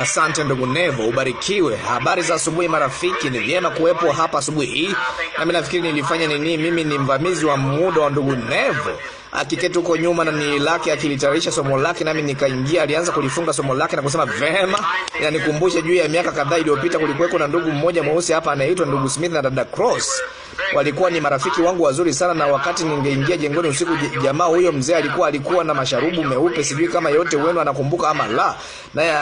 Asante ndugu Nevo, ubarikiwe. Habari za asubuhi marafiki, ni vyema kuwepo hapa asubuhi hii. Nami nafikiri nilifanya nini, mimi ni mvamizi wa muda wa ndugu Nevo akiketi huko nyuma na ni lake akilitayarisha somo lake, nami nikaingia. Alianza kulifunga somo lake na kusema vema. Inanikumbusha juu ya miaka kadhaa iliyopita kulikuweko na ndugu mmoja mweusi hapa anaitwa ndugu Smith na dada Cross walikuwa ni marafiki wangu wazuri sana, na wakati ningeingia jengoni usiku, jamaa huyo mzee alikuwa alikuwa na masharubu meupe. Sijui kama yote wenu anakumbuka ama la, naye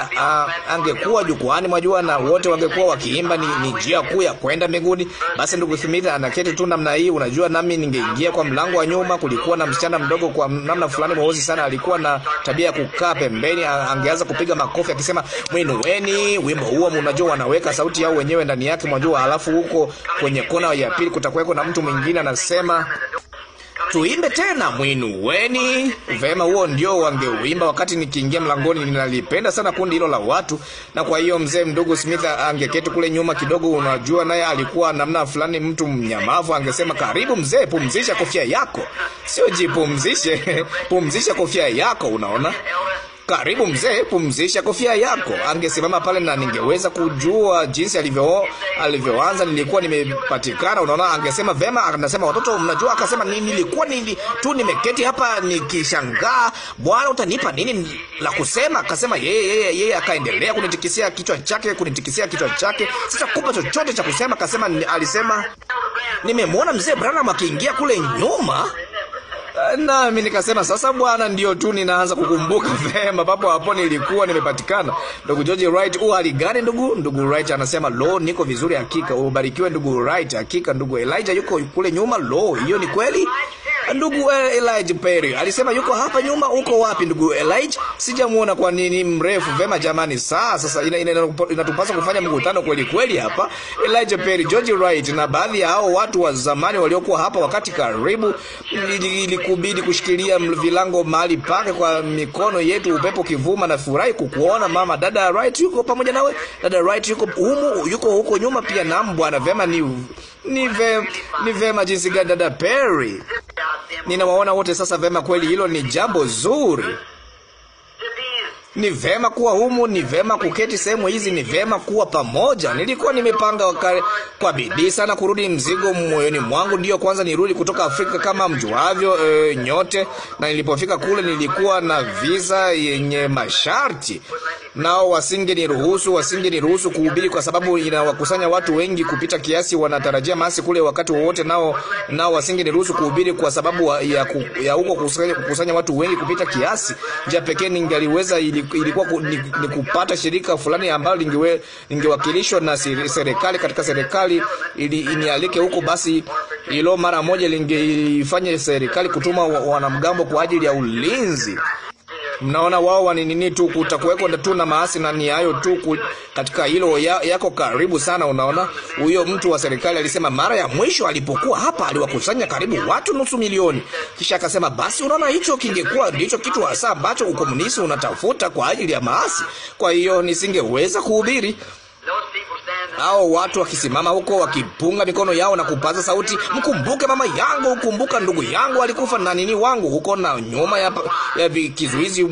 angekuwa jukwani, mwajua, na wote wangekuwa wakiimba, ni, ni njia kuu ya kwenda mbinguni. Basi ndugu Smith anaketi tu namna hii, unajua, nami ningeingia kwa mlango wa nyuma. Kulikuwa na msichana mdogo kwa namna fulani mweusi sana, alikuwa na tabia ya kukaa pembeni, angeanza kupiga makofi akisema, mwinuweni wimbo huo. Mnajua, wanaweka sauti yao wenyewe ndani yake, mwajua, alafu huko kwenye kona ya pili kutakuweko na mtu mwingine anasema tuimbe tena, weni vema. Huo ndio wangeuimba. Wakati nikiingia mlangoni, ninalipenda sana kundi hilo la watu, na kwa hiyo mzee mdogo Smith angeketi kule nyuma kidogo, unajua, naye alikuwa namna fulani mtu mnyamavu. Angesema, karibu mzee, pumzisha kofia yako. Sio jipumzishe, pumzisha kofia yako, unaona karibu mzee, pumzisha kofia yako. Angesimama pale na ningeweza kujua jinsi alivyo alivyoanza, nilikuwa nimepatikana. Unaona, angesema vema. Anasema watoto, mnajua, akasema nilikuwa nili tu nimeketi hapa nikishangaa, Bwana utanipa nini la kusema? Akasema yeye yeye yeye, akaendelea kunitikisia kichwa chake, kunitikisia kichwa chake, sitakupa chochote cha kusema. Akasema alisema, nimemwona mzee Branham akiingia kule nyuma Eh, nami nikasema sasa, bwana, ndio tu ninaanza kukumbuka vema. Papo hapo nilikuwa nimepatikana. Ndugu George Wright, u hali gani ndugu? Ndugu Wright anasema lo, niko vizuri hakika. Ubarikiwe ndugu Wright. Hakika ndugu Elijah yuko kule nyuma. Lo, hiyo ni kweli. Ndugu eh, Elijah Perry alisema yuko hapa nyuma. Uko wapi ndugu Elijah? Sijamuona kwa nini mrefu. Vema jamani, saa sasa inatupasa ina, ina, kufanya mkutano kweli kweli hapa. Elijah Perry, George Wright na baadhi ya hao watu wa zamani waliokuwa hapa wakati karibu ilikubidi kushikilia vilango mahali pake kwa mikono yetu, upepo kivuma. Na furahi kukuona mama. Dada Wright yuko pamoja nawe? Dada Wright yuko humu, yuko huko nyuma pia. Naam bwana. Vema, ni ni vema, ni vema jinsi gani dada Perry? ninawaona wote sasa vema. Kweli hilo ni jambo zuri. Ni vema kuwa humu, ni vema kuketi sehemu hizi, ni vema kuwa pamoja. Nilikuwa nimepanga kwa bidii sana kurudi, mzigo moyoni mwangu, ndiyo kwanza nirudi kutoka Afrika kama mjuavyo e, nyote. Na nilipofika kule nilikuwa na visa yenye masharti nao wasingeniruhusu, wasingeniruhusu kuhubiri kwa sababu inawakusanya watu wengi kupita kiasi, wanatarajia masi kule wakati wowote. Nao nao wasingeniruhusu kuhubiri kwa sababu ya, ku, ya huko kukusanya, kukusanya watu wengi kupita kiasi. Njia pekee ningaliweza ilikuwa ku, ni, ni kupata shirika fulani ambalo lingewe, lingewakilishwa na serikali katika serikali ili inialike huko, basi ilo mara moja lingeifanya serikali kutuma wanamgambo kwa ajili ya ulinzi. Mnaona, wao waninini tu, kutakuweko tu na maasi, na ni hayo tu katika hilo ya, yako karibu sana. Unaona, huyo mtu wa serikali alisema mara ya mwisho alipokuwa hapa aliwakusanya karibu watu nusu milioni, kisha akasema, basi unaona, hicho kingekuwa ndicho kitu hasa ambacho ukomunisti unatafuta kwa ajili ya maasi. Kwa hiyo nisingeweza kuhubiri hao watu wakisimama huko wakipunga mikono yao na kupaza sauti, mkumbuke mama yangu, kumbuka ndugu yangu alikufa na nini wangu huko, na nyuma ya, ya kizuizi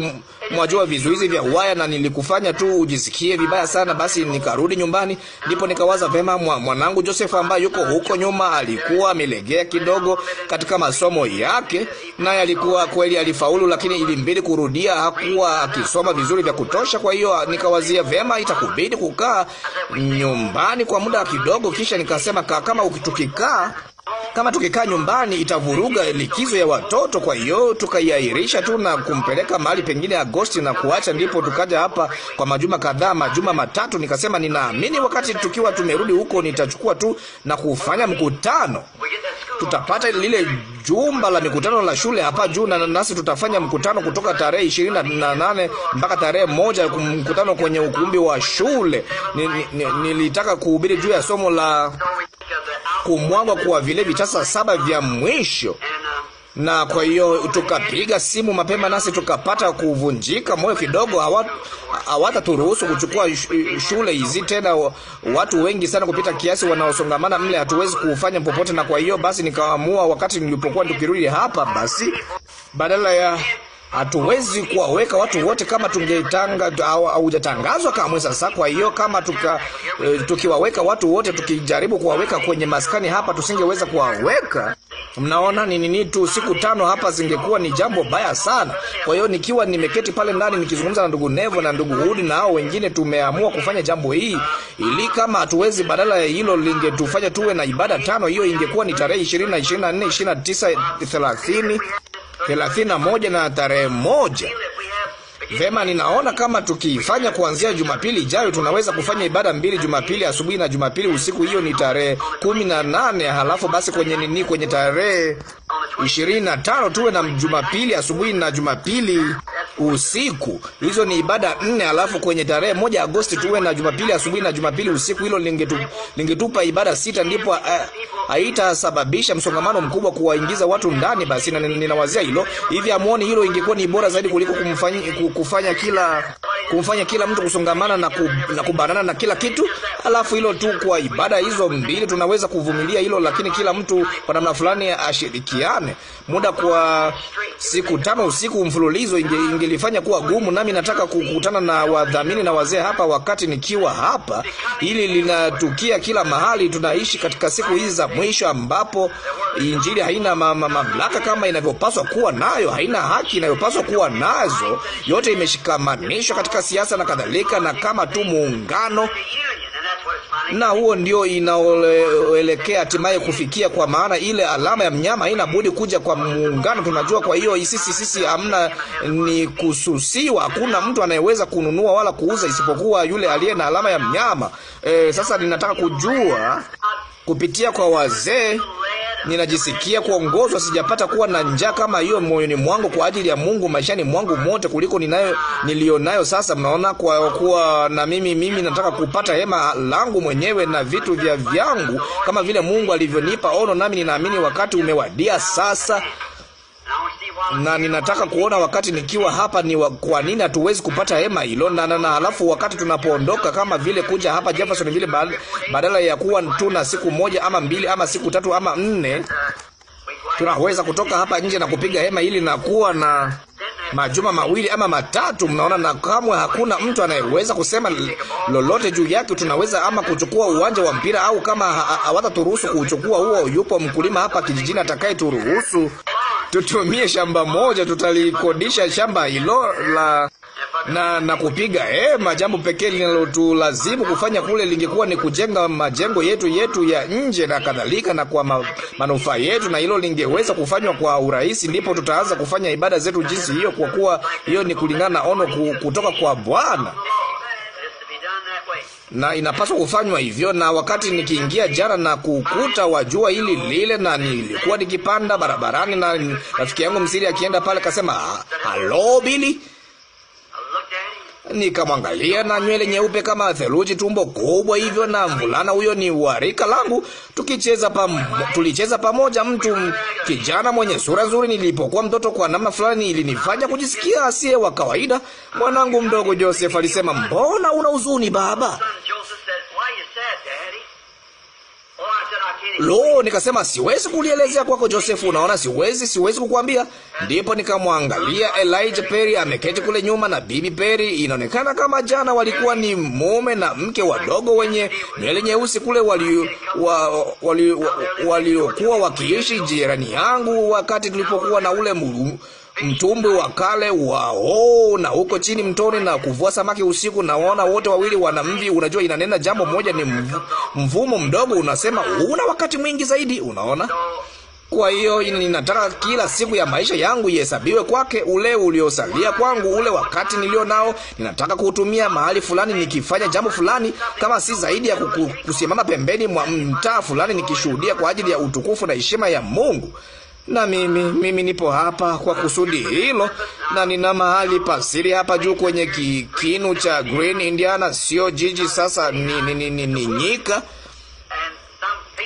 mwajua vizuizi vya uwaya, na nilikufanya tu ujisikie vibaya sana. Basi nikarudi nyumbani, ndipo nikawaza vema, mwanangu Joseph ambaye yuko huko nyuma alikuwa amelegea kidogo katika masomo yake, naye alikuwa kweli alifaulu, lakini ilimbidi kurudia, hakuwa akisoma vizuri vya kutosha. Kwa hiyo nikawazia vema, itakubidi kukaa nyumbani kwa muda kidogo. Kisha nikasema, kama ukitukikaa kama tukikaa nyumbani itavuruga likizo ya watoto. Kwa hiyo tukaiahirisha tu na kumpeleka mahali pengine Agosti na kuacha, ndipo tukaja hapa kwa majuma kadhaa, majuma matatu. Nikasema ninaamini wakati tukiwa tumerudi huko nitachukua tu na kufanya mkutano tutapata lile jumba la mikutano la shule hapa juu, na nasi tutafanya mkutano kutoka tarehe ishirini na nane mpaka tarehe moja, mkutano kwenye ukumbi wa shule. Nilitaka ni, ni, kuhubiri juu ya somo la kumwagwa kwa vile vichasa saba vya mwisho na kwa hiyo tukapiga simu mapema, nasi tukapata kuvunjika moyo kidogo. Hawataturuhusu kuchukua shule hizi tena, watu wengi sana kupita kiasi wanaosongamana mle, hatuwezi kufanya popote. Na kwa hiyo basi nikaamua wakati nilipokuwa tukirudi hapa, basi badala ya Hatuwezi kuwaweka watu wote kama tungetanga au haujatangazwa kamwe. Sasa kwa hiyo kama tuka, e, tukiwaweka watu wote tukijaribu kuwaweka kwenye maskani hapa tusingeweza kuwaweka. Mnaona ni nini tu, siku tano hapa zingekuwa ni jambo baya sana. Kwa hiyo nikiwa nimeketi pale ndani nikizungumza na ndugu Nevo na ndugu Hudi na hao wengine, tumeamua kufanya jambo hii ili kama hatuwezi, badala ya hilo lingetufanya tuwe na ibada tano. Hiyo ingekuwa ni tarehe 20 na 24, 29, 30 thelathini na moja na tarehe moja. Vema, ninaona kama tukiifanya kuanzia Jumapili ijayo tunaweza kufanya ibada mbili, Jumapili asubuhi na Jumapili usiku. Hiyo ni tarehe kumi na nane. Halafu basi kwenye nini, kwenye tarehe ishirini na tano tuwe na Jumapili asubuhi na Jumapili usiku. Hizo ni ibada nne, alafu kwenye tarehe moja Agosti tuwe na Jumapili asubuhi na Jumapili usiku. Hilo lingetu, lingetupa ibada sita, ndipo eh, haitasababisha msongamano mkubwa kuwaingiza watu ndani. Basi na ninawazia hilo hivi, amuone hilo ingekuwa ni bora zaidi kuliko kumfanya, kufanya kila kumfanya kila mtu kusongamana na, ku, na kubanana na kila kitu. Alafu hilo tu kwa ibada hizo mbili tunaweza kuvumilia hilo, lakini kila mtu kwa namna fulani ashiriki tushirikiane. Muda kwa siku tano usiku mfululizo inge, ingelifanya kuwa gumu, nami nataka kukutana na wadhamini na wazee hapa wakati nikiwa hapa. Hili linatukia kila mahali. Tunaishi katika siku hizi za mwisho ambapo Injili haina mamlaka kama inavyopaswa kuwa nayo, haina haki inayopaswa kuwa nazo. Yote imeshikamanishwa katika siasa na kadhalika, na kama tu muungano na huo ndio inaoelekea hatimaye kufikia, kwa maana ile alama ya mnyama haina budi kuja kwa muungano. Tunajua, kwa hiyo sisi sisi hamna ni kususiwa. Hakuna mtu anayeweza kununua wala kuuza isipokuwa yule aliye na alama ya mnyama. E, sasa ninataka kujua kupitia kwa wazee ninajisikia kuongozwa. Sijapata kuwa na njaa kama hiyo moyoni mwangu kwa ajili ya Mungu maishani mwangu mote kuliko ninayo nilionayo sasa. Mnaona, kwa kuwa na mimi mimi nataka kupata hema langu mwenyewe na vitu vya vyangu kama vile Mungu alivyonipa ono, nami ninaamini wakati umewadia sasa na ninataka kuona wakati nikiwa hapa ni wa, kwa nini hatuwezi kupata hema hilo na, na, na halafu wakati tunapoondoka kama vile kuja hapa Jefferson vile badala ya kuwa na siku moja ama mbili ama siku tatu ama nne tunaweza kutoka hapa nje na kupiga hema ili na kuwa na majuma mawili ama matatu, mnaona, na kamwe hakuna mtu anayeweza kusema lolote juu yake. Tunaweza ama kuchukua uwanja wa mpira au kama hawataturuhusu kuchukua huo, yupo mkulima hapa kijijini turuhusu tutumie shamba moja, tutalikodisha shamba hilo la na, na kupiga hema. Jambo pekee linalotulazimu kufanya kule lingekuwa ni kujenga majengo yetu yetu ya nje na kadhalika, na kwa ma, manufaa yetu, na hilo lingeweza kufanywa kwa urahisi. Ndipo tutaanza kufanya ibada zetu jinsi hiyo, kwa kuwa hiyo ni kulingana na ono kutoka kwa Bwana na inapaswa kufanywa hivyo. Na wakati nikiingia jana na kukuta wa jua hili lile, na nilikuwa nikipanda barabarani, na rafiki yangu msiri akienda pale, akasema halo ah, Bili Nikamwangalia na nywele nyeupe kama theluji, tumbo kubwa hivyo, na mvulana huyo ni warika langu. Tukicheza pam, tulicheza pamoja, mtu kijana mwenye sura nzuri. Nilipokuwa mtoto, kwa namna fulani ilinifanya kujisikia asiye wa kawaida. Mwanangu mdogo Joseph alisema, mbona una huzuni baba? Lo, nikasema siwezi kulielezea kwako Josefu, unaona, siwezi siwezi kukwambia. Ndipo nikamwangalia Elijah Perry ameketi kule nyuma na Bibi Perry, inaonekana kama jana walikuwa ni mume na mke wadogo wenye nywele nyeusi kule waliokuwa wali, wali, wali, wali wakiishi jirani yangu wakati tulipokuwa na ule mulu, mtumbwi wa kale oh, na huko chini mtoni na kuvua samaki usiku. Naona wote wawili wana mvi. Unajua, inanena jambo moja, ni mvumo mdogo unasema una wakati mwingi zaidi. Unaona? Kwa hiyo ninataka kila siku ya maisha yangu ihesabiwe kwake. Ule uliosalia kwangu, ule wakati nilio nao, ninataka kuutumia mahali fulani, nikifanya jambo fulani, kama si zaidi ya kusimama pembeni mwa mtaa fulani, nikishuhudia kwa ajili ya utukufu na heshima ya Mungu na mimi, mimi nipo hapa kwa kusudi hilo, na nina mahali pasiri hapa juu kwenye kikinu kinu cha Green Indiana. Sio jiji sasa, ni, ni, ni, ni, ni nyika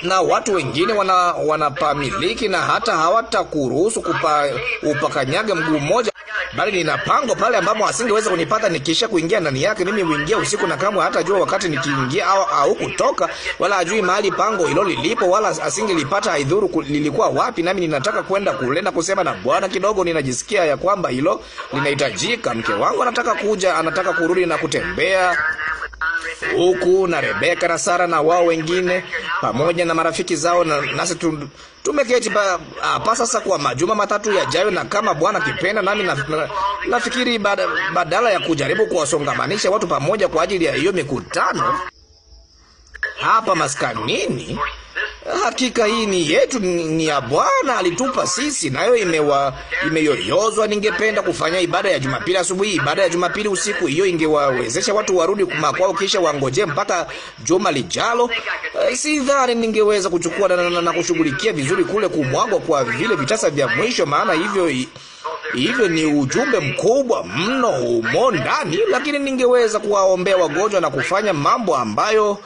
na watu wengine wana wanapamiliki na hata hawatakuruhusu kupa upakanyage mguu mmoja bali nina pango pale ambapo asingeweza kunipata. nikisha kuingia ndani yake, mimi huingia usiku, na kamwe hata jua wakati nikiingia au, au kutoka, wala ajui mahali pango hilo lilipo, wala asingelipata, aidhuru lilikuwa wapi. Nami ninataka kwenda kule na kusema na Bwana kidogo, ninajisikia ya kwamba hilo linahitajika. Mke wangu anataka kuja, anataka kurudi na kutembea huku na Rebeka na Sara na wao wengine pamoja na marafiki zao, na nasi tumeketi pa, hapa ah, sasa kwa majuma matatu yajayo, na kama Bwana kipenda, nami nafikiri na, na badala ya kujaribu kuwasongamanisha watu pamoja kwa ajili ya hiyo mikutano hapa maskanini Hakika hii ni yetu, ni ya Bwana, alitupa sisi, nayo imewa imeyoyozwa. Ningependa kufanya ibada ya Jumapili asubuhi, ibada ya Jumapili usiku. Hiyo ingewawezesha watu warudi makwao, kisha wangoje mpaka juma lijalo. Eh, sidhani ningeweza kuchukua na, na, na, na kushughulikia vizuri kule kumwagwa kwa vile vitasa vya mwisho, maana hivyo hivyo ni ujumbe mkubwa mno humo ndani, lakini ningeweza kuwaombea wagonjwa na kufanya mambo ambayo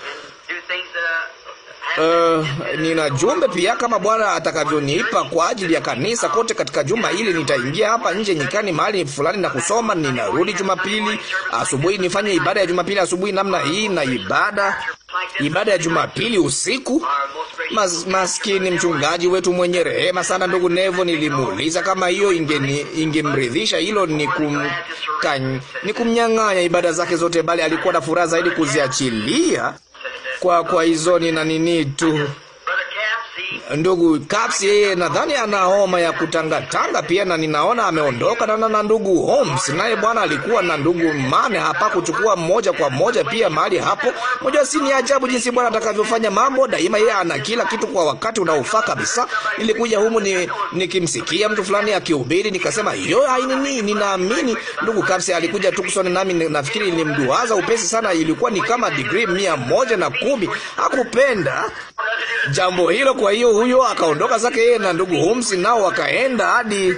Eh, nina jumbe pia kama Bwana atakavyonipa kwa ajili ya kanisa kote katika juma hili. Nitaingia hapa nje nyikani mahali fulani na kusoma. Ninarudi Jumapili asubuhi nifanye ibada ya Jumapili asubuhi namna hii na ibada ibada ya Jumapili usiku. Mas, maskini mchungaji wetu mwenye rehema sana ndugu Nevo, nilimuuliza kama hiyo ingeni ingemridhisha. Hilo ni kum, kan, ni kumnyang'anya ibada zake zote, bali alikuwa na furaha zaidi kuziachilia kwa kwa hizo ni na nini tu Ndugu Caps yeye nadhani ana homa ya kutangatanga pia, na ninaona ameondoka na, na ndugu Holmes naye bwana alikuwa na ndugu Mane hapa kuchukua moja kwa moja pia mahali hapo. Mmoja, si ni ajabu jinsi Bwana atakavyofanya mambo daima. Yeye ana kila kitu kwa wakati unaofaa kabisa. Nilikuja humu ni nikimsikia mtu fulani akihubiri, nikasema hiyo haini nini. Ninaamini ndugu Caps alikuja tu kusoma nami, nafikiri nilimduaza upesi sana, ilikuwa ni kama degree 110 moja Hakupenda jambo hilo. Kwa hiyo huyo akaondoka zake yeye na ndugu Holmes, nao wakaenda hadi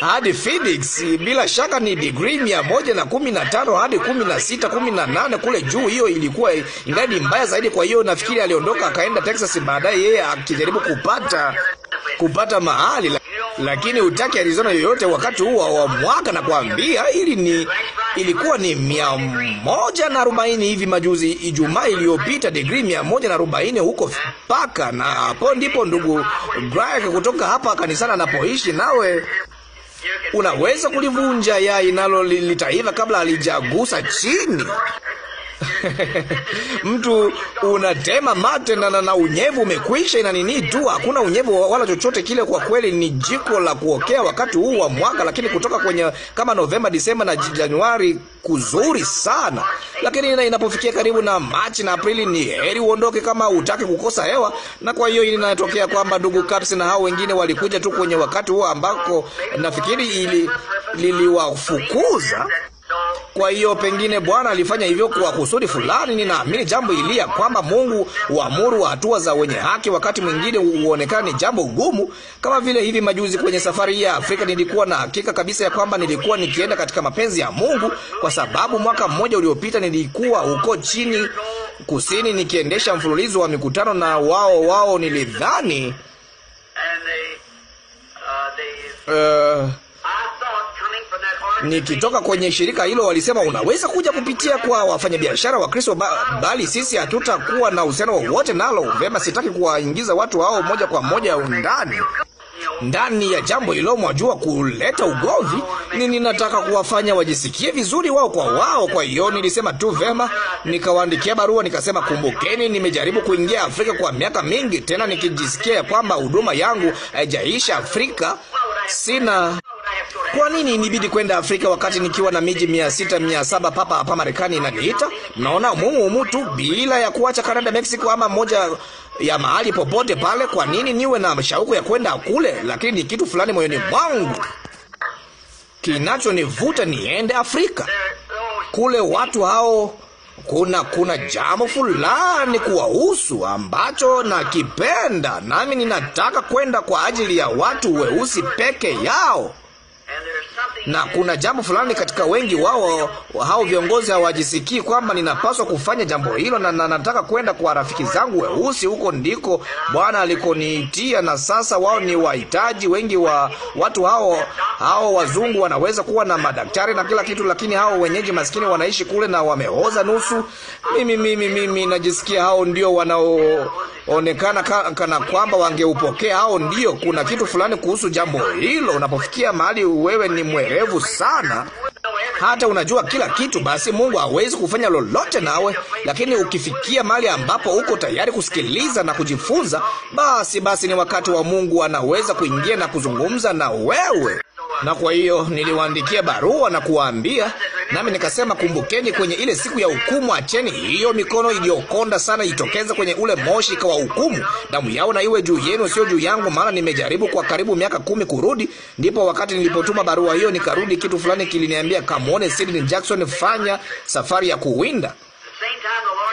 hadi Phoenix. Bila shaka ni degree mia moja na kumi na tano hadi kumi na sita kumi na nane kule juu. Hiyo ilikuwa idadi mbaya zaidi. Kwa hiyo nafikiri aliondoka akaenda Texas, baadaye yeye akijaribu kupata kupata mahali, lakini utaki Arizona yoyote wakati huo wa mwaka. Na kuambia ili ni ilikuwa ni mia moja na arobaini hivi majuzi, Ijumaa iliyopita, degree mia moja na arobaini huko paka. Na hapo ndipo ndugu Greg kutoka hapa kanisani anapoishi, nawe unaweza kulivunja yai nalo litaiva kabla halijagusa chini. mtu unatema mate na, na, na unyevu umekwisha, ina nini tu, hakuna unyevu wala chochote kile. Kwa kweli ni jiko la kuokea wakati huu wa mwaka, lakini kutoka kwenye kama Novemba, Disemba na Januari kuzuri sana, lakini inapofikia karibu na Machi na Aprili ni heri uondoke kama utaki kukosa hewa. Na kwa hiyo inatokea kwamba ndugu Caps na hao wengine walikuja tu kwenye wakati huo ambako nafikiri ili liliwafukuza kwa hiyo pengine Bwana alifanya hivyo kwa kusudi fulani. Ninaamini jambo hili ya kwamba Mungu huamuru hatua za wenye haki, wakati mwingine huonekana ni jambo gumu. Kama vile hivi majuzi kwenye safari ya Afrika, nilikuwa na hakika kabisa ya kwamba nilikuwa nikienda katika mapenzi ya Mungu, kwa sababu mwaka mmoja uliopita nilikuwa huko chini kusini nikiendesha mfululizo wa mikutano na wao wao, nilidhani Uh, uh nikitoka kwenye shirika hilo walisema unaweza kuja kupitia kwa wafanyabiashara wa Kristo ba, bali sisi hatutakuwa na uhusiano wowote nalo. Vema, sitaki kuwaingiza watu hao moja kwa moja ndani ndani ya jambo hilo, mwajua kuleta ugomvi. Ni ninataka kuwafanya wajisikie vizuri wao kwa wao. Kwa hiyo nilisema tu vema, nikawaandikia barua nikasema, kumbukeni, nimejaribu kuingia Afrika kwa miaka mingi, tena nikijisikia kwamba huduma yangu haijaisha Afrika. Sina kwa nini nibidi kwenda Afrika wakati nikiwa na miji mia sita mia saba papa hapa Marekani inaniita? naona mumu mtu bila ya kuacha Canada, Mexico ama moja ya mahali popote pale. Kwa nini niwe na shauku ya kwenda kule? Lakini ni kitu fulani moyoni mwangu kinachonivuta niende Afrika. Kule watu hao kuna kuna jambo fulani kuwahusu ambacho nakipenda, nami ninataka kwenda kwa ajili ya watu weusi peke yao na kuna jambo fulani katika wengi wao hao viongozi hawajisikii kwamba ninapaswa kufanya jambo hilo, na, na nataka kwenda kwa rafiki zangu weusi. Huko ndiko Bwana alikoniitia, na sasa wao ni wahitaji. Wengi wa watu hao hao wazungu wanaweza kuwa na madaktari na kila kitu, lakini hao wenyeji maskini wanaishi kule na wameoza nusu. Mimi mimi mimi najisikia hao ndio wanao onekana kana, kana kwamba wangeupokea au ndio. Kuna kitu fulani kuhusu jambo hilo. Unapofikia mahali wewe ni mwerevu sana, hata unajua kila kitu, basi Mungu hawezi kufanya lolote nawe. Lakini ukifikia mahali ambapo uko tayari kusikiliza na kujifunza, basi basi ni wakati wa Mungu, anaweza kuingia na kuzungumza na wewe na kwa hiyo niliwaandikia barua na kuwaambia, nami nikasema, kumbukeni, kwenye ile siku ya hukumu, acheni hiyo mikono iliyokonda sana itokeze kwenye ule moshi kwa hukumu. Damu yao na iwe juu yenu, sio juu yangu, maana nimejaribu kwa karibu miaka kumi kurudi. Ndipo wakati nilipotuma barua hiyo nikarudi, kitu fulani kiliniambia, kamwone Sidney Jackson, fanya safari ya kuwinda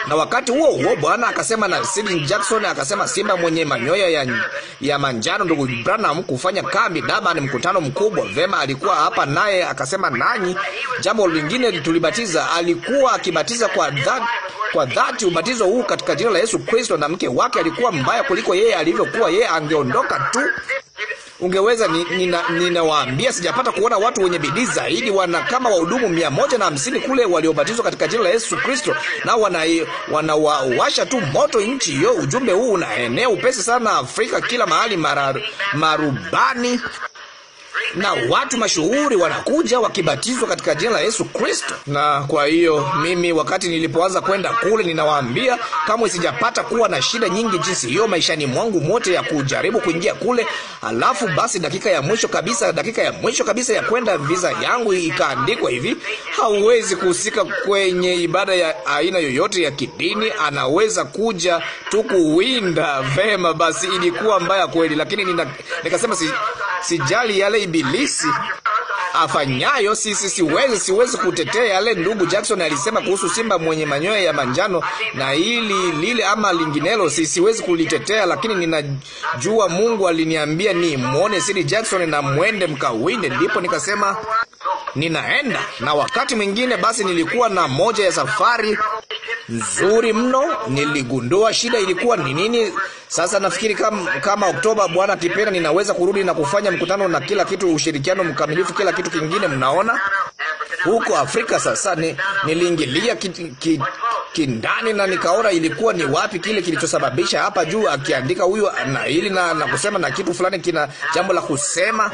na wakati huo huo Bwana akasema na Sidney Jackson akasema, simba mwenye manyoya ya, ya manjano ndugu Branham kufanya kambi Durban, mkutano mkubwa. Vema, alikuwa hapa naye akasema nanyi. Jambo lingine tulibatiza, alikuwa akibatiza kwa dhati kwa dhati ubatizo huu katika jina la Yesu Kristo, na mke wake alikuwa mbaya kuliko yeye alivyokuwa. Yeye angeondoka tu ungeweza ninawaambia, nina sijapata kuona watu wenye bidii zaidi. Wana kama wahudumu mia moja na hamsini kule waliobatizwa katika jina la Yesu Kristo, na wanawawasha wana tu moto nchi hiyo. Ujumbe huu unaenea upesi sana Afrika, kila mahali, mara, marubani na watu mashuhuri wanakuja wakibatizwa katika jina la Yesu Kristo. Na kwa hiyo mimi, wakati nilipoanza kwenda kule, ninawaambia kama sijapata kuwa na shida nyingi jinsi hiyo maishani mwangu mote ya kujaribu kuingia kule. Alafu basi, dakika ya mwisho kabisa, dakika ya mwisho kabisa ya kwenda, visa yangu ikaandikwa hivi: hauwezi kuhusika kwenye ibada ya aina yoyote ya kidini, anaweza kuja tu kuwinda. Vema, basi ilikuwa mbaya kweli, lakini nikasema si, sijali yale Ibilisi afanyayo. Sisi siwezi, siwezi kutetea yale ndugu Jackson alisema kuhusu simba mwenye manyoya ya manjano na hili lile ama linginelo, si siwezi kulitetea, lakini ninajua Mungu aliniambia ni muone Siri Jackson na mwende mkawinde, ndipo nikasema ninaenda. Na wakati mwingine basi, nilikuwa na moja ya safari nzuri mno, niligundua shida ilikuwa ni nini sasa nafikiri kama, kama Oktoba Bwana akipenda, ninaweza kurudi na kufanya mkutano na kila kitu, ushirikiano mkamilifu, kila kitu kingine. Mnaona huko Afrika sasa ni, niliingilia ki, ki, ki, na nikaona ilikuwa ni wapi kile kilichosababisha. Hapa juu akiandika huyu na ili na, na kusema na kitu fulani kina jambo la kusema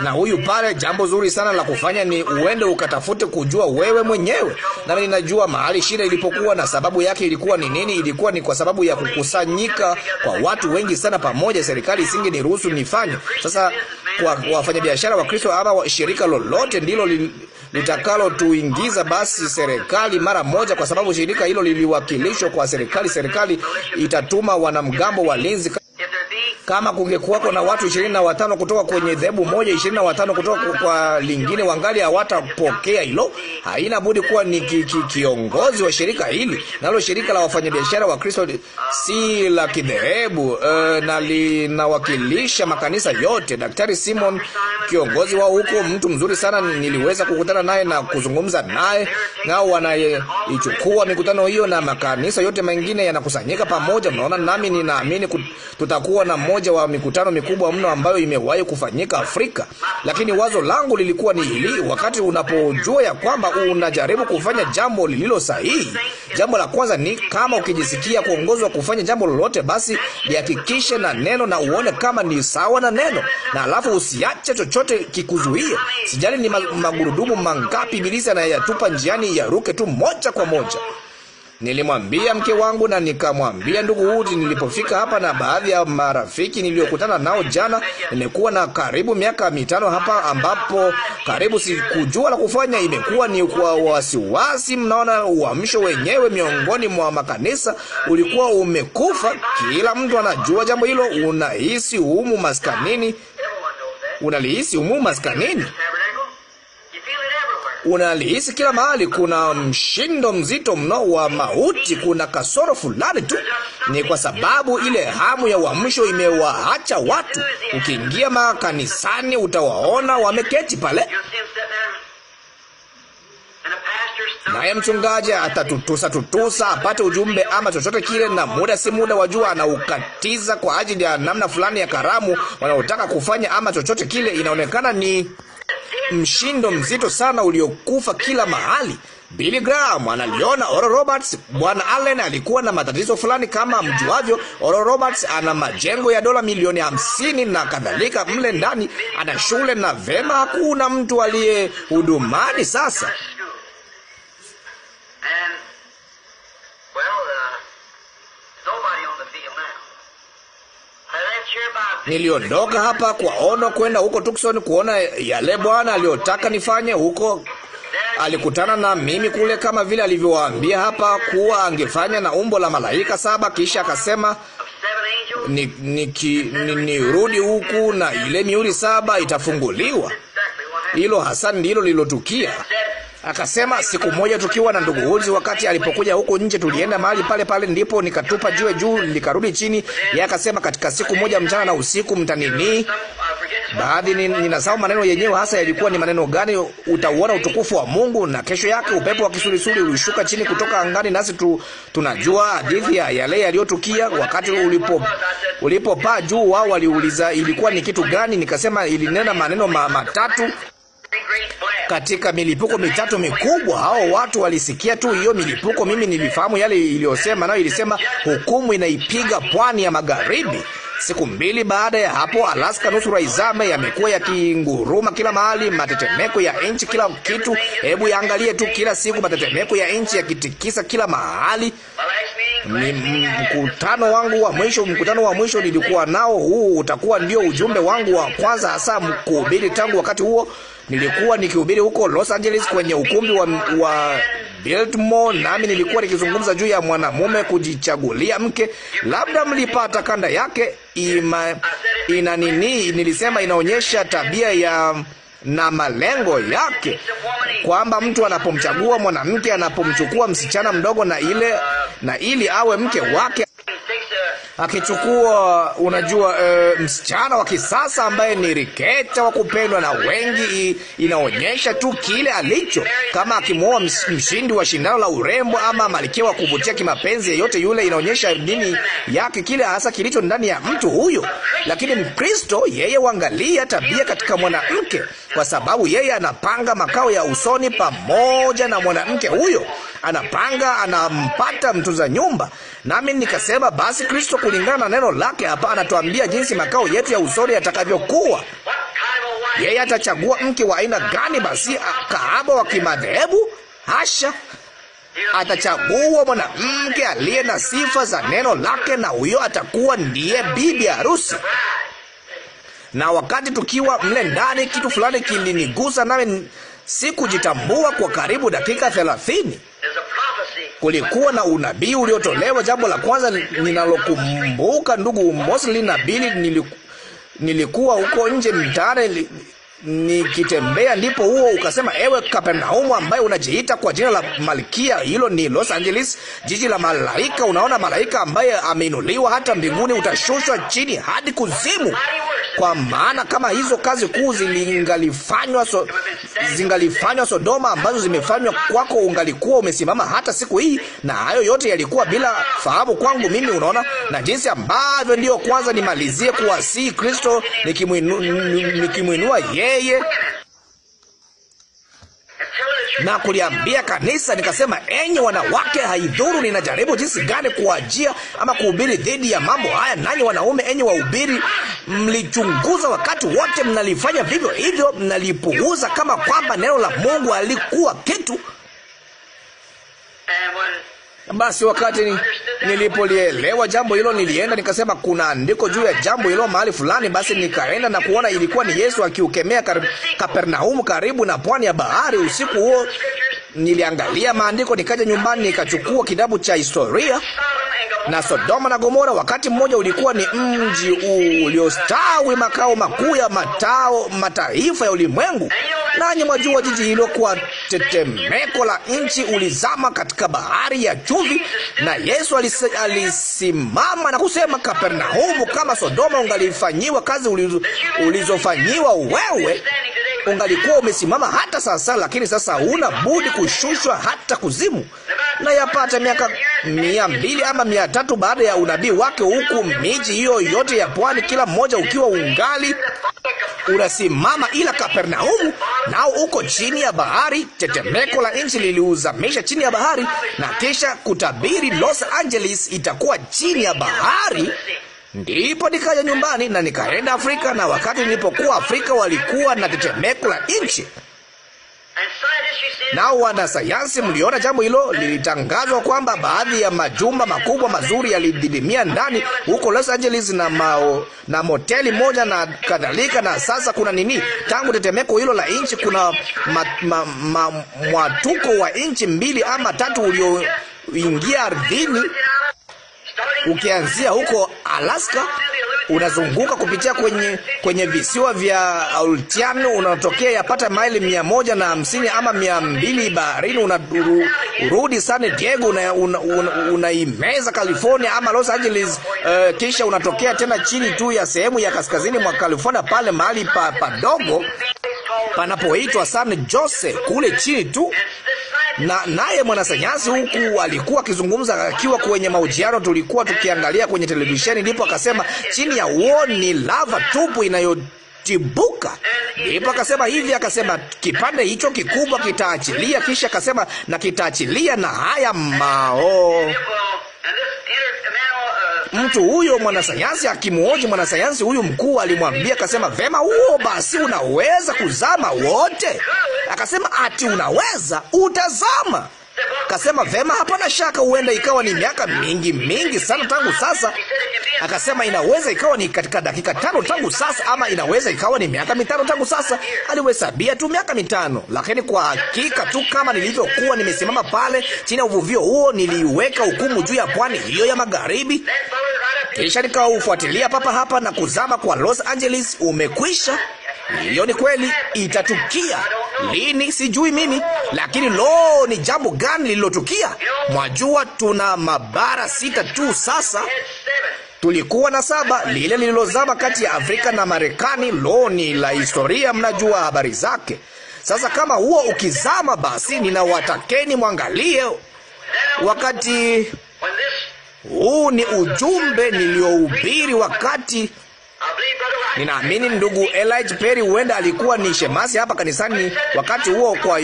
na huyu pale. Jambo zuri sana la kufanya ni uende ukatafute kujua wewe mwenyewe, na ninajua mahali shida ilipokuwa na sababu yake ilikuwa ni nini. Ilikuwa ni kwa sababu ya kukusanyika kwa watu wengi sana pamoja, serikali isinge niruhusu nifanye. Sasa kwa wafanyabiashara wa Kristo ama shirika lolote ndilo li, litakalotuingiza basi serikali mara moja, kwa sababu shirika hilo liliwakilishwa kwa serikali. Serikali itatuma wanamgambo walinzi kama kungekuwako na watu ishirini na watano kutoka kwenye dhehebu moja, ishirini na watano kutoka kwa lingine, wangali hawatapokea hilo. Haina budi kuwa ni ki, ki, kiongozi wa shirika hili, nalo shirika la wafanyabiashara wa Kristo si la kidhehebu uh, na linawakilisha makanisa yote. Daktari Simon, kiongozi wao huko, mtu mzuri sana, niliweza kukutana naye na kuzungumza naye. Nao wanaichukua mikutano hiyo na makanisa yote mengine yanakusanyika pamoja. Mnaona, nami ninaamini tutakuwa na moja mmoja wa mikutano mikubwa mno ambayo imewahi kufanyika Afrika, lakini wazo langu lilikuwa ni hili: wakati unapojua ya kwamba unajaribu kufanya jambo lililo sahihi, jambo la kwanza ni kama ukijisikia kuongozwa kufanya jambo lolote, basi lihakikishe na neno na uone kama ni sawa na neno, na alafu usiache chochote kikuzuie. Sijali ni magurudumu mangapi Ibilisi anayatupa njiani, yaruke tu moja kwa moja. Nilimwambia mke wangu na nikamwambia ndugu Uti nilipofika hapa, na baadhi ya marafiki niliyokutana nao jana. Nimekuwa na karibu miaka mitano hapa, ambapo karibu sikujua la kufanya. Imekuwa ni kwa wasiwasi. Mnaona, uamsho wenyewe miongoni mwa makanisa ulikuwa umekufa. Kila mtu anajua jambo hilo. Unahisi humu maskanini, unalihisi humu maskanini unalihisi kila mahali. Kuna mshindo mzito mno wa mauti, kuna kasoro fulani tu. Ni kwa sababu ile hamu ya uamsho imewaacha watu. Ukiingia makanisani, utawaona wameketi pale naye mchungaji atatutusa tutusa apate ujumbe ama chochote kile, na muda si muda wajua anaukatiza kwa ajili ya namna fulani ya karamu wanaotaka kufanya ama chochote kile. Inaonekana ni mshindo mzito sana uliokufa kila mahali. Billy Graham analiona. Oral Roberts, Bwana Allen alikuwa na matatizo fulani kama mjuavyo. Oral Roberts ana majengo ya dola milioni hamsini na kadhalika mle ndani, ana shule na vema, hakuna mtu aliye hudumani sasa. And, well, uh, Niliondoka hapa kwa ono kwenda huko Tucson kuona yale Bwana aliyotaka nifanye huko. Alikutana na mimi kule kama vile alivyowaambia hapa kuwa angefanya na umbo la malaika saba, kisha akasema nirudi ni, ni, ni huku na ile mihuri saba itafunguliwa. Hilo hasa ndilo lilotukia. Akasema siku moja tukiwa na ndugu Hulzi, wakati alipokuja huko nje, tulienda mahali pale pale, ndipo nikatupa jiwe juu likarudi chini. Yeye akasema katika siku moja mchana na usiku mtanini. Baadhi ninasahau maneno yenyewe hasa yalikuwa ni maneno gani, utauona utukufu wa Mungu. Na kesho yake upepo wa kisulisuli ulishuka chini kutoka angani, nasi tu, tunajua hadithi ya yale yaliyotukia wakati ulipo ulipopaa juu. Wao waliuliza ilikuwa ni kitu gani, nikasema ilinena maneno ma, matatu katika milipuko mitatu mikubwa. Hao watu walisikia tu hiyo milipuko. Mimi nilifahamu yale iliyosema nayo, ilisema hukumu inaipiga pwani ya magharibi. Siku mbili baada ya hapo, Alaska nusura izame, yamekuwa yakinguruma kila mahali, matetemeko ya nchi, kila kitu. Hebu yaangalie tu, kila siku matetemeko ya nchi yakitikisa kila mahali. Ni mkutano wangu wa mwisho. Mkutano wa mwisho nilikuwa nao, huu utakuwa ndio ujumbe wangu wa kwanza hasa kuhubiri. Tangu wakati huo nilikuwa nikihubiri huko Los Angeles kwenye ukumbi wa, wa Biltmore, nami nilikuwa nikizungumza juu ya mwanamume kujichagulia mke. Labda mlipata kanda yake ima, ina nini, nilisema inaonyesha tabia ya na malengo yake, kwamba mtu anapomchagua mwanamke, anapomchukua msichana mdogo na ile na ili awe mke wake, akichukua, unajua e, msichana wa kisasa ambaye ni riketa wa kupendwa na wengi, inaonyesha tu kile alicho. Kama akimwoa mshindi wa shindano la urembo ama malikia wa kuvutia kimapenzi, yeyote yule, inaonyesha nini yake, kile hasa kilicho ndani ya mtu huyo. Lakini Mkristo yeye huangalia tabia katika mwanamke, kwa sababu yeye anapanga makao ya usoni pamoja na mwanamke huyo, anapanga, anampata mtunza nyumba Nami nikasema basi Kristo kulingana na neno lake hapa anatuambia jinsi makao yetu ya usoni yatakavyokuwa. Yeye atachagua mke wa aina gani? Basi kahaba wa kimadhehebu? Hasha! Atachagua mwanamke aliye na sifa za neno lake, na huyo atakuwa ndiye bibi harusi. Na wakati tukiwa mle ndani, kitu fulani kilinigusa, nami si kujitambua kwa karibu dakika thelathini. Kulikuwa na unabii uliotolewa. Jambo la kwanza ninalokumbuka, ndugu Mosley na Bili, nilikuwa huko nje mtare nikitembea, ndipo huo ukasema, ewe Kapernaumu ambaye unajiita kwa jina la malkia. Hilo ni Los Angeles, jiji la malaika. Unaona, malaika ambaye ameinuliwa hata mbinguni utashushwa chini hadi kuzimu. Kwa maana kama hizo kazi kuu zingalifanywa so, zingalifanywa Sodoma ambazo zimefanywa kwako, ungalikuwa umesimama hata siku hii. Na hayo yote yalikuwa bila fahamu kwangu mimi, unaona, na jinsi ambavyo ndiyo kwanza nimalizie kuwasihi Kristo nikimwinua yeye na kuliambia kanisa, nikasema, enyi wanawake, haidhuru ninajaribu jinsi gani kuwajia ama kuhubiri dhidi ya mambo haya, nanyi wanaume, enyi wahubiri, mlichunguza wakati wote, mnalifanya vivyo hivyo, mnalipuuza kama kwamba neno la Mungu alikuwa kitu. Eh, basi wakati ni, nilipolielewa jambo hilo, nilienda nikasema, kuna andiko juu ya jambo hilo mahali fulani. Basi nikaenda na kuona ilikuwa ni Yesu akiukemea kapernaumu karibu na pwani ya bahari. Usiku huo niliangalia maandiko, nikaja nyumbani nikachukua kitabu cha historia na Sodoma na Gomora wakati mmoja ulikuwa ni mji uliostawi, makao makuu ya matao mataifa ya ulimwengu. Nanyi mwajua jiji hilo kwa tetemeko la nchi ulizama katika bahari ya chumvi, na Yesu alis, alisimama na kusema, Kapernaumu, kama Sodoma ungalifanyiwa kazi ulizofanyiwa wewe ungalikuwa umesimama hata sasa, lakini sasa huna budi kushushwa hata kuzimu. Na yapata miaka mia mbili ama mia tatu baada ya unabii wake, huku miji hiyo yote ya pwani, kila mmoja ukiwa ungali unasimama, ila Kapernaumu nao uko chini ya bahari. Tetemeko la nchi liliuzamisha chini ya bahari, na kisha kutabiri Los Angeles itakuwa chini ya bahari. Ndipo nikaja nyumbani na nikaenda Afrika, na wakati nilipokuwa Afrika walikuwa na tetemeko la nchi nao wanasayansi mliona jambo hilo, lilitangazwa kwamba baadhi ya majumba makubwa mazuri yalididimia ndani huko Los Angeles na mao, na moteli moja na kadhalika. Na sasa kuna nini? Tangu tetemeko hilo la nchi kuna ma, ma, ma, mwatuko wa inchi mbili ama tatu ulioingia ardhini ukianzia huko Alaska unazunguka kupitia kwenye kwenye visiwa vya Aleutiano, unatokea yapata maili mia moja na hamsini ama mia mbili baharini, unarudi San Diego, unaimeza una, una, una California ama Los Angeles. Uh, kisha unatokea tena chini tu ya sehemu ya kaskazini mwa California pale mahali pa padogo panapoitwa San Jose kule chini tu na naye mwanasayansi huku alikuwa akizungumza akiwa kwenye mahojiano tulikuwa tukiangalia kwenye televisheni, ndipo akasema chini ya uo ni lava tupu inayotibuka. Ndipo akasema hivi, akasema kipande hicho kikubwa kitaachilia, kisha akasema na kitaachilia, na haya mao Mtu huyo mwanasayansi akimwoji mwanasayansi huyu mkuu alimwambia akasema, vema, huo basi unaweza kuzama wote. Akasema ati unaweza utazama Akasema vema, hapana shaka, huenda ikawa ni miaka mingi mingi sana tangu sasa. Akasema inaweza ikawa ni katika dakika tano tangu sasa, ama inaweza ikawa ni miaka mitano tangu sasa. aliwesabia tu miaka mitano, lakini kwa hakika tu kama nilivyokuwa nimesimama pale chini ya uvuvio huo, niliweka hukumu juu ya pwani hiyo ya magharibi, kisha nikaufuatilia papa hapa na kuzama kwa Los Angeles. Umekwisha. Hiyo ni kweli, itatukia lini sijui mimi, lakini lo, ni jambo gani lililotukia? Mwajua tuna mabara sita tu sasa tulikuwa na saba, lile lililozama kati ya Afrika na Marekani. Lo, ni la historia, mnajua habari zake. Sasa kama huo ukizama, basi ninawatakeni mwangalie wakati huu. Ni ujumbe niliohubiri wakati Ninaamini ndugu Elijah Perry huenda alikuwa ni shemasi hapa kanisani wakati huo, kwa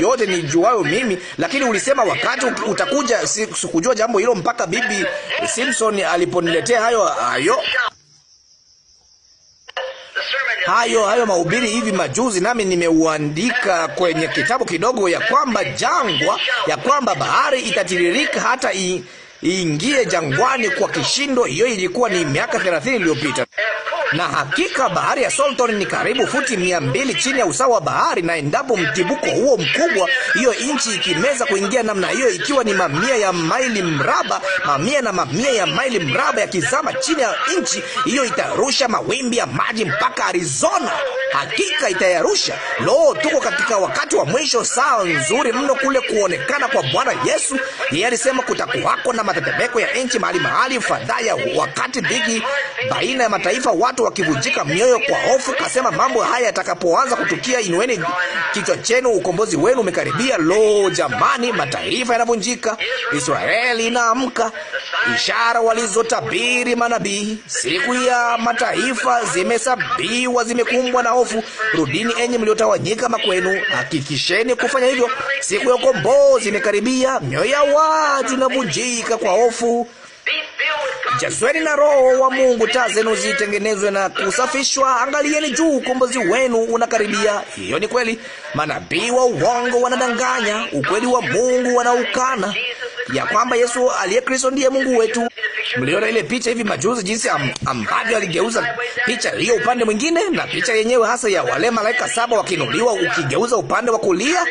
yote ni juayo mimi, lakini ulisema wakati utakuja. Sikujua jambo hilo mpaka bibi Simpson aliponiletea hayo hayo hayo hayo mahubiri hivi majuzi, nami nimeuandika kwenye kitabu kidogo, ya kwamba jangwa, ya kwamba bahari itatiririka hata i iingie jangwani kwa kishindo. Hiyo ilikuwa ni miaka 30 iliyopita, na hakika bahari ya Salton ni karibu futi mia mbili chini ya usawa wa bahari, na endapo mtibuko huo mkubwa, hiyo inchi ikimeza kuingia namna hiyo, ikiwa ni mamia ya maili mraba, mamia na mamia ya maili mraba yakizama chini ya inchi hiyo, itarusha mawimbi ya maji mpaka Arizona. Hakika itayarusha. Lo, tuko katika wakati wa mwisho, saa nzuri mno kule kuonekana kwa Bwana Yesu. Yeye alisema kutakuwako na matetemeko ya nchi mahali mahali, fadhaya wakati dhiki baina ya mataifa, watu wakivunjika mioyo kwa hofu. Kasema mambo haya yatakapoanza kutukia, inueni kichwa chenu, ukombozi wenu umekaribia. Lo, jamani, mataifa yanavunjika, Israeli inaamka, ishara walizotabiri manabii, siku ya mataifa zimesabiwa, zimekumbwa na hofu. Rudini enyi mliotawanyika makwenu, hakikisheni kufanya hivyo, siku ya ukombozi imekaribia. Mioyo ya watu inavunjika kwa hofu. Jasweni na Roho wa Mungu, taa zenu zitengenezwe na kusafishwa. Angalieni juu, ukombozi wenu unakaribia. Hiyo ni kweli. Manabii wa uongo wanadanganya, ukweli wa Mungu wanaukana, ya kwamba Yesu aliye Kristo ndiye Mungu wetu. Mliona ile picha hivi majuzi, jinsi ambavyo aligeuza picha hiyo upande mwingine, na picha yenyewe hasa ya wale malaika saba wakinuliwa, ukigeuza upande wa kulia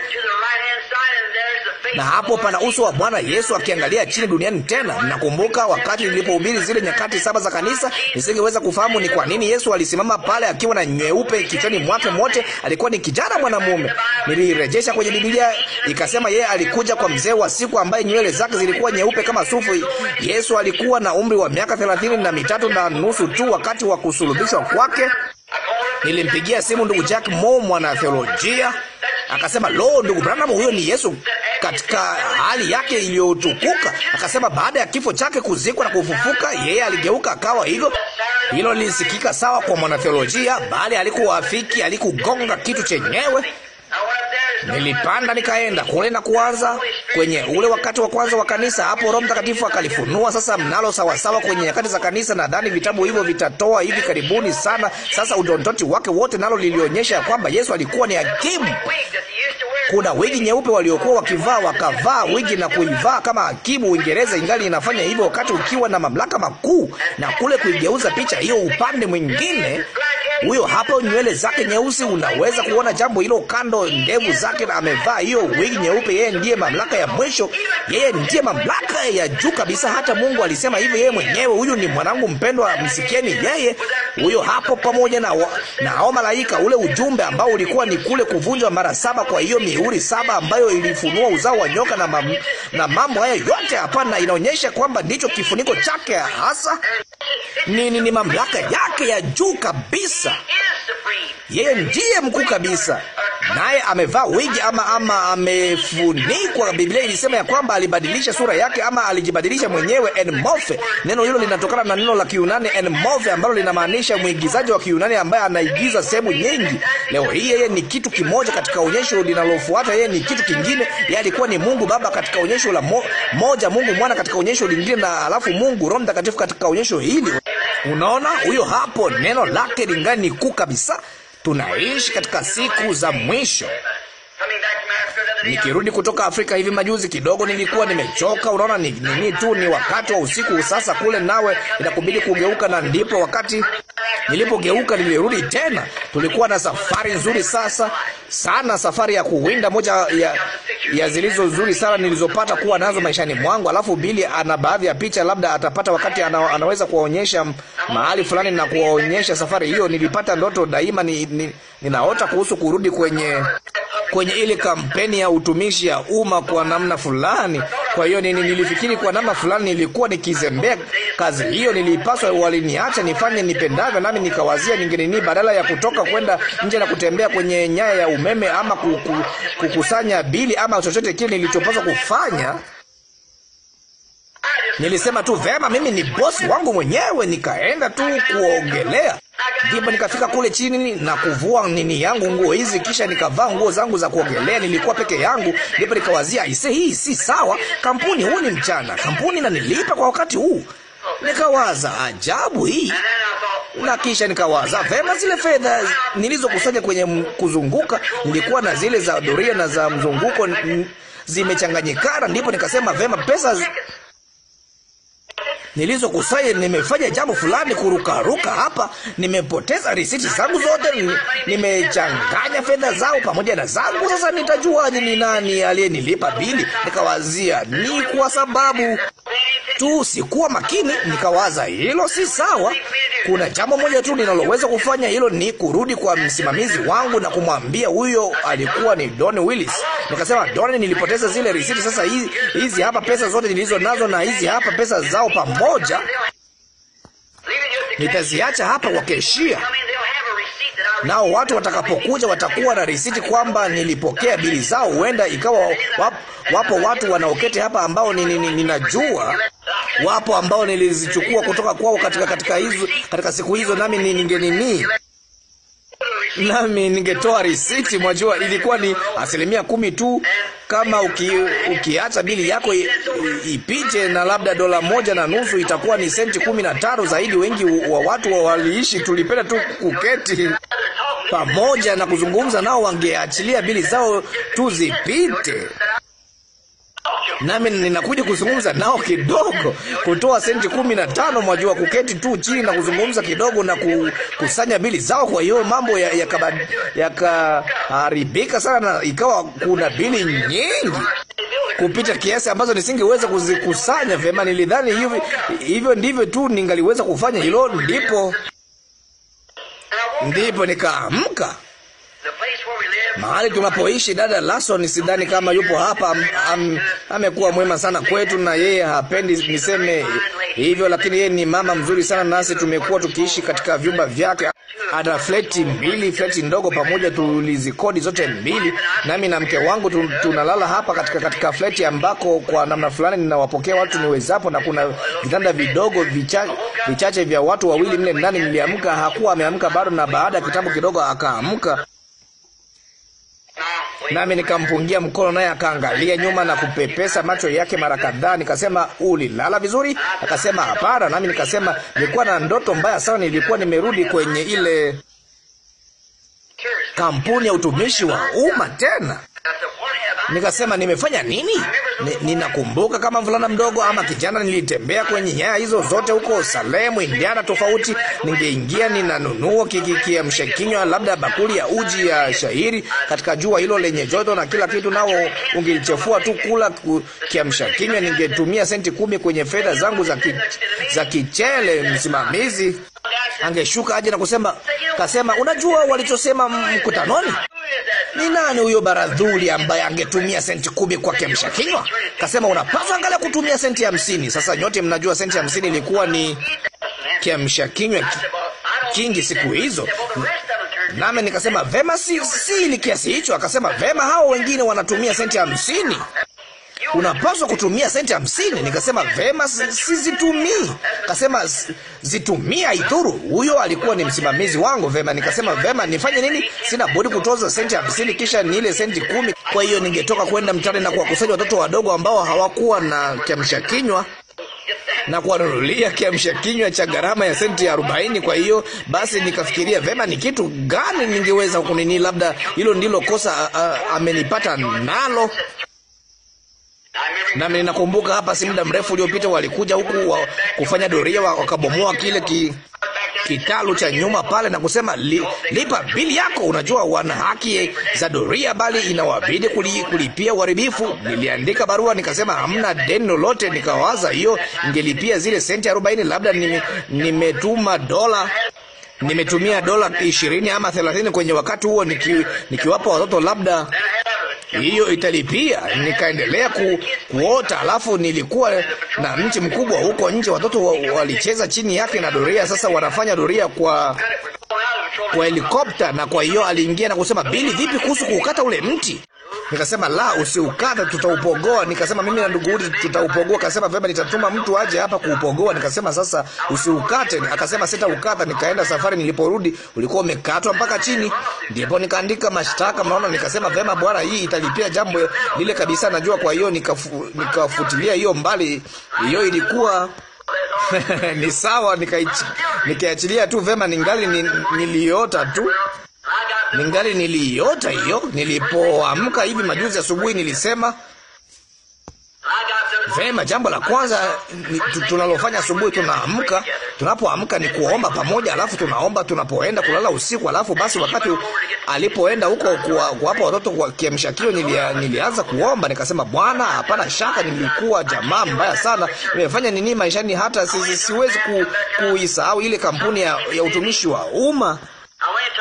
na hapo pana uso wa Bwana Yesu akiangalia chini duniani tena. Nakumbuka wakati nilipohubiri zile nyakati saba za kanisa, nisingeweza kufahamu ni kwa nini Yesu alisimama pale akiwa na nyeupe kichwani mwake mote. Alikuwa ni kijana mwanamume. Nilirejesha kwenye Biblia, ikasema yeye alikuja kwa mzee wa siku ambaye nywele zake zilikuwa nyeupe kama sufu. Yesu alikuwa na umri wa miaka thelathini na mitatu na nusu tu wakati wa kusulubishwa kwake. Nilimpigia simu ndugu Jack mwana mwanatheolojia Akasema, lo, ndugu Branham, huyo ni Yesu katika hali yake iliyotukuka. Akasema baada ya kifo chake, kuzikwa na kufufuka, yeye aligeuka akawa hivyo. Hilo lisikika sawa kwa mwanatheolojia, bali alikuafiki, alikugonga kitu chenyewe. Nilipanda nikaenda kule na kuanza kwenye ule wakati wa kwanza wa kanisa. Hapo Roho Mtakatifu akalifunua. Sasa mnalo sawasawa kwenye nyakati za kanisa. Nadhani vitabu hivyo vitatoa hivi karibuni sana. Sasa udondoti wake wote nalo lilionyesha kwamba Yesu alikuwa ni hakimu. Kuna wigi nyeupe waliokuwa wakivaa, wakavaa wigi na kuivaa kama hakimu. Uingereza ingali inafanya hivyo, wakati ukiwa na mamlaka makuu, na kule kuigeuza picha hiyo upande mwingine huyo hapo, nywele zake nyeusi, unaweza kuona jambo hilo kando ndevu zake, na amevaa hiyo wigi nyeupe. Yeye ndiye mamlaka ya mwisho, yeye ndiye mamlaka ya juu kabisa. Hata Mungu alisema hivi yeye mwenyewe, huyu ni mwanangu mpendwa, msikieni yeye. Huyo hapo pamoja na wa, na hao malaika, ule ujumbe ambao ulikuwa ni kule kuvunjwa mara saba kwa hiyo mihuri saba ambayo ilifunua uzao wa nyoka na, mam, na mambo haya yote hapana, inaonyesha kwamba ndicho kifuniko chake hasa ni, ni, ni mamlaka yake ya juu kabisa. the. Yeye ndiye mkuu kabisa, naye amevaa wigi ama ama amefunikwa. Biblia ilisema ya kwamba alibadilisha sura yake ama alijibadilisha mwenyewe en enmorphe. Neno hilo linatokana na neno la Kiunani en enmorphe ambalo linamaanisha mwigizaji wa Kiunani ambaye anaigiza sehemu nyingi. Leo hii yeye ni kitu kimoja, katika onyesho linalofuata yeye ni kitu kingine. Yeye alikuwa ni Mungu Baba katika onyesho la mo, moja, Mungu Mwana katika onyesho lingine, na alafu Mungu Roho Mtakatifu katika onyesho hili. Unaona, huyo hapo, neno lake lingani kuu kabisa. Tunaishi katika siku za mwisho. Nikirudi kutoka Afrika hivi majuzi kidogo nilikuwa nimechoka. Unaona ni nini tu, ni wakati wa usiku sasa kule, nawe inakubidi kugeuka, na ndipo wakati nilipogeuka nilirudi tena. Tulikuwa na safari nzuri sasa sana, safari ya kuwinda, moja ya, ya zilizo nzuri sana nilizopata kuwa nazo maishani mwangu. Alafu Bili ana baadhi ya picha, labda atapata wakati ana, anaweza kuwaonyesha mahali fulani na kuwaonyesha safari hiyo. Nilipata ndoto daima, ni, ni, ninaota kuhusu kurudi kwenye kwenye ile kampeni ya utumishi ya umma kwa namna fulani. Kwa hiyo nini, nilifikiri kwa namna fulani nilikuwa nikizembea kazi hiyo, nilipaswa, waliniacha nifanye nipendavyo, nami nikawazia ningenini, badala ya kutoka kwenda nje na kutembea kwenye nyaya ya umeme ama kuku, kukusanya bili ama chochote kile nilichopaswa kufanya Nilisema tu vema, mimi ni bosi wangu mwenyewe, nikaenda tu kuogelea ndipo nikafika kule chini na kuvua nini yangu nguo hizi, kisha nikavaa nguo zangu za kuogelea. Nilikuwa peke yangu, ndipo nikawazia, ise, hii si sawa. Kampuni, huu ni mchana, kampuni inanilipa kwa wakati huu. Nikawaza, ajabu hii na kisha nikawaza vema, zile fedha nilizokusanya kwenye kuzunguka, nilikuwa na zile za doria na za mzunguko zimechanganyikana. Ndipo nikasema vema, pesa nilizokusanya, nimefanya jambo fulani, kurukaruka hapa, nimepoteza risiti zangu zote, nimechanganya fedha zao pamoja na zangu. Sasa nitajuaje ni nani aliyenilipa bili? Nikawazia ni kwa sababu tu sikuwa makini. Nikawaza hilo si sawa. Kuna jambo moja tu ninaloweza kufanya, hilo ni kurudi kwa msimamizi wangu na kumwambia. Huyo alikuwa ni Don Willis. Nikasema, Don, nilipoteza zile risiti, sasa hizi hapa pesa zote nilizo nazo na hizi hapa pesa zao pamoja moja. Nitaziacha hapa wakeshia, nao watu watakapokuja watakuwa na risiti kwamba nilipokea bili zao. Huenda ikawa wapo watu wanaoketi hapa ambao ninajua, wapo ambao nilizichukua kutoka kwao katika katika hizo katika siku hizo, nami ningenini nami ningetoa risiti, mwajua ilikuwa ni asilimia kumi tu, kama uki, ukiacha bili yako ipite na labda dola moja na nusu itakuwa ni senti kumi na tano zaidi. Wengi wa watu wa waliishi, tulipenda tu kuketi pamoja na kuzungumza nao, wangeachilia bili zao tu zipite nami ninakuja kuzungumza nao kidogo, kutoa senti kumi na tano, mwajua, kuketi tu chini na kuzungumza kidogo na kukusanya bili zao. Kwa hiyo mambo yakaharibika ya ya sana, na ikawa kuna bili nyingi kupita kiasi ambazo nisingeweza kuzikusanya vyema. Nilidhani hivyo hivyo ndivyo tu ningaliweza kufanya hilo, ndipo ndipo nikaamka mahali tunapoishi. Dada Lason sidhani kama yupo hapa. am, amekuwa mwema sana kwetu, na yeye hapendi niseme hivyo, lakini yeye ni mama mzuri sana, nasi tumekuwa tukiishi katika vyumba vyake ana fleti mbili, fleti ndogo pamoja, tulizikodi zote mbili. Nami na mke wangu tunalala hapa katika, katika fleti ambako kwa namna fulani ninawapokea watu niwezapo, na kuna vitanda vidogo vicha, vichache vya watu wawili mle ndani. Niliamka, hakuwa ameamka bado, na baada ya kitabu kidogo akaamka nami nikampungia mkono, naye akaangalia nyuma na kupepesa macho yake mara kadhaa. Nikasema, ulilala vizuri? Akasema, hapana. Nami nikasema, nilikuwa na ndoto mbaya sana, nilikuwa nimerudi kwenye ile kampuni ya utumishi wa umma tena. Nikasema, nimefanya nini? Ninakumbuka kama mvulana mdogo ama kijana, nilitembea kwenye nyaya hizo zote huko Salemu, Indiana. Tofauti ningeingia, ninanunua kiamsha kinywa, labda bakuli ya uji ya shahiri katika jua hilo lenye joto na kila kitu, nao ungilichefua tu kula kiamsha kinywa. Ningetumia senti kumi kwenye fedha zangu za, ki, za kichele. Msimamizi angeshuka aje na kusema kasema, unajua walichosema mkutanoni? Ni nani huyo baradhuli ambaye angetumia senti kumi kwa kiamsha kinywa? Kasema unapaswa angalia kutumia senti hamsini. Sasa nyote mnajua senti hamsini ilikuwa ni kiamsha kinywa kingi siku hizo. Nami nikasema vema, si, si ni kiasi hicho. Akasema vema, hao wengine wanatumia senti hamsini unapaswa kutumia senti hamsini. Nikasema vema, sizitumii. Kasema zitumia ithuru. Huyo alikuwa ni msimamizi wangu. Vema, nikasema vema, nifanye nini? Sina budi kutoza senti hamsini, kisha ni ile senti kumi. Kwa hiyo ningetoka kwenda mtaani na kuwakusanya watoto wadogo ambao hawakuwa na kiamsha kinywa na kuwanunulia kiamsha kinywa cha gharama ya senti arobaini. Kwa hiyo basi nikafikiria vema, ni kitu gani ningeweza kunini, labda hilo ndilo kosa a, a, amenipata nalo. Nami ninakumbuka hapa si muda mrefu uliopita walikuja huku wa kufanya doria, wakabomoa kile ki kitalu cha nyuma pale na kusema li, lipa bili yako. Unajua wana haki za doria, bali inawabidi kuli, kulipia uharibifu. Niliandika barua nikasema hamna deni lolote, nikawaza hiyo ingelipia zile senti 40 labda nimetuma nime dola nimetumia dola ishirini ama thelathini kwenye wakati huo, niki, nikiwapa watoto labda hiyo italipia. Nikaendelea ku, kuota. Alafu nilikuwa na mti mkubwa huko nje, watoto walicheza chini yake na doria. Sasa wanafanya doria kwa kwa helikopta, na kwa hiyo aliingia na kusema, Bili, vipi kuhusu kuukata ule mti? Nikasema, la, usiukata, tutaupogoa. Nikasema mimi na ndugu Hudi tutaupogoa. Akasema vema, nitatuma mtu aje hapa kuupogoa. Nikasema sasa usiukate. Akasema sitaukata. Nikaenda safari, niliporudi ulikuwa umekatwa mpaka chini. Ndipo nikaandika mashtaka, maana nikasema vema, bwana, hii italipia jambo lile kabisa, najua. Kwa hiyo nikafutilia hiyo mbali, hiyo ilikuwa ni sawa, nikaachilia tu vema. Ningali ni, niliota tu, ningali niliota hiyo. Nilipoamka hivi majuzi asubuhi, nilisema Vema, jambo la kwanza tunalofanya asubuhi, tunaamka. Tunapoamka ni kuomba pamoja, alafu tunaomba tunapoenda kulala usiku. Alafu basi, wakati alipoenda huko kuwapa watoto kwa kiamsha kio, nilia, nilianza kuomba nikasema, Bwana, hapana shaka nilikuwa jamaa mbaya sana, nimefanya nini maishani, hata si, si, siwezi ku, kuisahau ile kampuni ya, ya utumishi wa umma.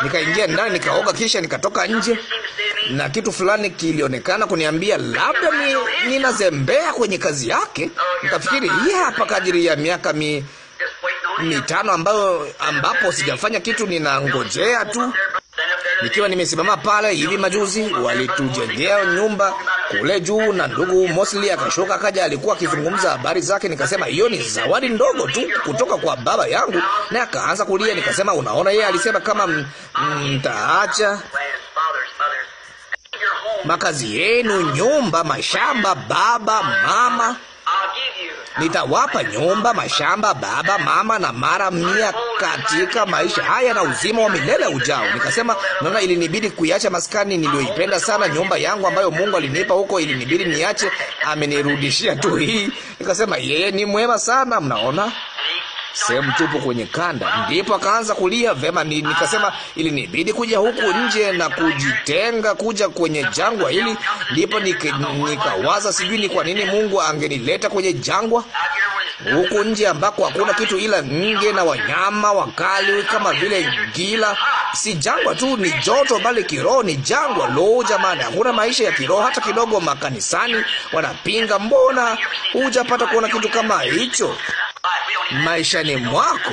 Nikaingia ndani nikaoga, kisha nikatoka nje na kitu fulani kilionekana kuniambia labda ni, ninazembea kwenye kazi yake. Nikafikiri hii hapa kadiri ya miaka mi, mitano ambayo ambapo sijafanya kitu, ninangojea tu nikiwa nimesimama pale. Hivi majuzi walitujengea nyumba kule juu, na ndugu Mosley akashuka akaja, alikuwa akizungumza habari zake. Nikasema hiyo ni zawadi ndogo tu kutoka kwa baba yangu, na akaanza kulia. Nikasema unaona, yeye alisema kama mtaacha makazi yenu, nyumba, mashamba, baba, mama. Nitawapa nyumba, mashamba, baba, mama na mara mia katika maisha haya na uzima wa milele ujao. Nikasema, naona ilinibidi kuiacha maskani niliyoipenda sana, nyumba yangu ambayo Mungu alinipa huko, ilinibidi niache, amenirudishia tu hii. Nikasema, yeye ni mwema sana, mnaona? sehemu tupu kwenye kanda. Ndipo akaanza kulia vema, ni, nikasema ili nibidi kuja huku nje na kujitenga, kuja kwenye jangwa hili. Ndipo nikawaza nika, sijui ni kwa nini Mungu angenileta kwenye jangwa huku nje ambako hakuna kitu ila nge na wanyama wakali kama vile gila. Si jangwa tu, ni joto, bali kiroho ni jangwa. Lo, jamani, hakuna maisha ya kiroho hata kidogo. Makanisani wanapinga, mbona hujapata kuona kitu kama hicho? maishani mwako.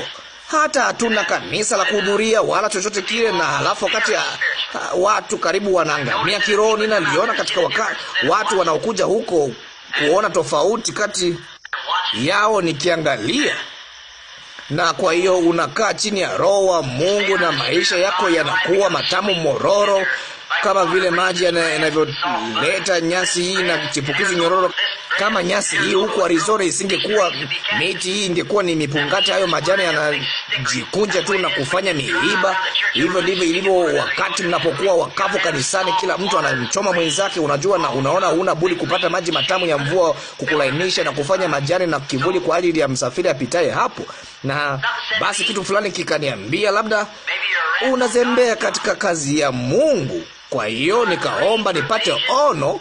Hata hatuna kanisa la kuhudhuria wala chochote kile, na halafu wakati ya, ah, ah, watu karibu wanaangamia kiroho. Ninaliona katika wakati watu wanaokuja huko kuona tofauti kati yao nikiangalia na kwa hiyo unakaa chini ya roho wa Mungu na maisha yako yanakuwa matamu mororo, kama vile maji yanavyoleta nyasi hii na chipukizi nyororo kama nyasi hii huko Arizona isingekuwa miti hii, ingekuwa ni mipungate. Hayo majani yanajikunja tu na kufanya miiba. Hivyo ndivyo ilivyo wakati mnapokuwa wakavu kanisani, kila mtu anamchoma mwenzake, unajua, na unaona huna budi kupata maji matamu ya mvua kukulainisha na kufanya majani na kivuli kwa ajili ya msafiri apitaye hapo. Na basi kitu fulani kikaniambia, labda unazembea katika kazi ya Mungu. Kwa hiyo nikaomba nipate ono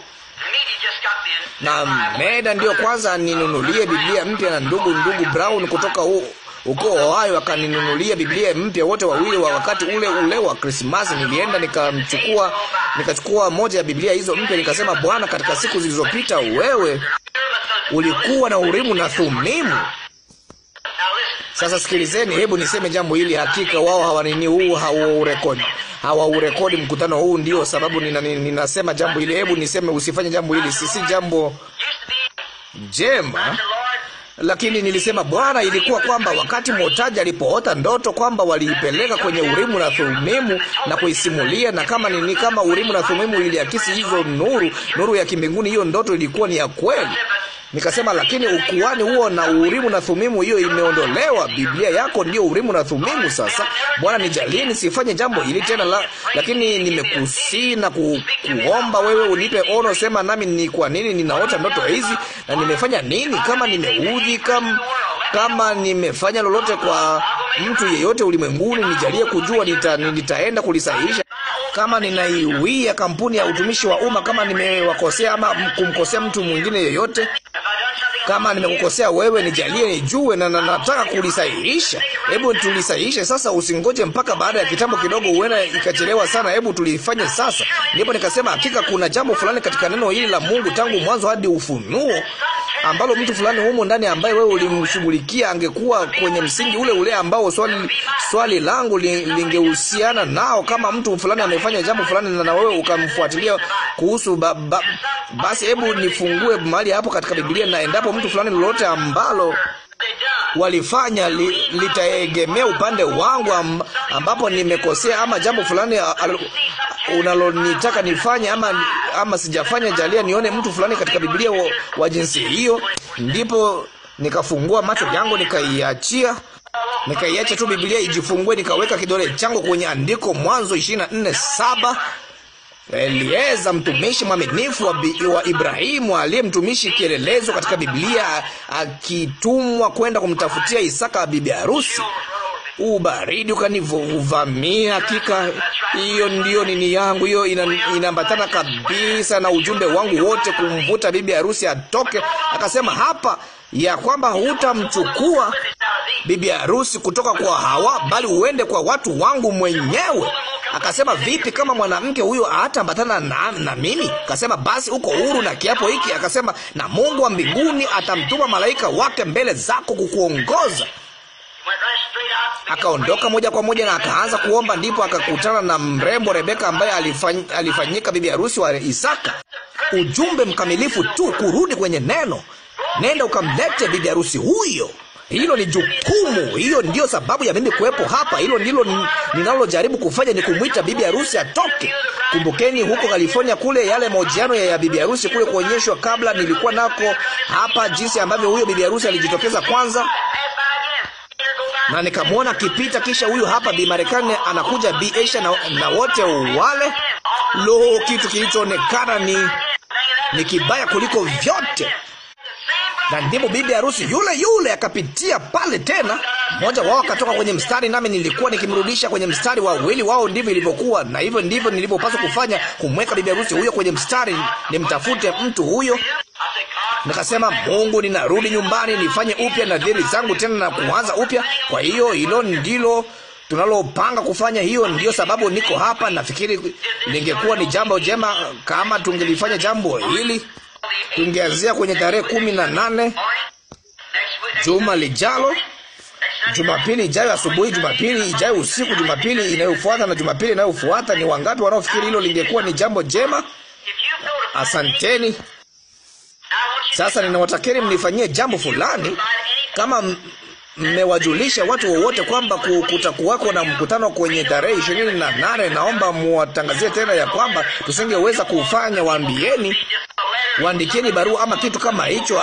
na meda ndio kwanza ninunulie Biblia mpya, na ndugu ndugu Brown kutoka huo ukoo hayo wakaninunulia Biblia mpya wote wawili wa wakati ule ule wa Krismasi. Nilienda nikamchukua, nikachukua moja ya Biblia hizo mpya, nikasema, Bwana, katika siku zilizopita wewe ulikuwa na Urimu na Thumimu sasa sikilizeni, hebu niseme jambo hili. Hakika wao hawanini huu, hawaurekodi, hawaurekodi mkutano huu. Ndio sababu ninasema nina, nina jambo hili. Hebu niseme, usifanye jambo hili, sisi jambo jema lakini nilisema Bwana, ilikuwa kwamba wakati mwotaji alipoota ndoto kwamba waliipeleka kwenye Urimu na Thumimu na kuisimulia, na kama nini, kama Urimu na Thumimu iliakisi hizo nuru, nuru ya kimbinguni, hiyo ndoto ilikuwa ni ya kweli. Nikasema, lakini ukuani huo na Urimu na Thumimu hiyo imeondolewa. Biblia yako ndio Urimu na Thumimu. Sasa Bwana, nijalie nisifanye jambo hili tena la, lakini nimekusii na ku, kuomba wewe unipe ono, sema nami ni kwa nini ninaota ndoto hizi na nimefanya nini, kama nimeudhi, kama kama nimefanya lolote kwa mtu yeyote ulimwenguni, nijalie kujua, nita, nitaenda kulisahihisha kama ninaiwia kampuni ya utumishi wa umma, kama nimewakosea ama kumkosea mtu mwingine yoyote kama nimekukosea wewe, nijalie nijue, na nataka kulisahihisha. Hebu tulisahihishe sasa, usingoje mpaka baada ya kitambo kidogo, huenda ikachelewa sana. Hebu tulifanye sasa. Ndipo nikasema hakika kuna jambo fulani katika neno hili la Mungu tangu mwanzo hadi Ufunuo ambalo mtu fulani humo ndani ambaye wewe ulimshughulikia angekuwa kwenye msingi ule ule ambao swali, swali langu lingehusiana li nao. Kama mtu fulani amefanya jambo fulani na wewe ukamfuatilia kuhusu ba, ba, basi hebu nifungue mahali hapo katika Biblia, na endapo mtu fulani, lolote ambalo walifanya li, litaegemea upande wangu amb, ambapo nimekosea, ama jambo fulani unalonitaka nifanye ama, ama sijafanya. Jalia nione mtu fulani katika Biblia wa, wa jinsi hiyo. Ndipo nikafungua macho yangu nikaiachia nikaiacha tu Biblia ijifungue, nikaweka kidole changu kwenye andiko Mwanzo ishirini na nne saba Elieza mtumishi mwaminifu wa Ibrahimu aliyemtumishi kielelezo katika Biblia, akitumwa kwenda kumtafutia Isaka bibi harusi ubaridi ukanivuvamia. Hakika hiyo ndiyo nini yangu, hiyo inaambatana kabisa na ujumbe wangu wote, kumvuta bibi harusi atoke. Akasema hapa ya kwamba hutamchukua bibi harusi kutoka kwa hawa, bali uende kwa watu wangu mwenyewe. Akasema vipi kama mwanamke huyo hataambatana na, na mimi? Akasema basi uko huru na kiapo hiki. Akasema na Mungu wa mbinguni atamtuma malaika wake mbele zako kukuongoza. Akaondoka moja kwa moja na akaanza kuomba, ndipo akakutana na mrembo Rebeka ambaye alifany, alifanyika bibi harusi wa Isaka. Ujumbe mkamilifu tu, kurudi kwenye neno, nenda ukamlete bibi harusi huyo. Hilo ni jukumu. Hiyo ndiyo sababu ya mimi kuwepo hapa. Hilo ndilo ninalojaribu kufanya, ni kumwita bibi harusi atoke. Kumbukeni huko California kule, yale mahojiano ya bibi harusi kule, kuonyeshwa kabla nilikuwa nako hapa, jinsi ambavyo huyo bibi harusi alijitokeza kwanza na nikamwona akipita. Kisha huyu hapa bi Marekani anakuja bi Asia na, na wote wale. Lo, kitu kilichoonekana ni ni kibaya kuliko vyote na ndipo bibi harusi yule yule akapitia pale tena. Mmoja wao akatoka kwenye mstari, nami nilikuwa nikimrudisha kwenye mstari wa wili wao. Ndivyo ilivyokuwa, na hivyo ndivyo nilivyopaswa kufanya, kumweka bibi harusi huyo kwenye mstari, nimtafute mtu huyo. Nikasema, Mungu, ninarudi nyumbani, nifanye upya nadhiri zangu tena na kuanza upya. Kwa hiyo hilo ndilo tunalopanga kufanya. Hiyo ndiyo sababu niko hapa. Nafikiri lingekuwa ni jambo jema kama tungelifanya jambo hili. Tungeanzia kwenye tarehe kumi na nane juma lijalo, Jumapili ijayo asubuhi, Jumapili ijayo usiku, Jumapili inayofuata na Jumapili inayofuata. Ni wangapi wanaofikiri hilo lingekuwa ni jambo jema? Asanteni. Sasa ninawatakeni mnifanyie jambo fulani, kama mmewajulisha watu wowote kwamba kutakuwako na mkutano kwenye tarehe ishirini na nane. Naomba muwatangazie tena ya kwamba tusingeweza kufanya. Waambieni, waandikieni barua ama kitu kama hicho.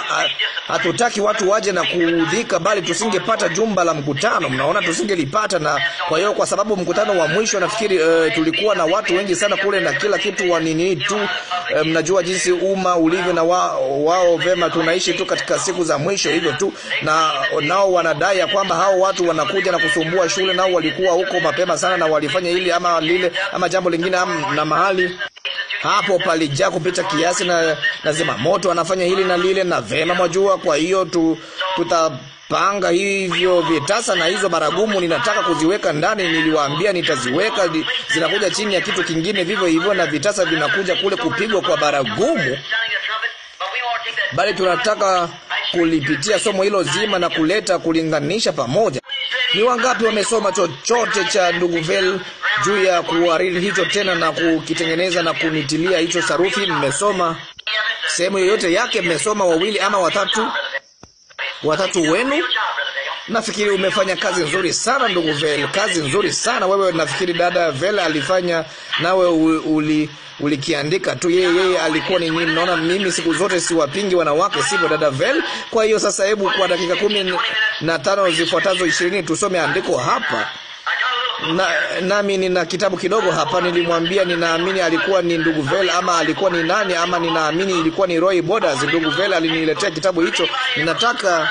Hatutaki watu waje na kuudhika, bali tusingepata jumba la mkutano. Mnaona, tusingelipata. Na kwa hiyo, kwa sababu mkutano wa mwisho nafikiri, e, tulikuwa na watu wengi sana kule na kila kitu wa nini tu. E, mnajua jinsi umma ulivyo na wa, wao vema, tunaishi tu katika siku za mwisho hivyo tu, na nao wanada wanadai ya kwamba hao watu wanakuja na kusumbua shule, nao walikuwa huko mapema sana na walifanya ili ama lile ama jambo lingine ama, na mahali hapo palijaa kupita kiasi, na lazima moto anafanya hili na lile, na vema mwajua. Kwa hiyo tu, tuta panga hivyo vitasa na hizo baragumu, ninataka kuziweka ndani. Niliwaambia nitaziweka, zinakuja chini ya kitu kingine vivyo hivyo, na vitasa vinakuja kule kupigwa kwa baragumu, bali tunataka kulipitia somo hilo zima na kuleta kulinganisha pamoja. Ni wangapi wamesoma chochote cha ndugu Vel juu ya kuhariri hicho tena na kukitengeneza na kunitilia hicho sarufi? Mmesoma sehemu yoyote yake? Mmesoma wawili ama watatu watatu wenu? Nafikiri umefanya kazi nzuri sana ndugu Vel, kazi nzuri sana wewe. Nafikiri dada Vel alifanya nawe uli ulikiandika tu yeye yeye alikuwa ni nini. Mnaona, mimi siku zote siwapingi wanawake, sivyo dada Vel? Kwa hiyo sasa, hebu kwa dakika kumi na tano zifuatazo ishirini tusome andiko hapa na, nami nina kitabu kidogo hapa. Nilimwambia ninaamini alikuwa ni ndugu Vela ama alikuwa ni nani ama ninaamini ilikuwa ni Roy Borders. Ndugu Vela aliniletea kitabu hicho. Ninataka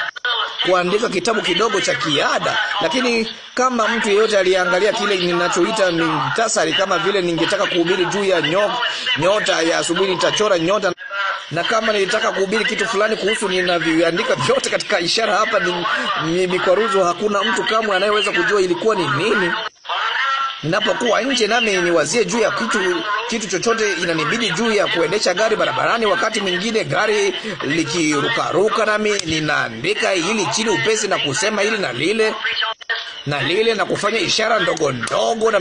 kuandika kitabu kidogo cha kiada, lakini kama mtu yeyote aliangalia kile ninachoita mintasari, kama vile ningetaka kuhubiri juu ya nyok, nyota ya asubuhi, nitachora nyota na kama nilitaka kuhubiri kitu fulani kuhusu, ninavyoandika vyote katika ishara hapa, ni mikwaruzo. Hakuna mtu kamwe anayeweza kujua ilikuwa ni nini. Ninapokuwa nje nami niwazie juu ya kitu, kitu chochote, inanibidi juu ya kuendesha gari barabarani, wakati mwingine gari likirukaruka, nami ninaandika hili chini upesi na kusema hili na lile na lile na kufanya ishara ndogo ndogo na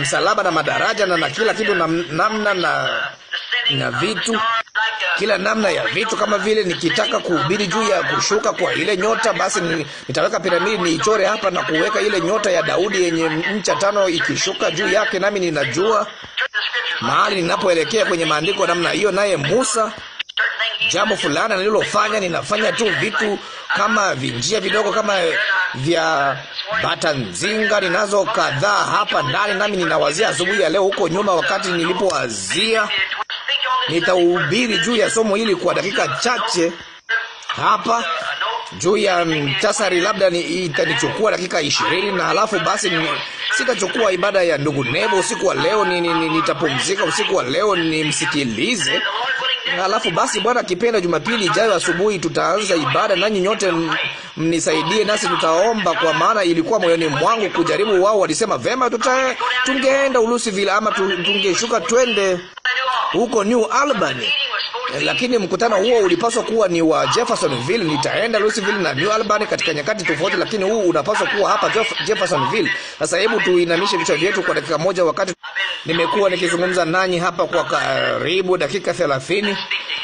msalaba na, madaraja na, na kila kitu namna na, na, na, na na vitu, kila namna ya vitu. Kama vile nikitaka kuhubiri juu ya kushuka kwa ile nyota, basi nitaweka piramidi niichore hapa na kuweka ile nyota ya Daudi yenye ncha tano ikishuka juu yake, nami ninajua mahali ninapoelekea kwenye maandiko namna hiyo. Naye Musa jambo fulani nililofanya. Ninafanya tu vitu kama vinjia vidogo kama vya bata nzinga. Ninazo kadhaa hapa ndani, nami ninawazia asubuhi ya leo. Huko nyuma, wakati nilipowazia, nitahubiri juu ya somo hili kwa dakika chache hapa juu ya mtasari, labda ni itanichukua dakika ishirini na halafu basi ni, sitachukua ibada ya ndugu Nebo usiku wa leo. Nitapumzika ni, ni, usiku wa leo nimsikilize alafu basi, Bwana akipenda, Jumapili ijayo asubuhi tutaanza ibada, nanyi nyote mnisaidie, nasi tutaomba, kwa maana ilikuwa moyoni mwangu kujaribu. Wao walisema vema, tungeenda Ulusi vila ama tungeshuka twende huko New Albany, eh, lakini mkutano huo ulipaswa kuwa ni wa Jeffersonville. Nitaenda Louisville na New Albany katika nyakati tofauti, lakini huu unapaswa kuwa hapa Jeffersonville. Sasa hebu tuinamishe vichwa vyetu kwa dakika moja. Wakati nimekuwa nikizungumza nanyi hapa kwa karibu dakika 30.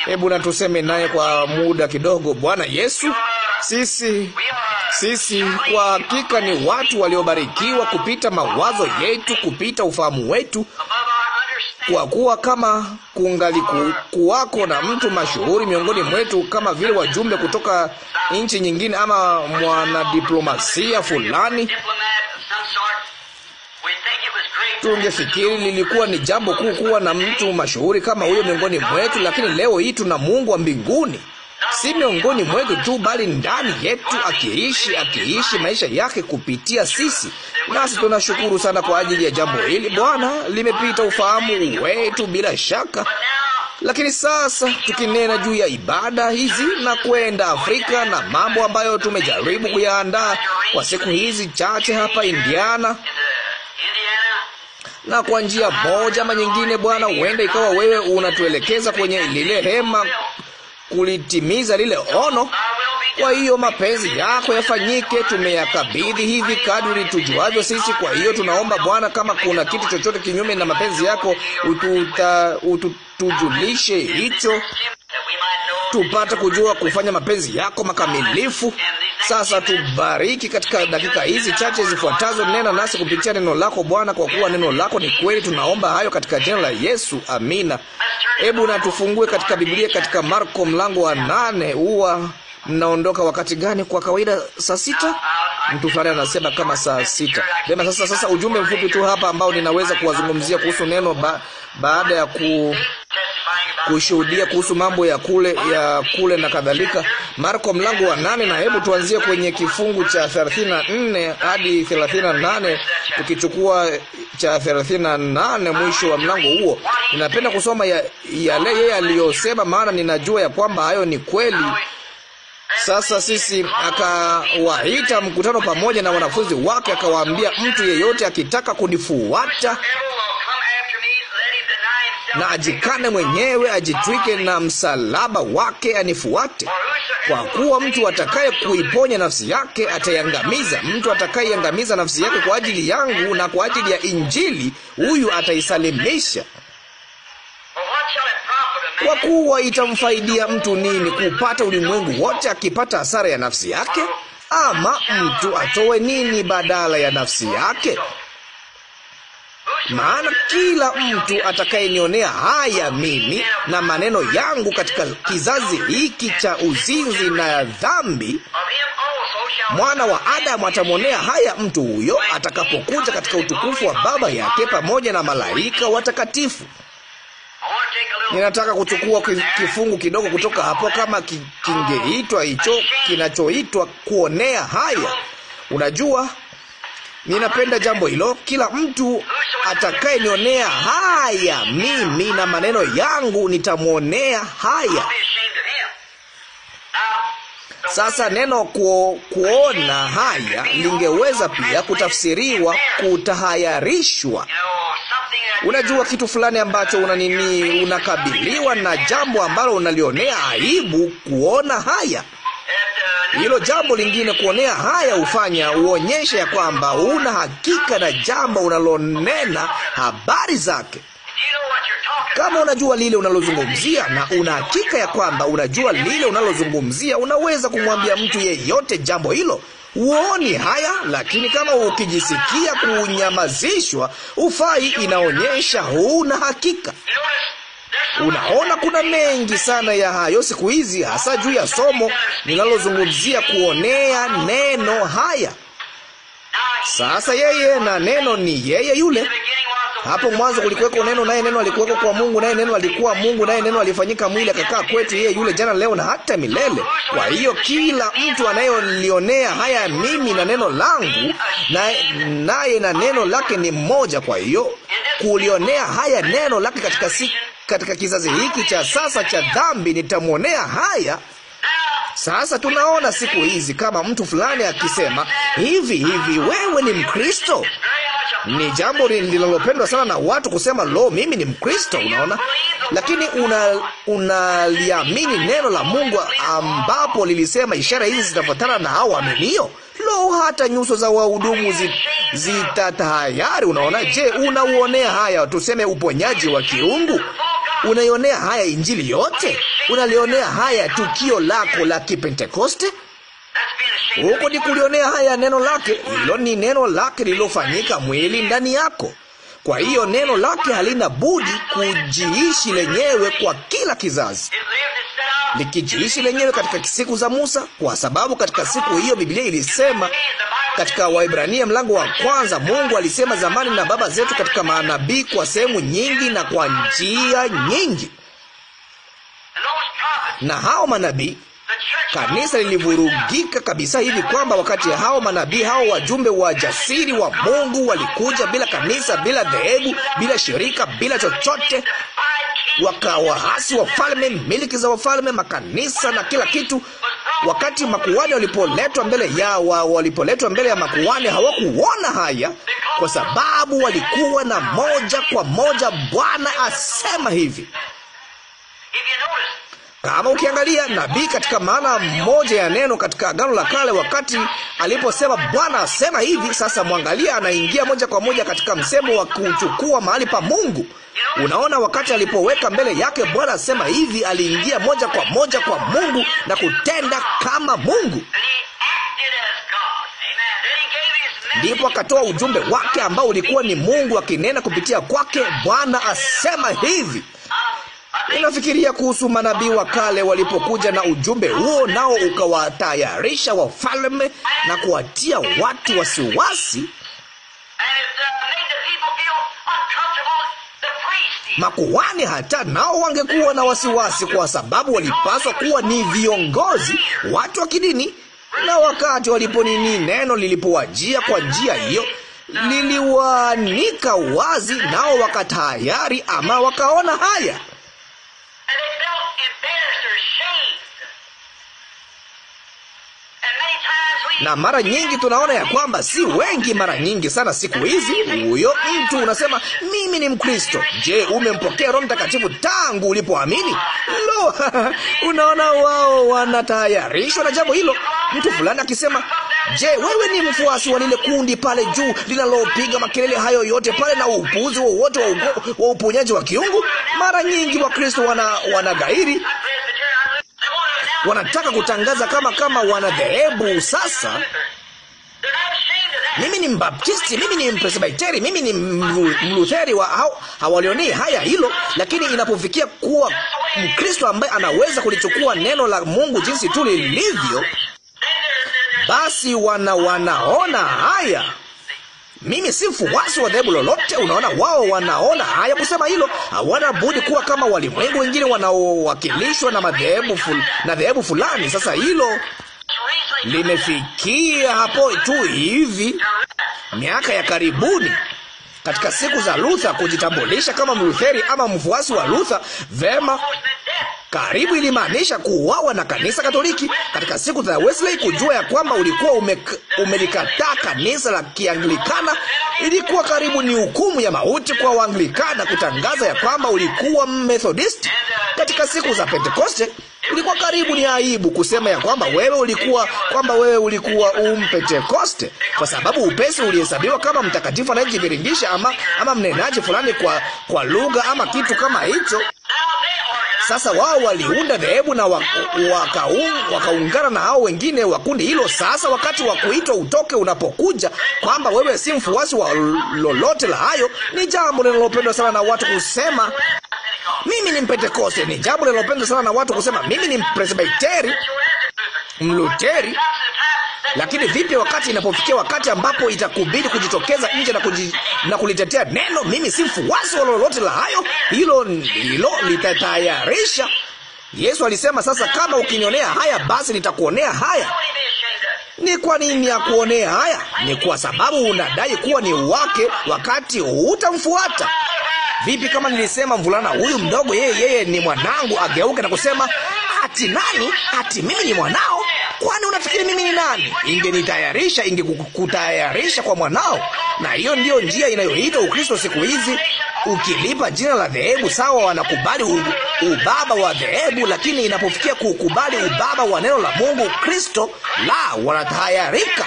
hebu na tuseme naye kwa muda kidogo. Bwana Yesu, sisi sisi kwa hakika ni watu waliobarikiwa kupita mawazo yetu, kupita ufahamu wetu, kwa kuwa kama kungalikuwako na mtu mashuhuri miongoni mwetu, kama vile wajumbe kutoka nchi nyingine ama mwanadiplomasia fulani, tungefikiri lilikuwa ni jambo kuu kuwa na mtu mashuhuri kama huyo miongoni mwetu, lakini leo hii tuna Mungu wa mbinguni si miongoni mwetu tu, bali ndani yetu, akiishi akiishi maisha yake kupitia sisi. Nasi tunashukuru sana kwa ajili ya jambo hili. Bwana, limepita ufahamu wetu bila shaka. Lakini sasa tukinena juu ya ibada hizi na kwenda Afrika na mambo ambayo tumejaribu kuyaandaa kwa siku hizi chache hapa Indiana, na kwa njia moja ama nyingine, Bwana, huenda ikawa wewe unatuelekeza kwenye lile hema kulitimiza lile ono. Kwa hiyo mapenzi yako yafanyike. Tumeyakabidhi hivi kadri tujuavyo sisi. Kwa hiyo tunaomba Bwana, kama kuna kitu chochote kinyume na mapenzi yako, ututujulishe hicho tupate kujua kufanya mapenzi yako makamilifu. Sasa tubariki katika dakika hizi chache zifuatazo. Nena nasi kupitia neno lako Bwana, kwa kuwa neno lako ni kweli. Tunaomba hayo katika jina la Yesu, amina. Hebu na tufungue katika Biblia, katika Marko mlango wa nane. Huwa mnaondoka wakati gani kwa kawaida? Saa sita. Mtu fulani anasema kama saa sita. Vyema. Sasa, sasa ujumbe mfupi tu hapa ambao ninaweza kuwazungumzia kuhusu neno ba baada ya ku kushuhudia kuhusu mambo ya kule ya kule na kadhalika. Marko mlango wa nane, na hebu tuanzie kwenye kifungu cha 34 hadi 38, tukichukua cha 38 mwisho wa mlango huo. Ninapenda kusoma yale ya yeye aliyosema, maana ninajua ya kwamba hayo ni kweli. Sasa sisi akawaita mkutano pamoja na wanafunzi wake, akawaambia, mtu yeyote akitaka kunifuata na ajikane mwenyewe, ajitwike na msalaba wake anifuate. Kwa kuwa mtu atakaye kuiponya nafsi yake ataiangamiza. Mtu atakayeiangamiza nafsi yake kwa ajili yangu na kwa ajili ya Injili, huyu ataisalimisha. Kwa kuwa itamfaidia mtu nini kupata ulimwengu wote akipata hasara ya nafsi yake? Ama mtu atoe nini badala ya nafsi yake? maana kila mtu atakayenionea haya mimi na maneno yangu katika kizazi hiki cha uzinzi na dhambi, mwana wa Adamu atamwonea haya mtu huyo atakapokuja katika utukufu wa Baba yake pamoja na malaika watakatifu. Ninataka kuchukua kifungu kidogo kutoka hapo, kama kingeitwa hicho kinachoitwa kuonea haya. Unajua Ninapenda jambo hilo. Kila mtu atakayenionea haya mimi na maneno yangu nitamwonea haya. Sasa neno kuo, kuona haya lingeweza pia kutafsiriwa kutahayarishwa. Unajua kitu fulani ambacho una nini, unakabiliwa na jambo ambalo unalionea aibu, kuona haya hilo jambo lingine, kuonea haya ufanya uonyeshe ya kwamba una hakika na jambo unalonena habari zake. Kama unajua lile unalozungumzia na una hakika ya kwamba unajua lile unalozungumzia, unaweza kumwambia mtu yeyote jambo hilo. Uoni haya, lakini kama ukijisikia kunyamazishwa, ufai, inaonyesha huna hakika. Unaona, kuna mengi sana ya hayo siku hizi, hasa juu ya somo linalozungumzia kuonea neno. Haya sasa, yeye na neno ni yeye yule. Hapo mwanzo kulikuweko neno, naye neno alikuweko kwa Mungu, naye neno alikuwa Mungu, naye neno alifanyika mwili akakaa kwetu. Yeye yule jana, leo na hata milele. Kwa hiyo kila mtu anayelionea haya mimi na neno langu, naye na neno lake ni mmoja. Kwa hiyo kulionea haya neno lake katika siku katika kizazi hiki cha sasa cha dhambi nitamwonea haya. Sasa tunaona siku hizi kama mtu fulani akisema hivi hivi, wewe ni Mkristo, ni jambo linalopendwa sana na watu kusema lo, mimi ni Mkristo, unaona, lakini unaliamini una neno la Mungu ambapo lilisema ishara hizi zitafuatana na hao waaminio lo, hata nyuso za wahudumu zitatahayari. Unaona? Je, unauonea haya, tuseme uponyaji wa kirungu? Unaionea haya injili yote? Unalionea haya tukio lako la Kipentekoste? Huko ni kulionea haya neno lake. Hilo ni neno lake lililofanyika mwili ndani yako. Kwa hiyo neno lake halina budi kujiishi lenyewe kwa kila kizazi likijiishi lenyewe katika siku za Musa, kwa sababu katika siku hiyo Biblia ilisema katika Waibrania mlango wa kwanza, Mungu alisema zamani na baba zetu katika manabii kwa sehemu nyingi na kwa njia nyingi. Na hao manabii kanisa lilivurugika kabisa hivi kwamba wakati hao manabii hao wajumbe wa jasiri wa Mungu walikuja bila kanisa, bila dhehebu, bila shirika, bila chochote, wakawahasi wafalme, miliki za wafalme, makanisa na kila kitu. Wakati makuhani walipoletwa mbele ya wa, walipoletwa mbele ya makuhani hawakuona haya, kwa sababu walikuwa na moja kwa moja Bwana asema hivi. Kama ukiangalia nabii katika maana moja ya neno katika Agano la Kale, wakati aliposema Bwana asema hivi, sasa mwangalia, anaingia moja kwa moja katika msemo wa kuchukua mahali pa Mungu. Unaona, wakati alipoweka mbele yake Bwana asema hivi, aliingia moja kwa moja kwa Mungu na kutenda kama Mungu. Ndipo akatoa ujumbe wake ambao ulikuwa ni Mungu akinena kupitia kwake, Bwana asema hivi. Ninafikiria kuhusu manabii wa kale walipokuja na ujumbe huo, nao ukawatayarisha wafalme na kuwatia watu wasiwasi makuhani hata nao wangekuwa na wasiwasi, kwa sababu walipaswa kuwa ni viongozi, watu wa kidini. Na wakati waliponini, neno lilipowajia kwa njia hiyo, liliwaanika wazi, nao wakatayari ama wakaona haya And they felt embarrassed or ashamed. na mara nyingi tunaona ya kwamba si wengi, mara nyingi sana siku hizi, huyo mtu unasema mimi ni Mkristo. Je, umempokea Roho Mtakatifu tangu ulipoamini? Lo, unaona wao wanatayarishwa na jambo hilo. Mtu fulani akisema Je, wewe ni mfuasi wa lile kundi pale juu linalopiga makelele hayo yote pale na upuzi wowote wa, wa uponyaji wa kiungu? Mara nyingi Wakristo wana wanagairi, wanataka kutangaza kama kama wanadhehebu sasa mimi ni Mbaptisti, mimi ni Mpresbiteri, mimi ni Mlutheri wa hao hawalioni haya hilo, lakini inapofikia kuwa Mkristo ambaye anaweza kulichukua neno la Mungu jinsi tu lilivyo basi wana wanaona haya. Mimi si mfuasi wa dhehebu lolote. Unaona, wao wanaona haya. Kusema hilo, hawana budi kuwa kama walimwengu wengine wanaowakilishwa na madhehebu ful, na dhehebu fulani. Sasa hilo limefikia hapo tu hivi miaka ya karibuni katika siku za Luther kujitambulisha kama Mlutheri ama mfuasi wa Luther. Vema, karibu ilimaanisha kuuawa na kanisa Katoliki katika siku za Wesley. Kujua ya kwamba ulikuwa ume, umelikataa kanisa la Kianglikana ilikuwa karibu ni hukumu ya mauti kwa Waanglikana. Kutangaza ya kwamba ulikuwa Methodisti katika siku za Pentekoste ilikuwa karibu ni aibu kusema ya kwamba wewe ulikuwa kwamba wewe ulikuwa umpentekoste, kwa sababu upesi ulihesabiwa kama mtakatifu anayejiviringisha ama, ama mnenaji fulani kwa, kwa lugha ama kitu kama hicho. Sasa wao waliunda dhehebu na wakaungana waka na hao wengine wa kundi hilo. Sasa wakati wa kuitwa utoke unapokuja, kwamba wewe si mfuasi wa lolote la hayo, ni jambo linalopendwa sana na watu kusema mimi ni Mpentekoste. Ni jambo linalopendwa sana na watu kusema mimi ni Mpresbiteri, Mluteri. Lakini vipi wakati inapofikia wakati ambapo itakubidi kujitokeza nje na, kuji, na kulitetea neno? Mimi si mfuasi wa lolote la hayo, hilo hilo litatayarisha. Yesu alisema, sasa kama ukinionea haya, basi nitakuonea haya. Ni kwa nini yakuonea haya? Ni kwa sababu unadai kuwa ni wake, wakati hutamfuata. Vipi kama nilisema mvulana huyu mdogo, yeye yeye ni mwanangu, ageuke na kusema ati nani? Ati mimi ni mwanao? kwani unafikiri mimi ni nani? Ingenitayarisha, ingekutayarisha kwa mwanao. Na hiyo ndiyo njia inayoitwa Ukristo siku hizi. Ukilipa jina la dhehebu, sawa, wanakubali ubaba wa dhehebu, lakini inapofikia kukubali ubaba wa neno la Mungu Kristo, la wanatayarika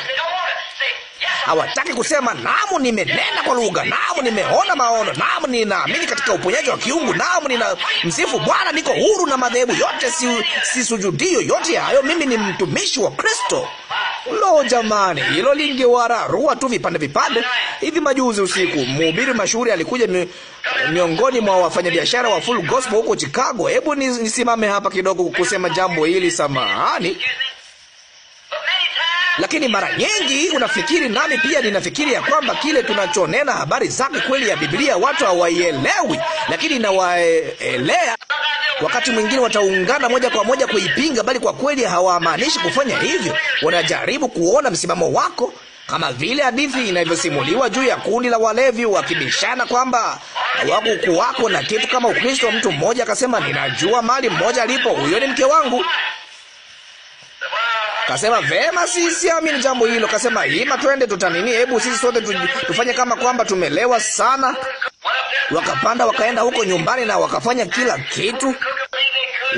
Hawataki kusema namu, nimenena kwa lugha, namu, nimeona maono, namu, ninaamini katika uponyaji wa kiungu, namu, nina msifu Bwana, niko huru na madhehebu yote, sisujudio yote hayo, mimi ni mtumishi wa Kristo. Lo, jamani, hilo lingewararua tu vipande vipande. Hivi majuzi usiku, mhubiri mashuhuri alikuja mi, miongoni mwa wafanyabiashara wa Full Gospel huko Chicago. Hebu nisimame hapa kidogo kusema jambo hili, samahani. Lakini mara nyingi unafikiri, nami pia ninafikiri, ya kwamba kile tunachonena habari zake kweli ya Biblia watu hawaielewi, lakini inawaelea wakati mwingine wataungana moja kwa moja kuipinga, bali kwa kweli hawamaanishi kufanya hivyo. Wanajaribu kuona msimamo wako, kama vile hadithi inavyosimuliwa juu ya kundi la walevi wakibishana kwamba hawakukuwako na kitu kama Ukristo. Mtu mmoja akasema, ninajua mali mmoja alipo, huyo ni mke wangu. Kasema vema, si siamini jambo hilo. Kasema ima, twende tutanini, hebu sisi sote tufanye kama kwamba tumelewa sana. Wakapanda wakaenda huko nyumbani na wakafanya kila kitu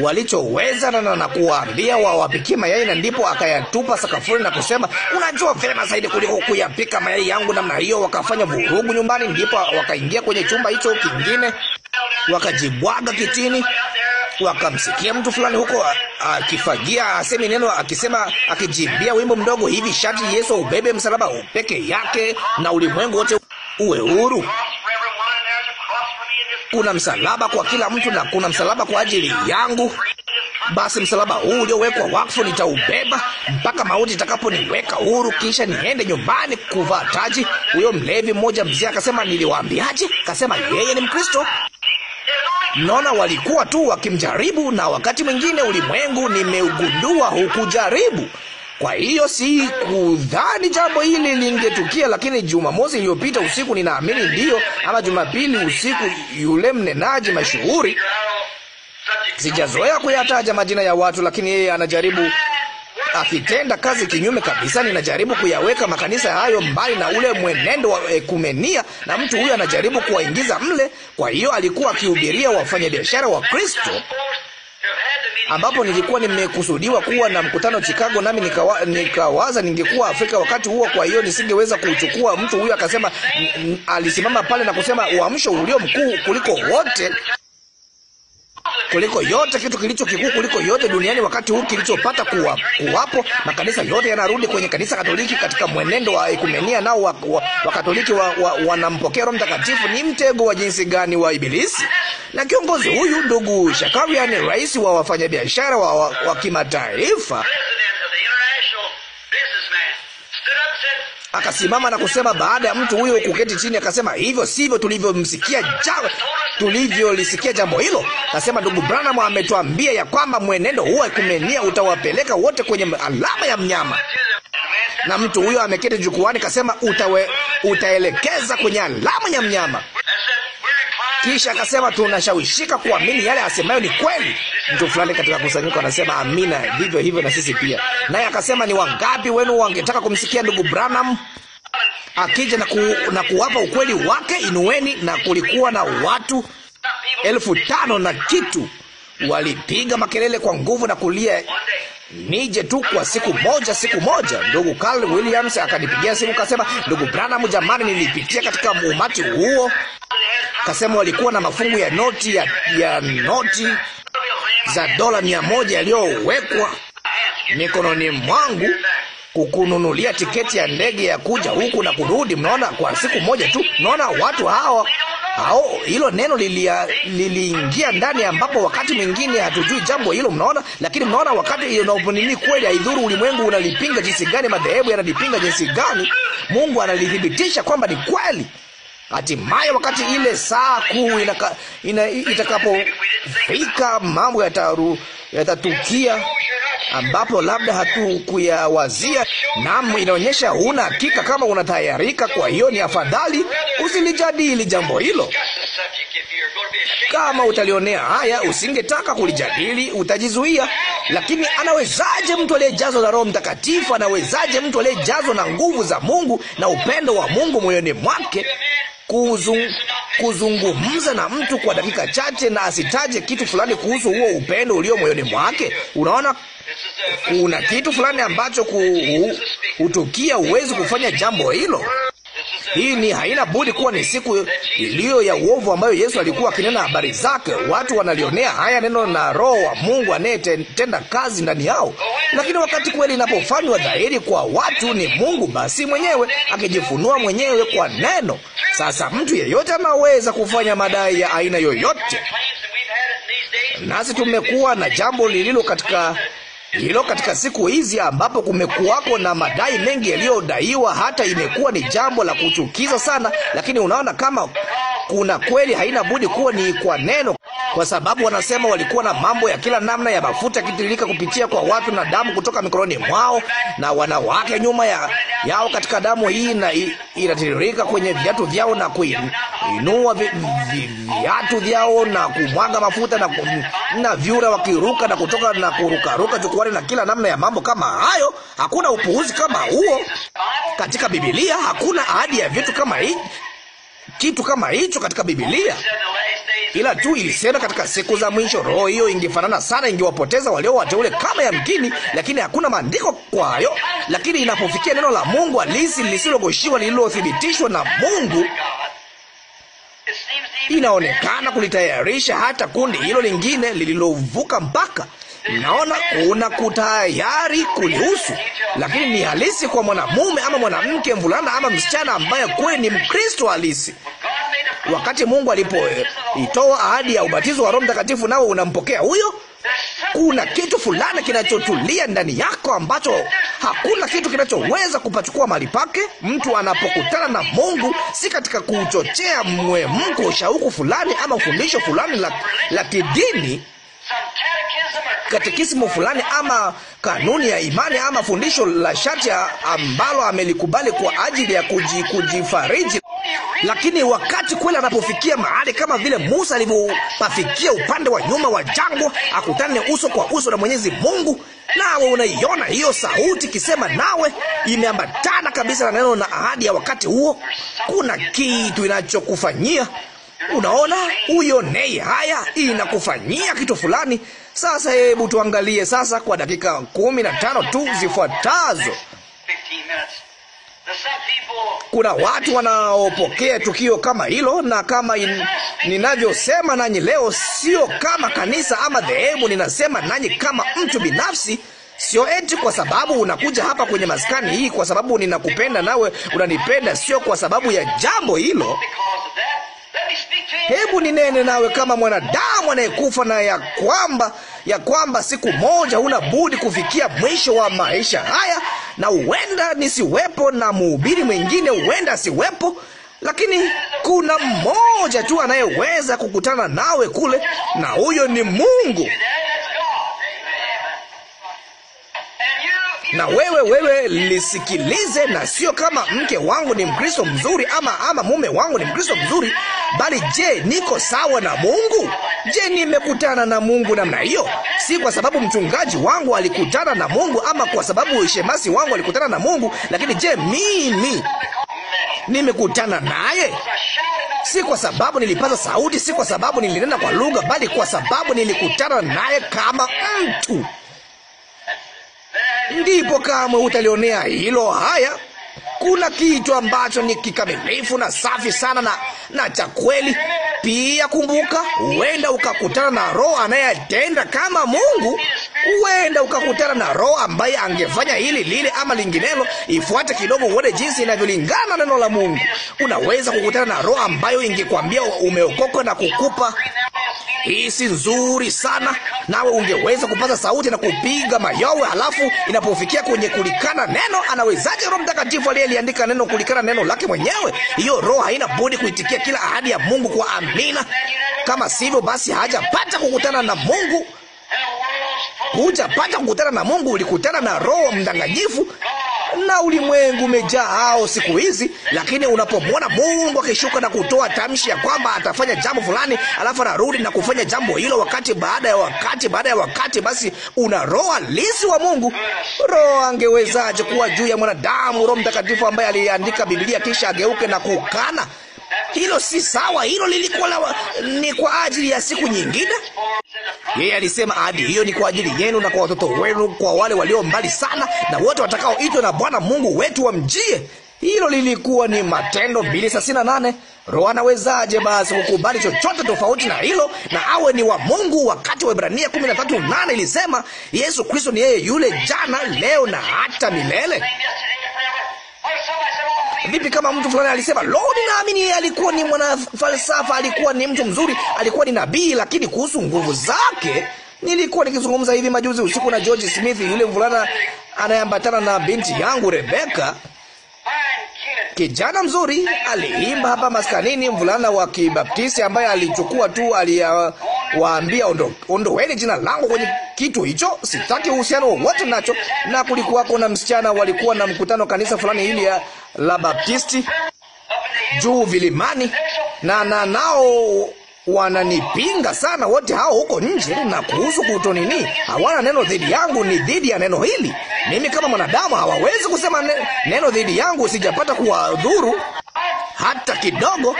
walichoweza na na kuwaambia wawapikie mayai, na ndipo akayatupa sakafuni na kusema, unajua vyema zaidi kuliko kuyapika mayai yangu namna hiyo. Wakafanya vurugu nyumbani, ndipo wakaingia kwenye chumba hicho kingine wakajibwaga kitini wakamsikia mtu fulani huko akifagia, aseme neno, akisema, akijibia wimbo mdogo hivi, shati Yesu ubebe msalaba upeke yake na ulimwengu wote uwe huru. Kuna msalaba kwa kila mtu na kuna msalaba kwa ajili yangu. Basi msalaba huu uliowekwa wakfu nitaubeba mpaka mauti itakaponiweka huru, kisha niende nyumbani kuvaa taji. Huyo mlevi mmoja mzee akasema, niliwaambiaje? Akasema yeye ni Mkristo. Mnaona, walikuwa tu wakimjaribu, na wakati mwingine ulimwengu, nimeugundua, hukujaribu. Kwa hiyo si kudhani jambo hili lingetukia, lakini Jumamosi iliyopita usiku, ninaamini ndiyo, ama Jumapili usiku, yule mnenaji mashuhuri, sijazoea kuyataja majina ya watu, lakini yeye anajaribu akitenda kazi kinyume kabisa. Ninajaribu kuyaweka makanisa hayo mbali na ule mwenendo wa ekumenia, na mtu huyo anajaribu kuwaingiza mle. Kwa hiyo alikuwa akihubiria wafanyabiashara wa Kristo ambapo nilikuwa nimekusudiwa kuwa na mkutano Chicago, nami nikawa, nikawaza ningekuwa Afrika wakati huo, kwa hiyo nisingeweza kuchukua. Mtu huyo akasema, alisimama pale na kusema uamsho ulio mkuu kuliko wote kuliko yote, kitu kilicho kikuu kuliko yote duniani wakati huu kilichopata kuwa, kuwapo. Makanisa yote yanarudi kwenye kanisa Katoliki katika mwenendo wa ekumenia, nao Wakatoliki wa, wa, wa, wanampokea Roho Mtakatifu. Ni mtego wa jinsi gani wa Ibilisi! Na kiongozi huyu ndugu Shakarian, rais wa wafanyabiashara wa, wa, wa kimataifa akasimama na kusema, baada ya mtu huyo kuketi chini, akasema, hivyo sivyo tulivyomsikia jana tulivyolisikia jambo hilo. Nasema ndugu Branham ametuambia ya kwamba mwenendo huwa kumenia utawapeleka wote kwenye alama ya mnyama, na mtu huyo ameketi jukwani kasema utawe, utaelekeza kwenye alama ya mnyama. Kisha akasema tunashawishika kuamini yale asemayo ni kweli. Mtu fulani katika kusanyiko anasema amina, vivyo hivyo na sisi pia. Naye akasema ni wangapi wenu wangetaka kumsikia ndugu Branham? akija na, ku, na kuwapa ukweli wake. Inueni. Na kulikuwa na watu elfu tano na kitu walipiga makelele kwa nguvu na kulia nije tu kwa siku moja. Siku moja ndugu Carl Williams akanipigia simu kasema, ndugu Branham, jamani, nilipitia katika umati huo. Kasema walikuwa na mafungu ya noti ya, ya noti za dola mia moja yaliyowekwa mikononi mwangu kukununulia tiketi ya ndege ya kuja huku na kurudi, mnaona, kwa siku moja tu. Mnaona watu hao hao, hilo neno liliingia lili ndani, ambapo wakati mwingine hatujui jambo hilo, mnaona. Lakini mnaona wakati unaponini kweli, haidhuru ulimwengu unalipinga jinsi gani, madhehebu yanalipinga jinsi gani, Mungu analithibitisha kwamba ni kweli. Hatimaye wakati ile saa kuu ina, itakapofika mambo yataru yatatukia ambapo labda hatukuyawazia. Naam, inaonyesha huna hakika kama unatayarika. Kwa hiyo ni afadhali usilijadili jambo hilo. Kama utalionea haya, usingetaka kulijadili, utajizuia. Lakini anawezaje mtu aliyejazwa na Roho Mtakatifu? Anawezaje mtu aliyejazwa na nguvu za Mungu na upendo wa Mungu moyoni mwake kuzung kuzungumza na mtu kwa dakika chache na asitaje kitu fulani kuhusu huo upendo ulio moyoni mwake. Unaona, kuna kitu fulani ambacho kuhutukia, huwezi kufanya jambo hilo. Hii ni haina budi kuwa ni siku iliyo ya uovu ambayo Yesu alikuwa akinena habari zake. Watu wanalionea haya neno na Roho wa Mungu anayetenda kazi ndani yao, lakini wakati kweli inapofanywa dhahiri kwa watu, ni Mungu basi mwenyewe akijifunua mwenyewe kwa neno. Sasa mtu yeyote anaweza kufanya madai ya aina yoyote, nasi tumekuwa na jambo lililo katika hilo katika siku hizi ambapo kumekuwako na madai mengi yaliyodaiwa, hata imekuwa ni jambo la kuchukiza sana. Lakini unaona kama kuna kweli haina budi kuwa ni kwa neno, kwa sababu wanasema walikuwa na mambo ya kila namna ya mafuta yakitiririka kupitia kwa watu na damu kutoka mikononi mwao na wanawake nyuma ya, yao katika damu hii na inatiririka kwenye viatu vyao na kuinua vi, vi, viatu vyao na kumwaga mafuta na, na vyura wakiruka na kutoka na kurukaruka jukwani na kila namna ya mambo kama hayo. Hakuna upuuzi kama huo katika Biblia. Hakuna ahadi ya vitu kama hii kitu kama hicho katika Biblia, ila tu ilisema katika siku za mwisho roho hiyo ingefanana sana, ingewapoteza walio wateule kama yamkini, lakini hakuna maandiko kwayo. Lakini inapofikia neno la Mungu halisi lisilogoshiwa, lililothibitishwa na Mungu, inaonekana kulitayarisha hata kundi hilo lingine lililovuka mpaka Naona kutayari kulihusu, lakini ni halisi kwa mwanamume ama mwanamke, mvulana ama msichana, ambaye kweli ni Mkristo halisi. Wakati Mungu alipoitoa ahadi ya ubatizo wa Roho Mtakatifu, nao unampokea huyo, kuna kitu fulani kinachotulia ndani yako ambacho hakuna kitu kinachoweza kupachukua mali pake. Mtu anapokutana na Mungu, si katika kuchochea mwemko, shauku fulani ama fundisho fulani la, la kidini katekismu fulani ama kanuni ya imani ama fundisho la sharti ambalo amelikubali kwa ajili ya kuji, kujifariji. Lakini wakati kweli anapofikia mahali kama vile Musa alivyopafikia upande wa nyuma wa jangwa, akutane uso kwa uso na Mwenyezi Mungu, nawe unaiona hiyo sauti ikisema nawe, imeambatana kabisa na neno na ahadi ya wakati huo. Kuna kitu inachokufanyia Unaona, uionei haya, inakufanyia kitu fulani. Sasa hebu tuangalie sasa kwa dakika kumi na tano tu zifuatazo. Kuna watu wanaopokea tukio kama hilo, na kama in, ninavyosema nanyi leo, sio kama kanisa ama dhehebu, ninasema nanyi kama mtu binafsi. Sio eti kwa sababu unakuja hapa kwenye maskani hii kwa sababu ninakupenda nawe unanipenda, sio kwa sababu ya jambo hilo. Hebu ninene nawe kama mwanadamu anayekufa na ya kwamba ya kwamba siku moja huna budi kufikia mwisho wa maisha haya, na huenda nisiwepo na mhubiri mwingine, huenda asiwepo, lakini kuna mmoja tu anayeweza kukutana nawe kule, na huyo ni Mungu. na wewe wewe lisikilize, na sio kama mke wangu ni Mkristo mzuri ama ama mume wangu ni Mkristo mzuri, bali je, niko sawa na Mungu? Je, nimekutana na Mungu namna hiyo? Si kwa sababu mchungaji wangu alikutana na Mungu ama kwa sababu shemasi wangu alikutana na Mungu, lakini je, mimi nimekutana naye? Si kwa sababu nilipaza sauti, si kwa sababu nilinena kwa lugha, bali kwa sababu nilikutana naye kama mtu. Ndipo kamwe utalionea hilo haya hakuna kitu ambacho ni kikamilifu na safi sana na, na cha kweli. Pia kumbuka, huenda ukakutana na roho anayetenda kama Mungu, huenda ukakutana na roho ambaye angefanya hili lile ama linginelo. Ifuate kidogo uone jinsi inavyolingana neno la Mungu. Unaweza kukutana na roho ambayo ingekwambia umeokoka na kukupa hisi nzuri sana, nawe ungeweza kupaza sauti na kupiga mayowe. Halafu inapofikia kwenye kulikana neno, anawezaje Roho Mtakatifu aliyeliandika neno kulikana neno lake mwenyewe? Hiyo Roho haina budi kuitikia kila ahadi ya Mungu kwa amina. Kama sivyo, basi hajapata kukutana na Mungu. Hujapata kukutana na Mungu, ulikutana na roho mdanganyifu, na ulimwengu umejaa hao siku hizi. Lakini unapomwona Mungu akishuka na kutoa tamshi ya kwamba atafanya jambo fulani, alafu anarudi na kufanya jambo hilo wakati baada ya wakati baada ya wakati, basi una roho halisi wa Mungu. Roho angewezaje kuwa juu ya mwanadamu, Roho Mtakatifu ambaye aliandika Biblia kisha ageuke na kukana? hilo si sawa, hilo lilikuwa la, ni kwa ajili ya siku nyingine. Yeye alisema ahadi hiyo ni kwa ajili yenu na kwa watoto wenu, kwa wale walio mbali sana, na wote watakaoitwa na Bwana Mungu wetu wamjie. Hilo lilikuwa ni Matendo 2:38. Roho anawezaje basi kukubali chochote tofauti na hilo na awe ni wa Mungu? Wakati wa Ibrania 13:8 ilisema Yesu Kristo ni yeye yule jana, leo na hata milele. Vipi kama mtu fulani alisema, lo, ninaamini yeye alikuwa ni mwanafalsafa, alikuwa ni mtu mzuri, alikuwa ni nabii, lakini kuhusu nguvu zake Nilikuwa nikizungumza hivi majuzi usiku na George Smith, yule mvulana anayeambatana na binti yangu Rebecca kijana mzuri aliimba hapa maskanini, mvulana wa Kibaptisti ambaye alichukua tu, aliwaambia ondo, jina langu kwenye kitu hicho, sitaki uhusiano wowote nacho. Na kulikuwako na msichana, walikuwa na mkutano kanisa fulani ili la Baptisti juu vilimani, na na nao wananipinga sana wote hao huko nje, na kuhusu kuto nini, hawana neno dhidi yangu, ni dhidi ya neno hili. Mimi kama mwanadamu hawawezi kusema neno dhidi yangu, sijapata kuwadhuru hata kidogo,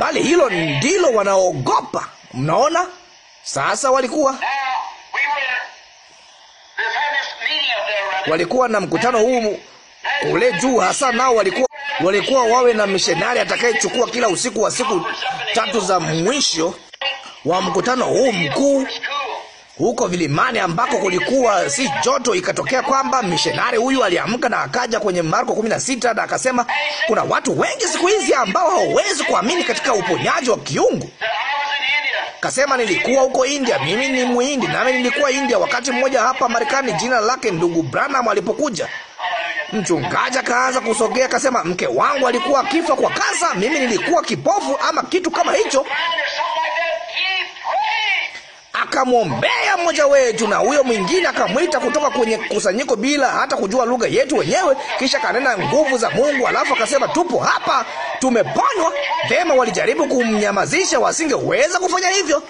bali hilo ndilo wanaogopa. Mnaona sasa, walikuwa walikuwa na mkutano huu kule juu hasa, nao walikuwa walikuwa wawe na mishonari atakayechukua kila usiku wa siku tatu za mwisho wa mkutano huu mkuu huko vilimani ambako kulikuwa si joto. Ikatokea kwamba mishonari huyu aliamka na akaja kwenye Marko 16 na akasema, kuna watu wengi siku hizi ambao hawawezi kuamini katika uponyaji wa kiungu. Kasema, nilikuwa huko India, mimi ni Muhindi, nami nilikuwa India wakati mmoja hapa Marekani. Jina lake ndugu Branham alipokuja Mchungaji akaanza kusogea, akasema, mke wangu alikuwa akifa kwa kansa, mimi nilikuwa kipofu ama kitu kama hicho. Akamwombea mmoja wetu, na huyo mwingine akamwita kutoka kwenye kusanyiko bila hata kujua lugha yetu wenyewe. Kisha kanena nguvu za Mungu, alafu akasema, tupo hapa, tumeponywa. Vema, walijaribu kumnyamazisha, wasingeweza kufanya hivyo.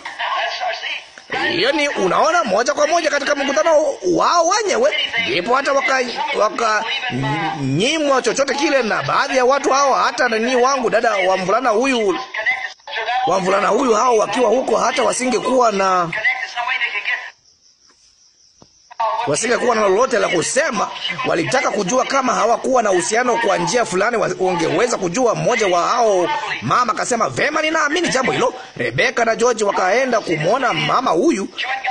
Hiyo ni unaona, moja kwa moja katika mkutano wao wenyewe. Ndipo hata wakanyimwa waka chochote kile, na baadhi ya watu hao hata nani wangu dada wa mvulana huyu wa mvulana huyu, hao wakiwa huko hata wasingekuwa na wasingekuwa na lolote la kusema. Walitaka kujua kama hawakuwa na uhusiano kwa njia fulani, wangeweza kujua. Mmoja wa hao mama akasema, vema, ninaamini jambo hilo. Rebeka na George wakaenda kumwona mama huyu,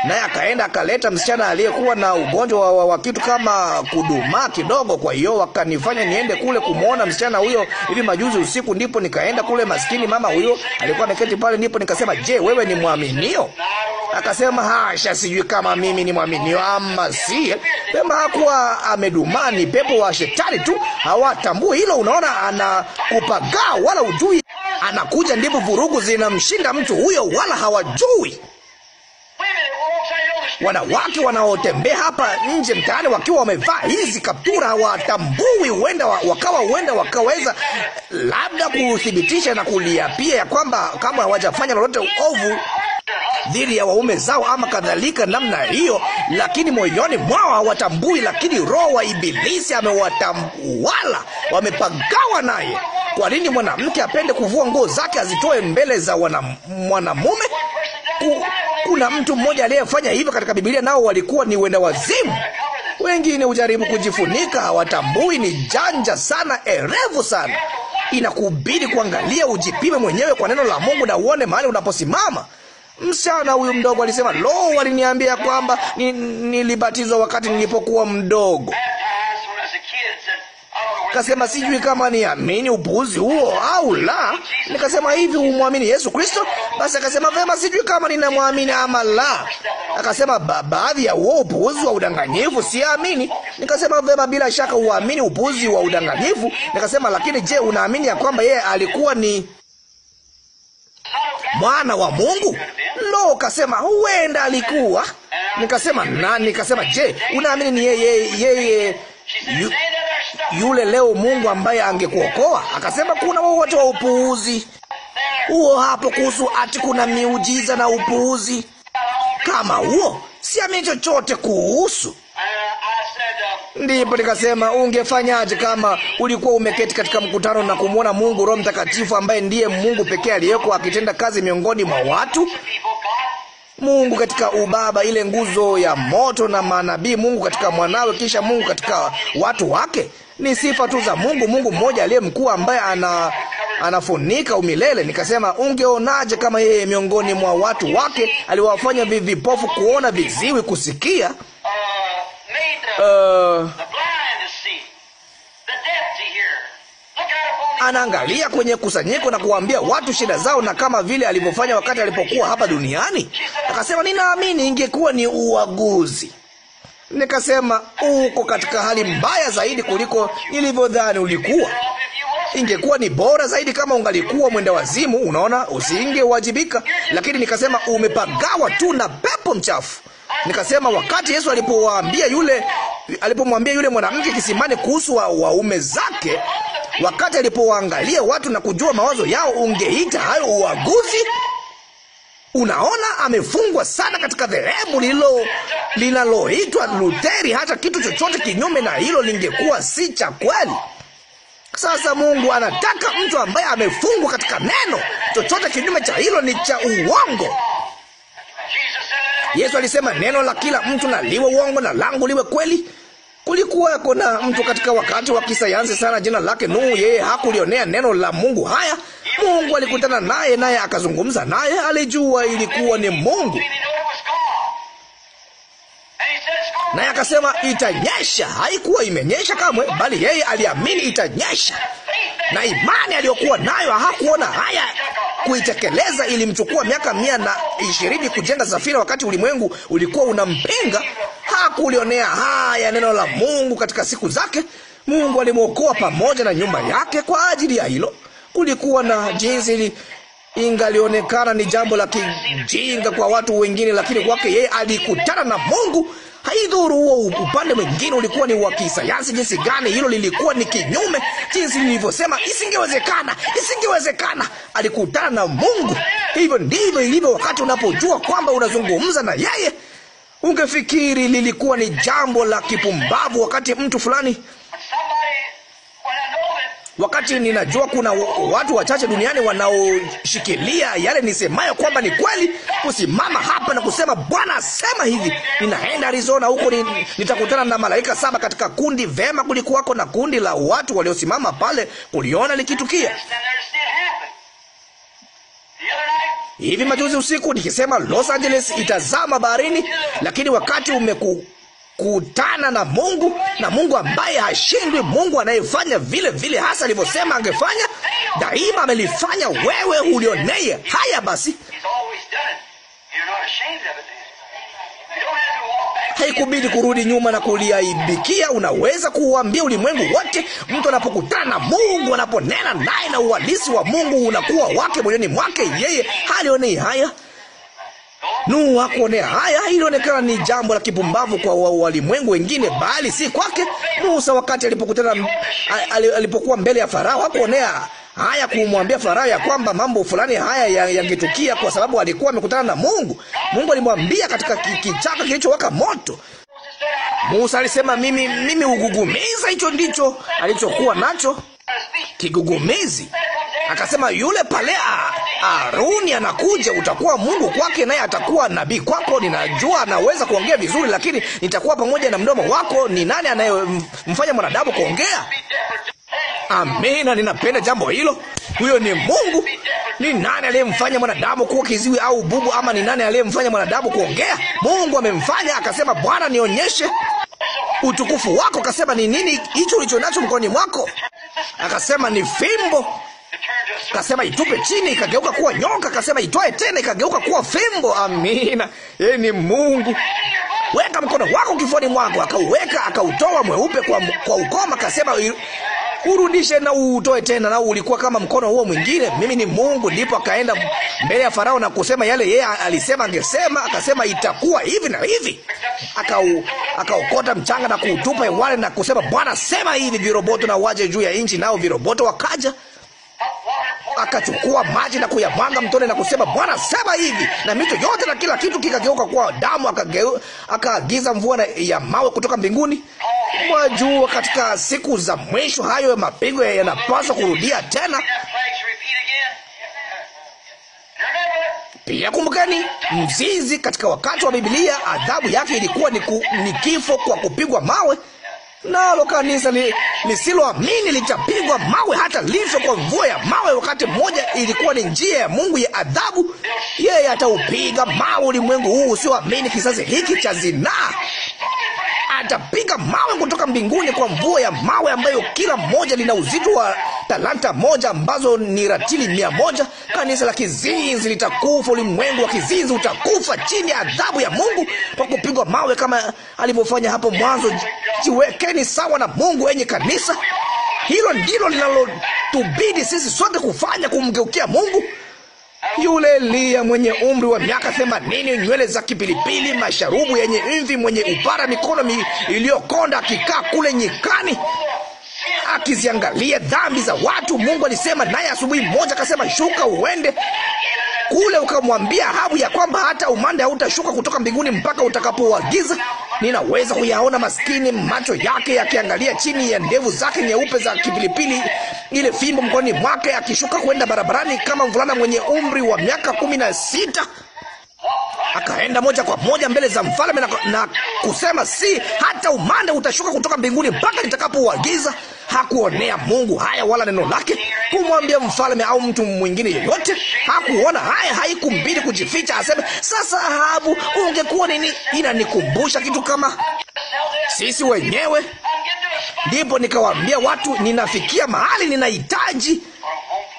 naye akaenda akaleta msichana aliyekuwa na ugonjwa wa, wa wa kitu kama kudumaa kidogo. Kwa hiyo wakanifanya niende kule kumwona msichana huyo hivi majuzi usiku, ndipo nikaenda kule. Maskini mama huyo alikuwa ameketi pale, ndipo nikasema, je, wewe ni mwaminio? Akasema, hasha, sijui kama mimi ni mwaminio ama Masihi. Pema hakuwa amedumani, pepo wa shetani tu. Hawatambui hilo. Unaona, anakupagaa wala ujui, anakuja ndipo vurugu zinamshinda mtu huyo, wala hawajui wanawake wanaotembea hapa nje mtaani wakiwa wamevaa hizi kaptura hawatambui, huenda wakawa, huenda wakaweza labda kuthibitisha na kuliapia ya kwamba kama hawajafanya lolote ovu dhidi ya waume zao ama kadhalika namna hiyo, lakini moyoni mwao hawatambui. Lakini roho wa Ibilisi amewatawala, wamepagawa naye. Kwa nini mwanamke apende kuvua nguo zake azitoe mbele za mwanamume? kuna mtu mmoja aliyefanya hivyo katika Biblia, nao walikuwa ni wenda wazimu. Wengine hujaribu kujifunika, hawatambui. Ni janja sana, erevu sana. Inakubidi kuangalia, ujipime mwenyewe kwa neno la Mungu na uone mahali unaposimama. Msichana huyu mdogo alisema, lo, waliniambia kwamba nilibatizwa wakati nilipokuwa mdogo. Kasema sijui kama niamini upuuzi huo au la. Nikasema hivi, umwamini Yesu Kristo? Basi akasema vema, sijui kama ninamwamini ama la. Akasema baadhi ya huo upuuzi wa udanganyifu siamini. Nikasema vema, bila shaka uamini upuuzi wa udanganyifu. Nikasema lakini, je, unaamini ya kwamba yeye alikuwa ni mwana wa Mungu? lo kasema huenda alikuwa. Nikasema na nikasema, je, unaamini ni yeye yeye yu, yule leo Mungu ambaye angekuokoa? Akasema kuna wote wa upuuzi huo hapo kuhusu ati kuna miujiza na upuuzi kama huo, siamini chochote kuhusu Ndipo nikasema ungefanyaje kama ulikuwa umeketi katika mkutano na kumwona Mungu Roho Mtakatifu ambaye ndiye Mungu pekee aliyeko akitenda kazi miongoni mwa watu? Mungu katika ubaba, ile nguzo ya moto na manabii, Mungu katika mwanawe, kisha Mungu katika watu wake. Ni sifa tu za Mungu, Mungu mmoja aliye mkuu ambaye ana anafunika umilele. Nikasema, ungeonaje kama yeye miongoni mwa watu wake aliwafanya vivipofu kuona, viziwi kusikia Uh, anaangalia kwenye kusanyiko na kuwaambia watu shida zao, na kama vile alivyofanya wakati alipokuwa hapa duniani. Akasema, ninaamini ingekuwa ni uaguzi. Nikasema, uko katika hali mbaya zaidi kuliko nilivyodhani ulikuwa. Ingekuwa ni bora zaidi kama ungalikuwa mwenda wazimu, unaona, usingewajibika. Lakini nikasema, umepagawa tu na pepo mchafu. Nikasema wakati Yesu alipowaambia yule alipomwambia yule mwanamke kisimani kuhusu waume wa zake, wakati alipowaangalia watu na kujua mawazo yao, ungeita hayo uaguzi? Unaona, amefungwa sana katika dhehebu lilo linaloitwa Luteri. Hata kitu chochote kinyume na hilo lingekuwa si cha kweli. Sasa Mungu anataka mtu ambaye amefungwa katika neno. Chochote kinyume cha hilo ni cha uongo. Yesu alisema neno la kila mtu na liwe uongo na langu liwe kweli. Kulikuwa kuna mtu katika wakati wa kisayansi sana, jina lake Nuhu. Yeye hakulionea neno la Mungu. Haya, Mungu alikutana naye, naye akazungumza naye. Alijua ilikuwa ni Mungu naye akasema itanyesha. Haikuwa imenyesha kamwe, bali yeye aliamini itanyesha, na imani aliyokuwa nayo hakuona haya kuitekeleza. Ilimchukua miaka mia na ishirini kujenga safina, wakati ulimwengu ulikuwa unampinga. Hakulionea haya neno la Mungu katika siku zake. Mungu alimwokoa pamoja na nyumba yake kwa ajili ya hilo. Kulikuwa na jinsi ili ingalionekana ni jambo la kijinga kwa watu wengine, lakini kwake yeye alikutana na Mungu Haidhuru huo upande mwingine ulikuwa ni wa kisayansi jinsi gani, hilo lilikuwa ni kinyume, jinsi nilivyosema, isingewezekana, isingewezekana. Alikutana na Mungu. Hivyo ndivyo ilivyo wakati unapojua kwamba unazungumza na yeye. Ungefikiri lilikuwa ni jambo la kipumbavu wakati mtu fulani wakati ninajua kuna watu wachache duniani wanaoshikilia yale nisemayo kwamba ni kweli, kusimama hapa na kusema Bwana asema hivi, ninaenda Arizona, huko nitakutana na malaika saba katika kundi. Vema, kulikuwako na kundi la watu waliosimama pale kuliona likitukia. Hivi majuzi usiku nikisema Los Angeles itazama baharini, lakini wakati umeku kutana na Mungu na Mungu ambaye hashindwi, Mungu anayefanya vile vile hasa alivyosema angefanya. Daima amelifanya, wewe ulioneye haya. Basi haikubidi kurudi nyuma na kuliaibikia. Unaweza kuuambia ulimwengu wote. Mtu anapokutana na Mungu, anaponena naye, na uhalisi wa Mungu unakuwa wake moyoni mwake, yeye halionei haya. Nuhu hakuonea haya. Ilionekana ni jambo la kipumbavu kwa walimwengu wengine, bali si kwake. Musa wakati alipokutana, alipokuwa mbele ya Farao, hakuonea haya kumwambia Farao ya kwamba mambo fulani haya yangetukia, kwa sababu alikuwa amekutana na Mungu. Mungu alimwambia katika kichaka kilichowaka moto. Musa alisema mimi, mimi ugugumiza. Hicho ndicho alichokuwa nacho, kigugumizi. Akasema yule pale Aruni anakuja, utakuwa Mungu kwake, naye atakuwa nabii kwako. Ninajua anaweza kuongea vizuri, lakini nitakuwa pamoja na mdomo wako. Ni nani anayemfanya mwanadamu kuongea? Amina, ninapenda jambo hilo. Huyo ni Mungu. Ni nani aliyemfanya mwanadamu kuwa kiziwi au bubu, ama ni nani aliyemfanya mwanadamu kuongea? Mungu amemfanya. Akasema, Bwana, nionyeshe utukufu wako. Akasema, ni nini hicho ulicho nacho mkononi mwako? Akasema, ni fimbo. Kasema itupe chini, ikageuka kuwa nyoka. Kasema itwae tena, ikageuka kuwa fimbo. Amina, yeye ni Mungu. Weka mkono wako kifuani mwako, akauweka akautoa mweupe kwa, kwa ukoma. Kasema urudishe na utoe tena, na ulikuwa kama mkono huo mwingine. Mimi ni Mungu. Ndipo akaenda mbele ya Farao na kusema yale yeye alisema angesema. Akasema itakuwa hivi na hivi, akaokota aka mchanga na kuutupa hewani na kusema, Bwana sema hivi, viroboto na waje juu ya nchi, nao viroboto wakaja akachukua maji na kuyamwaga mtoni na kusema, Bwana sema hivi, na mito yote na kila kitu kikageuka kuwa damu. akaagiza mvua ya mawe kutoka mbinguni mwajua Katika siku za mwisho, hayo mapigo yanapaswa kurudia tena. Pia kumbukeni, mzizi katika wakati wa Biblia adhabu yake ilikuwa ni, ku, ni kifo kwa kupigwa mawe nalo kanisa li, lisiloamini litapigwa mawe hata lifo kwa mvua ya mawe. Wakati mmoja ilikuwa ni njia ya Mungu ya adhabu. Yeye ataupiga mawe ulimwengu huu usioamini, kizazi hiki cha zinaa atapiga mawe kutoka mbinguni kwa mvua ya mawe ambayo kila moja lina uzito wa talanta moja ambazo ni ratili mia moja. Kanisa la kizinzi litakufa, ulimwengu wa kizinzi utakufa chini ya adhabu ya Mungu kwa kupigwa mawe kama alivyofanya hapo mwanzo. Jiwekeni sawa na Mungu, enye kanisa. Hilo ndilo linalotubidi sisi sote kufanya, kumgeukia Mungu. Yule Eliya mwenye umri wa miaka themanini, nywele za kipilipili, masharubu yenye mvi, mwenye upara, mikono mi iliyokonda, akikaa kule nyikani akiziangalia dhambi za watu. Mungu alisema naye asubuhi moja, akasema, shuka uende kule ukamwambia Ahabu ya kwamba hata umande hautashuka kutoka mbinguni mpaka utakapoagiza Ninaweza kuyaona maskini macho yake yakiangalia chini ya ndevu zake nyeupe za kipilipili, ile fimbo mkononi mwake, akishuka kwenda barabarani kama mvulana mwenye umri wa miaka kumi na sita. Akaenda moja kwa moja mbele za mfalme na, na kusema si hata umande utashuka kutoka mbinguni mpaka nitakapouagiza hakuonea Mungu haya wala neno lake, kumwambia mfalme au mtu mwingine yeyote. Hakuona haya, haikumbidi kujificha aseme. Sasa Ahabu, ungekuwa nini? Inanikumbusha kitu kama sisi wenyewe. Ndipo nikawaambia watu, ninafikia mahali ninahitaji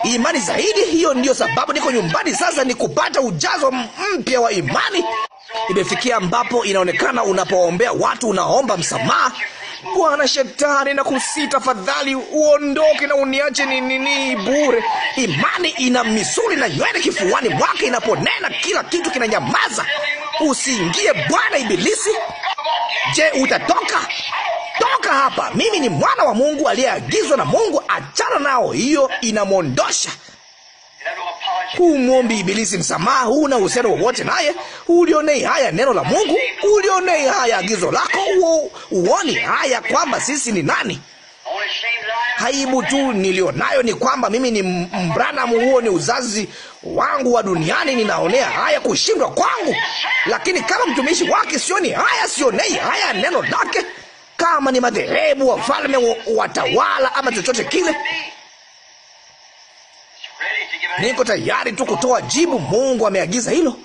imani zaidi. Hiyo ndiyo sababu niko nyumbani sasa, ni kupata ujazo mpya wa imani. Imefikia ambapo inaonekana unapoombea watu unaomba msamaha, Bwana Shetani, na kusi, tafadhali uondoke na uniache ni nini bure. Imani ina misuli na nywele kifuani mwake, inaponena kila kitu kinanyamaza. Usiingie Bwana Ibilisi. Je, utatoka? Toka hapa! Mimi ni mwana wa Mungu aliyeagizwa na Mungu. Achana nao, hiyo inamwondosha. Humwombi Ibilisi msamaha, huna uhusiano wowote naye. Ulionei haya neno la Mungu, ulionei haya agizo lako, uoni haya kwamba sisi ni nani? haibu tu nilionayo ni kwamba mimi ni Mbranamu, huo ni uzazi wangu wa duniani. Ninaonea haya kushindwa kwangu, lakini kama mtumishi wake sioni haya, sionei haya neno lake. Kama ni madhehebu, wafalme, watawala, ama chochote kile Niko tayari tu kutoa jibu. Mungu ameagiza hilo.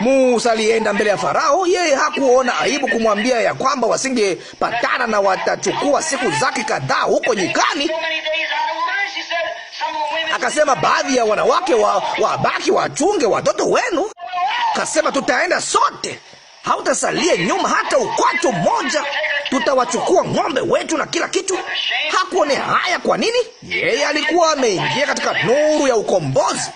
Musa alienda mbele ya Farao. Yeye hakuona aibu kumwambia ya kwamba wasingepatana na watachukua siku zake kadhaa huko nyikani. Akasema baadhi ya wanawake wa wabaki wachunge watoto wenu. Akasema tutaenda sote hautasalia nyuma hata ukwato mmoja. Tutawachukua ng'ombe wetu na kila kitu. Hakuone haya. Kwa nini? Yeye alikuwa ameingia katika nuru ya ukombozi.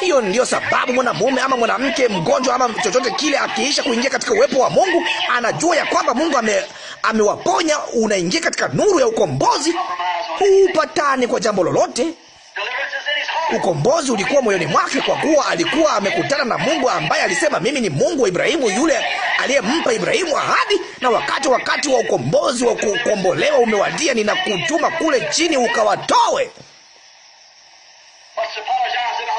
Hiyo ndiyo sababu mwanamume ama mwanamke mgonjwa ama chochote kile, akiisha kuingia katika uwepo wa Mungu, anajua ya kwamba Mungu ame, amewaponya. Unaingia katika nuru ya ukombozi, huupatani kwa jambo lolote. Ukombozi ulikuwa moyoni mwake, kwa kuwa alikuwa amekutana na Mungu ambaye alisema, mimi ni Mungu wa Ibrahimu, yule aliyempa Ibrahimu ahadi. Na wakati wakati wa ukombozi wa kukombolewa umewadia, ninakutuma kule chini ukawatoe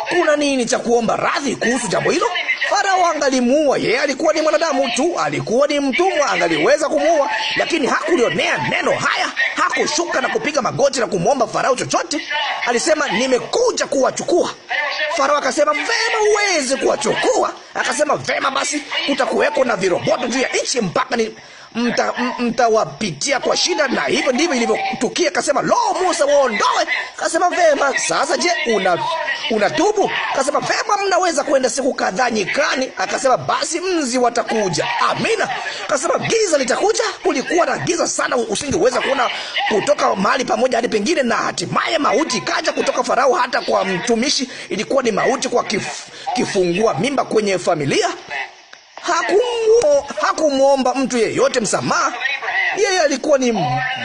kuna nini cha kuomba radhi kuhusu jambo hilo? Farao angalimuua yeye, alikuwa ni mwanadamu tu, alikuwa ni mtumwa, angaliweza kumuua, lakini hakulionea neno haya. Hakushuka na kupiga magoti na kumwomba Farao chochote. Alisema, nimekuja kuwachukua. Farao akasema, vema, uweze kuwachukua. Akasema, vema basi, kutakuweko na viroboto juu ya nchi mpaka ni mtawapitia mta kwa shida. Na hivyo ndivyo ilivyotukia. Kasema, lo, Musa, waondoe. Kasema, vema. Sasa je, una unatubu? Kasema, vema, mnaweza kwenda siku kadhaa nyikani. Akasema, basi mzi watakuja. Amina. Kasema, giza litakuja. Kulikuwa na giza sana, usingeweza kuona kutoka mahali pamoja hadi pengine, na hatimaye mauti ikaja kutoka Farao hata kwa mtumishi. Ilikuwa ni mauti kwa kif, kifungua mimba kwenye familia hakumwomba mtu yeyote msamaha. Yeye alikuwa ni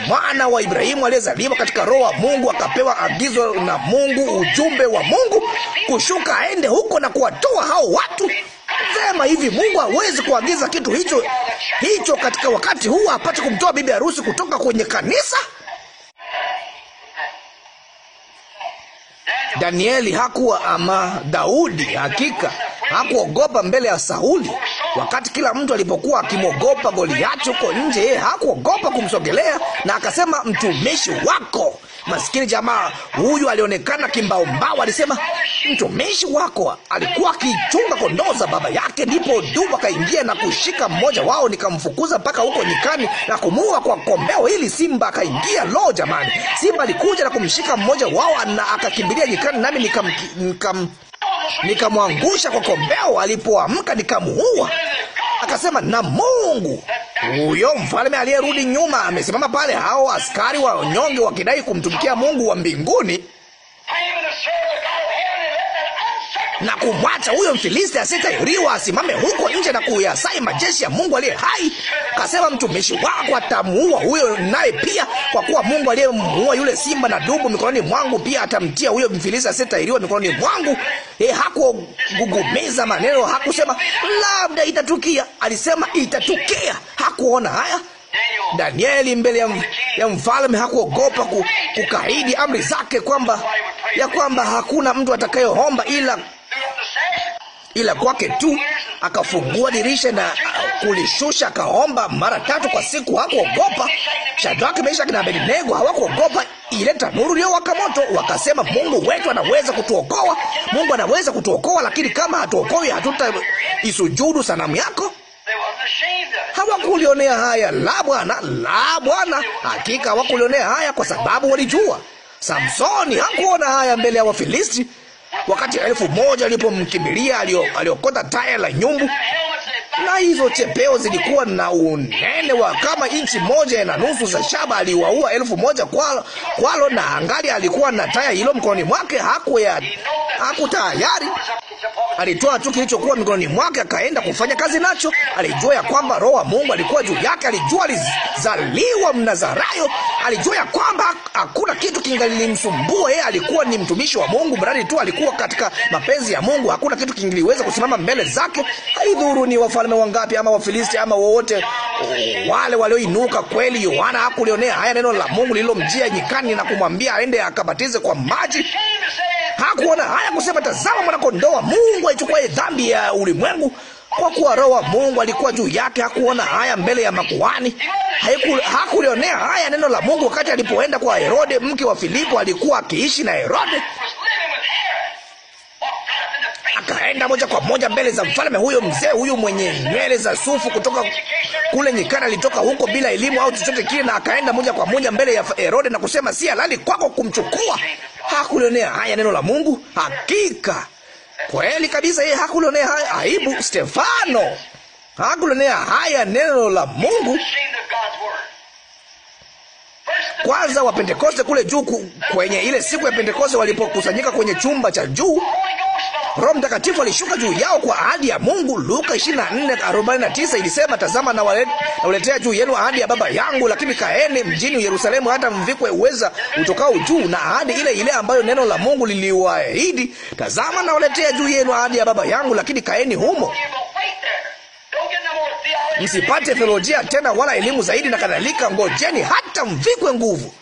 mwana wa Ibrahimu aliyezaliwa katika roho wa Mungu, akapewa agizo na Mungu, ujumbe wa Mungu kushuka aende huko na kuwatoa hao watu. Sema hivi, Mungu hawezi kuagiza kitu hicho hicho katika wakati huu, apate kumtoa bibi harusi kutoka kwenye kanisa. Danieli hakuwa ama Daudi, hakika hakuogopa mbele ya Sauli. Wakati kila mtu alipokuwa akimwogopa Goliathi huko nje, yeye hakuogopa kumsogelea na akasema, mtumishi wako. Maskini jamaa huyu alionekana kimbaombao alisema mtumishi wako. Alikuwa akichunga kondoo za baba yake. Ndipo dubu akaingia na kushika mmoja wao, nikamfukuza mpaka huko nyikani na kumuua kwa kombeo hili. Simba akaingia. Lo, jamani, simba alikuja na kumshika mmoja wao na akakimbilia nyikani, nami nikam, nikam nikamwangusha kwa kombeo. Alipoamka nikamuua. Akasema, na Mungu huyo mfalme aliyerudi nyuma amesimama pale, hao askari wanyonge wakidai kumtumikia Mungu wa mbinguni na kumwacha huyo Mfilisti asiyetahiriwa asimame huko nje na kuyasai majeshi ya Mungu aliye hai. Kasema, mtumishi wako atamuua huyo, naye pia, kwa kuwa Mungu aliyemuua yule simba na dubu mikononi mwangu, pia atamtia huyo Mfilisti asiyetahiriwa mikononi mwangu. E, hakugugumeza maneno, hakusema labda itatukia, alisema itatukia. Hakuona haya Danieli mbele ya, ya mfalme hakuogopa ku, kukaidi amri zake, kwamba ya kwamba hakuna mtu atakayeomba ila ila kwake tu. Akafungua dirisha na kulishusha, akaomba mara tatu kwa siku. Hakuogopa. Shadraka, Meshaki na Abednego hawakuogopa ile tanuru iliyowaka wakamoto. Wakasema, Mungu wetu anaweza kutuokoa, Mungu anaweza kutuokoa, lakini kama hatuta hatutaisujudu sanamu yako. Hawakulionea haya. La Bwana, la Bwana, hakika hawakulionea haya, kwa sababu walijua. Samsoni hakuona haya mbele ya Wafilisti. Wakati elfu moja alipomkimbilia, aliokota taya la nyumbu na hizo chepeo zilikuwa na unene wa kama inchi moja na nusu za shaba. Aliwaua elfu moja kwalo, kwalo na angali alikuwa na taya hilo mkononi mwake, haku hakutayari alitoa tu kilichokuwa mikononi mwake akaenda kufanya kazi nacho. Alijua ya kwamba Roho wa Mungu alikuwa juu yake, alijua alizaliwa Mnazarayo, alijua ya kwamba hakuna kitu kingalimsumbua yeye. Alikuwa ni mtumishi wa Mungu, mradi tu alikuwa katika mapenzi ya Mungu, hakuna kitu kingiliweza kusimama mbele zake. Haidhuru ni wafa wafalme wangapi ama Wafilisti ama wowote wale walioinuka. Kweli Yohana hakulionea haya neno la Mungu lililomjia nyikani na kumwambia aende akabatize kwa maji. Hakuona haya kusema, tazama mwanakondoo wa Mungu aichukua dhambi ya ulimwengu kwa kuwa Roho wa Mungu alikuwa juu yake. Hakuona haya mbele ya makuhani, hakulionea haya neno la Mungu wakati alipoenda kwa Herode. Mke wa Filipo alikuwa akiishi na Herode akaenda moja kwa moja mbele za mfalme. Huyo mzee huyo mwenye nywele za sufu kutoka kule nyikana alitoka huko bila elimu au chochote kile, na akaenda moja kwa moja mbele ya Herode na kusema, si halali kwako kumchukua. Hakulionea haya neno la Mungu. Hakika kweli kabisa, yeye hakulionea haya aibu. Stefano hakulionea haya neno la Mungu. Kwanza wa Pentekoste kule juu kwenye ile siku ya Pentekoste walipokusanyika kwenye chumba cha juu, Roho Mtakatifu alishuka juu yao kwa ahadi ya Mungu. Luka 24:49 ilisema, tazama na waletea juu yenu ahadi ya Baba yangu, lakini kaeni mjini Yerusalemu hata mvikwe uweza utokao juu, na ahadi ile ile ambayo neno la Mungu liliwaahidi. Tazama na waletea juu yenu ahadi ya Baba yangu, lakini kaeni humo msipate theolojia tena wala elimu zaidi na kadhalika, ngojeni hata mvikwe nguvu.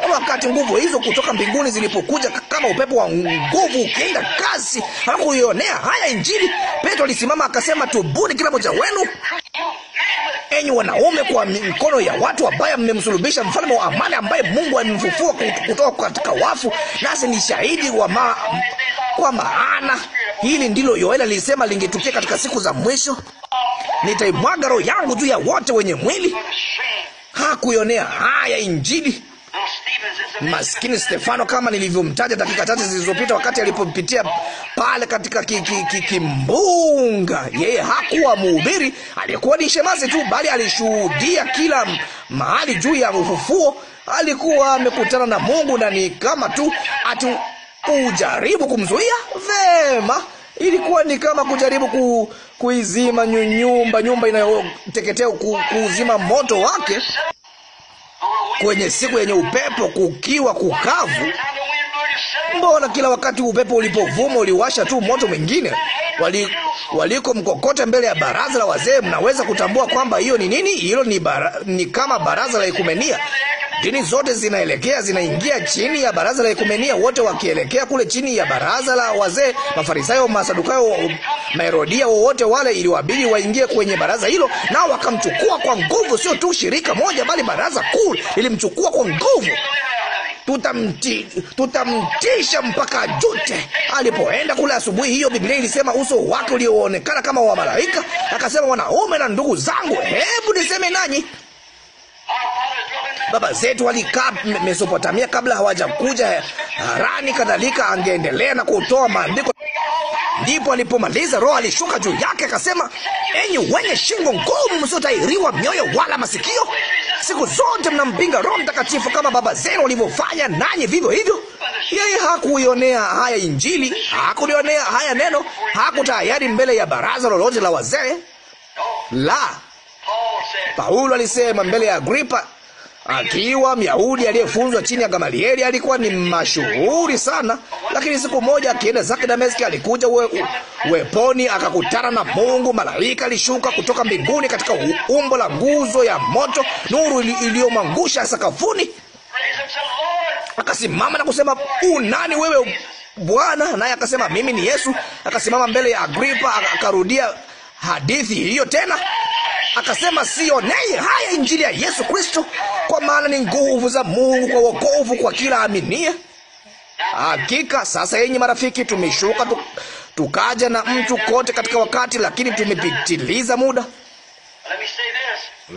Na wakati nguvu hizo kutoka mbinguni zilipokuja kama upepo wa nguvu ukienda kasi, hakuionea haya Injili, Petro alisimama akasema, tubuni kila mmoja wenu, enyi wanaume, kwa mikono ya watu wabaya mmemsulubisha mfalme wa amani, ambaye Mungu amemfufua kutoka katika wafu, nasi ni shahidi wa ma... kwa maana hili ndilo Yoeli alisema lingetukia katika siku za mwisho nitaimwaga roho yangu juu ya wote wenye mwili. Hakuionea haya Injili. Maskini Stefano, kama nilivyomtaja dakika chache zilizopita, wakati alipopitia pale katika kimbunga, ki, ki, yeye hakuwa mhubiri, alikuwa ni shemasi tu, bali alishuhudia kila mahali juu ya ufufuo. Alikuwa amekutana na Mungu, na ni kama tu ati ujaribu kumzuia vema Ilikuwa ni kama kujaribu ku, kuizima nyumba nyumba inayoteketea ku, kuuzima moto wake kwenye siku yenye upepo kukiwa kukavu. Mbona kila wakati upepo ulipovuma uliwasha tu moto mwingine? Wali, waliko mkokote mbele ya baraza la wazee, mnaweza kutambua kwamba hiyo ni nini? Hilo ni, bara, ni kama baraza la ikumenia. Dini zote zinaelekea zinaingia chini ya baraza la ekumenia, wote wakielekea kule chini ya baraza la wazee. Mafarisayo, Masadukayo, Maerodia, wowote wale, iliwabidi waingie kwenye baraza hilo, nao wakamchukua kwa nguvu. Sio tu shirika moja, bali baraza kuu ilimchukua kwa nguvu. Tutamti, tutamtisha mpaka jute. Alipoenda kule asubuhi hiyo, Biblia ilisema uso wake ulioonekana kama wa malaika, akasema, wanaume na ndugu zangu, hebu niseme nanyi baba zetu walikaa Mesopotamia kabla hawajakuja Harani, kadhalika. Angeendelea na kutoa maandiko. Ndipo alipomaliza Roho alishuka juu yake akasema, enyi wenye shingo ngumu, msiotahiriwa mioyo wala masikio, siku zote mnampinga Roho Mtakatifu kama baba zenu walivyofanya, nanyi vivyo hivyo. Yeye hakuionea haya Injili, hakulionea haya neno, hakutayari mbele ya baraza lolote la wazee la Paulo alisema mbele ya Agripa, akiwa Myahudi aliyefunzwa chini ya Gamalieli, alikuwa ni mashuhuri sana. Lakini siku moja akienda zake Dameski, alikuja we, weponi akakutana na Mungu. Malaika alishuka kutoka mbinguni katika umbo la nguzo ya moto, nuru iliyomwangusha sakafuni. Akasimama na kusema, unani wewe Bwana? Naye akasema mimi ni Yesu. Akasimama mbele ya Agripa akarudia hadithi hiyo tena akasema sionei haya injili ya Yesu Kristo, kwa maana ni nguvu za Mungu kwa wokovu kwa kila aminie. Hakika sasa, yenye marafiki, tumeshuka tukaja na mtu kote katika wakati, lakini tumepitiliza muda.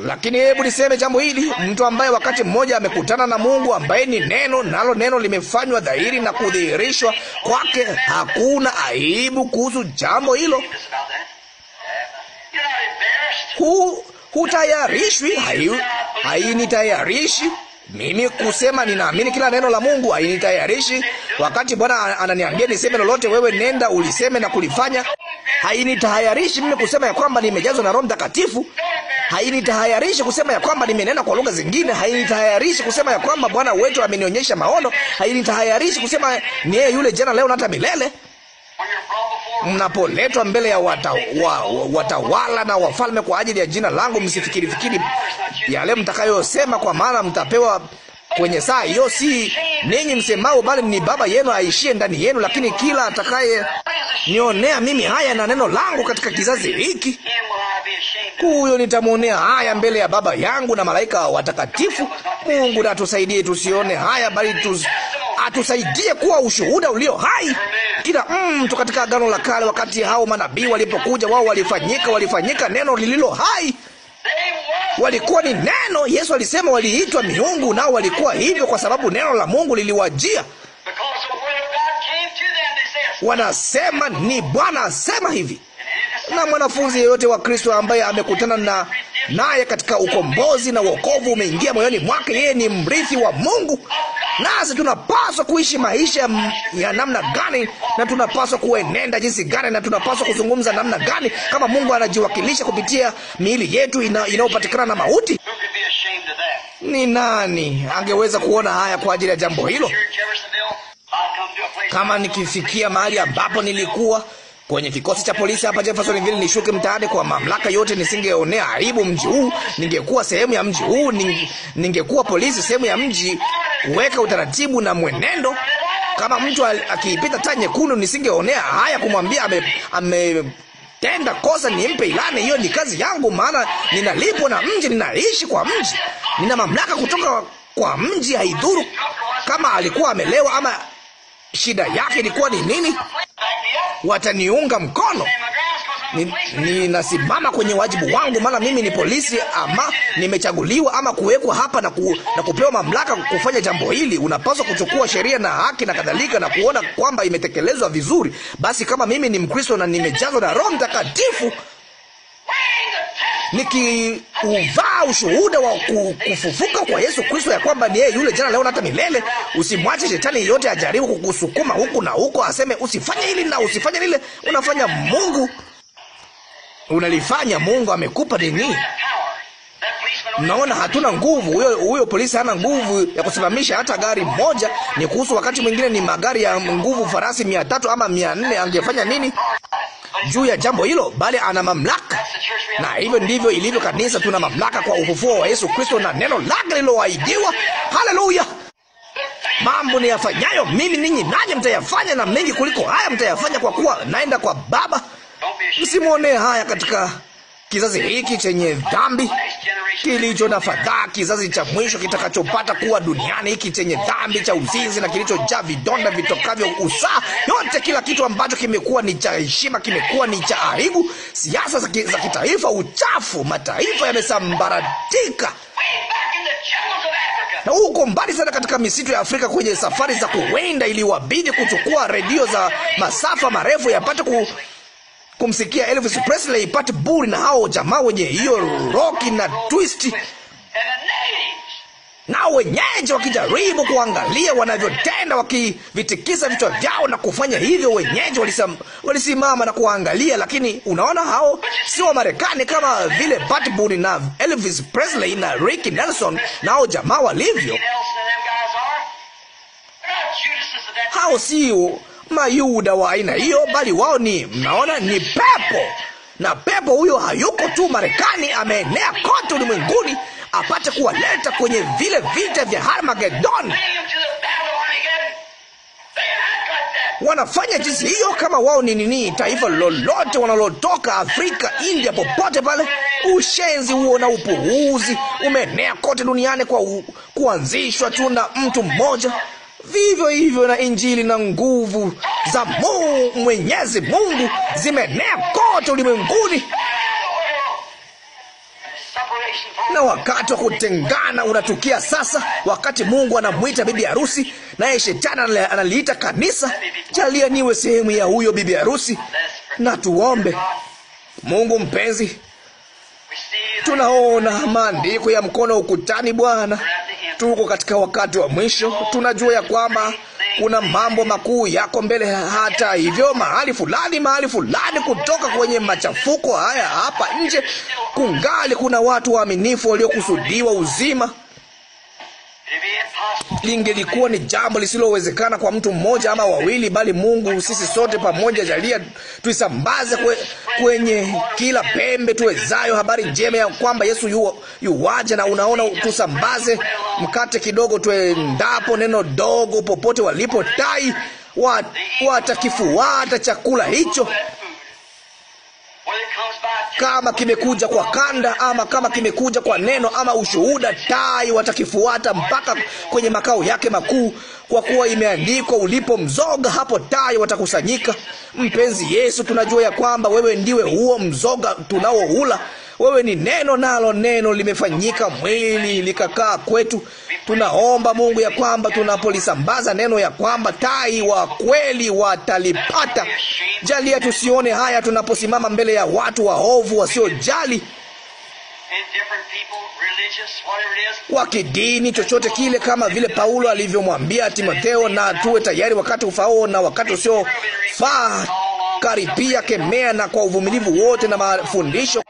Lakini hebu niseme jambo hili, mtu ambaye wakati mmoja amekutana na Mungu ambaye ni neno, nalo neno limefanywa dhahiri na kudhihirishwa kwake, hakuna aibu kuhusu jambo hilo hu hutayarishwi, hainitayarishi mimi kusema ninaamini kila neno la Mungu hainitayarishi. Wakati Bwana ananiambia niseme lolote, wewe nenda uliseme na kulifanya. Hainitayarishi mimi kusema ya kwamba nimejazwa na Roho Mtakatifu. Hainitayarishi kusema ya kwamba nimenena kwa lugha zingine. Hainitayarishi kusema ya kwamba Bwana wetu amenionyesha maono. Hainitayarishi kusema niye yule jana, leo na hata milele. Mnapoletwa mbele ya wata, wa, watawala na wafalme kwa ajili ya jina langu, msifikiri fikiri yale mtakayosema, kwa maana mtapewa kwenye saa hiyo, si ninyi msemao, bali ni Baba yenu aishie ndani yenu. Lakini kila atakaye nionea mimi haya na neno langu katika kizazi hiki, huyo nitamwonea haya mbele ya Baba yangu na malaika watakatifu. Mungu natusaidie tusione haya, bali atusaidie kuwa ushuhuda ulio hai. Kila mtu mm, katika Agano la Kale, wakati hao manabii walipokuja, wao walifanyika walifanyika neno lililo hai walikuwa ni neno. Yesu alisema waliitwa miungu, nao walikuwa hivyo kwa sababu neno la Mungu liliwajia. Wanasema ni Bwana asema hivi. Na mwanafunzi yeyote wa Kristo ambaye amekutana na naye katika ukombozi na wokovu umeingia moyoni mwake, yeye ni mrithi wa Mungu, nasi tunapaswa kuishi maisha ya namna gani, na tunapaswa kuenenda jinsi gani, na tunapaswa kuzungumza namna gani, kama Mungu anajiwakilisha kupitia miili yetu inayopatikana na mauti. Ni nani angeweza kuona haya kwa ajili ya jambo hilo? Kama nikifikia mahali ambapo nilikuwa kwenye kikosi cha polisi hapa Jeffersonville, nishuke mtaani kwa mamlaka yote, nisingeonea aibu mji huu. Ningekuwa sehemu ya mji huu, ningekuwa polisi sehemu ya mji, kuweka utaratibu na mwenendo. Kama mtu akiipita taa nyekundu, nisingeonea haya kumwambia ame, ame tenda kosa nimpe ilani. Hiyo ni kazi yangu, maana ninalipwa na mji, ninaishi kwa mji, nina mamlaka kutoka kwa mji. Haidhuru kama alikuwa amelewa ama shida yake ilikuwa ni nini? Wataniunga mkono. Ninasimama ni kwenye wajibu wangu, maana mimi ni polisi, ama nimechaguliwa ama kuwekwa hapa na, ku, na kupewa mamlaka kufanya jambo hili. Unapaswa kuchukua sheria na haki na kadhalika na kuona kwamba imetekelezwa vizuri. Basi kama mimi ni Mkristo na nimejazwa na Roho Mtakatifu nikiuvaa ushuhuda wa kufufuka kwa Yesu Kristo, ya kwamba ni yeye yule jana, leo na hata milele. Usimwache shetani yeyote ajaribu kukusukuma huku na huko, aseme usifanye hili na usifanye lile. Unafanya Mungu, unalifanya Mungu amekupa nini? Naona hatuna nguvu. Huyo huyo polisi hana nguvu ya kusimamisha hata gari moja. Ni kuhusu wakati mwingine ni magari ya nguvu, farasi mia tatu ama mia nne. Angefanya nini juu ya jambo hilo? Bali ana mamlaka, na hivyo ndivyo ilivyo kanisa. Tuna mamlaka kwa ufufuo wa Yesu Kristo na neno lake liloahidiwa. Haleluya! Mambo ni yafanyayo mimi ninyi, nanyi mtayafanya, na mengi kuliko haya mtayafanya, kwa kuwa naenda kwa Baba. Msimwonee haya katika kizazi hiki chenye dhambi kilicho na fadhaa, kizazi cha mwisho kitakachopata kuwa duniani, hiki chenye dhambi cha uzinzi na kilichojaa vidonda vitokavyo usaa, yote, kila kitu ambacho kimekuwa ni cha heshima kimekuwa ni cha aibu, siasa za kitaifa, uchafu, mataifa yamesambaratika na huko mbali sana katika misitu ya Afrika kwenye safari za kuwinda, iliwabidi kuchukua redio za masafa marefu yapate ku kumsikia Elvis Presley, ipate buri na hao jamaa wenye hiyo roki na twist na wenyeji wakijaribu kuangalia wanavyotenda, wakivitikisa vichwa vyao na kufanya hivyo. Wenyeji walisam, walisimama na kuangalia, lakini unaona, hao si wa Marekani kama vile Pat Boone na Elvis Presley na Rick Nelson nao jamaa walivyo. Hao si Mayuda wa aina hiyo, bali wao ni mnaona, ni pepo, na pepo huyo hayuko tu Marekani, ameenea kote ulimwenguni apate kuwaleta kwenye vile vita vya Harmagedoni. Wanafanya jinsi hiyo kama wao ni nini, taifa lolote wanalotoka Afrika, India, popote pale. Ushenzi huo na upuuzi umeenea kote duniani kwa kuanzishwa tu na mtu mmoja. Vivyo hivyo na Injili na nguvu za Mungu Mwenyezi Mungu zimeenea kote ulimwenguni, na wakati wa kutengana unatukia sasa, wakati Mungu anamwita bibi harusi, naye shetani analiita kanisa. Jalia niwe sehemu ya huyo bibi harusi, na tuombe. Mungu mpenzi, tunaona maandiko ya mkono ukutani, Bwana tuko katika wakati wa mwisho. Tunajua ya kwamba kuna mambo makuu yako mbele. Hata hivyo, mahali fulani, mahali fulani, kutoka kwenye machafuko haya hapa nje, kungali kuna watu waaminifu waliokusudiwa uzima lingelikuwa ni jambo lisilowezekana kwa mtu mmoja ama wawili, bali Mungu, sisi sote pamoja, jalia tuisambaze kwe, kwenye kila pembe tuwezayo habari njema ya kwamba Yesu yu, yuwaja. Na unaona, tusambaze mkate kidogo tuendapo, neno dogo popote walipo, tai watakifuata chakula hicho kama kimekuja kwa kanda ama kama kimekuja kwa neno ama ushuhuda, tai watakifuata mpaka kwenye makao yake makuu, kwa kuwa imeandikwa, ulipo mzoga hapo tai watakusanyika. Mpenzi Yesu, tunajua ya kwamba wewe ndiwe huo mzoga tunaoula wewe ni neno, nalo neno limefanyika mwili likakaa kwetu. Tunaomba Mungu ya kwamba tunapolisambaza neno, ya kwamba tai wa kweli watalipata. Jalia tusione haya tunaposimama mbele ya watu waovu wasiojali wa kidini, chochote kile, kama vile Paulo alivyomwambia Timotheo, na tuwe tayari wakati ufao na wakati usiofaa karipia, kemea na kwa uvumilivu wote na mafundisho,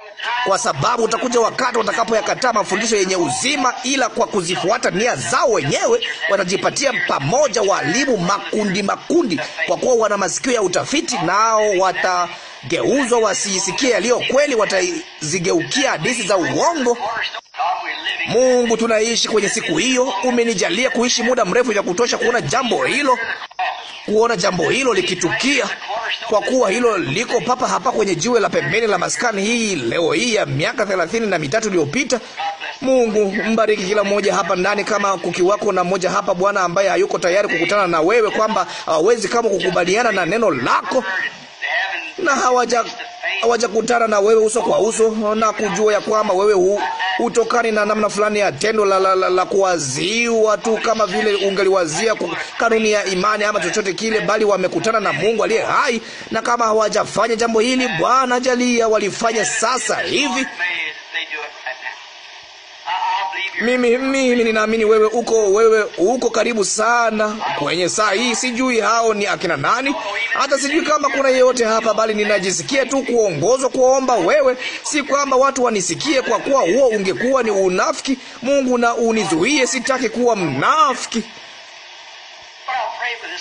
kwa sababu utakuja wakati watakapoyakataa mafundisho yenye uzima, ila kwa kuzifuata nia zao wenyewe watajipatia pamoja walimu makundi makundi, kwa kuwa wana masikio ya utafiti, nao wata geuzwa wasiisikie yaliyo kweli, watazigeukia hadithi za uongo. Mungu, tunaishi kwenye siku hiyo. Umenijalia kuishi muda mrefu ya kutosha kuona jambo hilo, kuona jambo hilo likitukia, kwa kuwa hilo liko papa hapa kwenye jiwe la pembeni la maskani hii leo hii ya miaka thelathini na mitatu iliyopita. Mungu, mbariki kila mmoja hapa ndani, kama kukiwako na mmoja hapa Bwana ambaye hayuko tayari kukutana na wewe, kwamba hawezi uh, kama kukubaliana na neno lako na hawaja hawajakutana na wewe uso kwa uso na kujua ya kwamba wewe hu, utokani na namna fulani ya tendo la, la, la, la kuwaziwa tu kama vile ungeliwazia kanuni ya imani ama chochote kile, bali wamekutana na Mungu aliye hai. Na kama hawajafanya jambo hili, Bwana jalia walifanya sasa hivi mimi mimi ninaamini wewe uko wewe uko karibu sana kwenye saa hii. Sijui hao ni akina nani, hata sijui kama kuna yeyote hapa, bali ninajisikia tu kuongozwa kuomba wewe, si kwamba watu wanisikie, kwa kuwa huo ungekuwa ni unafiki. Mungu na unizuie, sitaki kuwa mnafiki.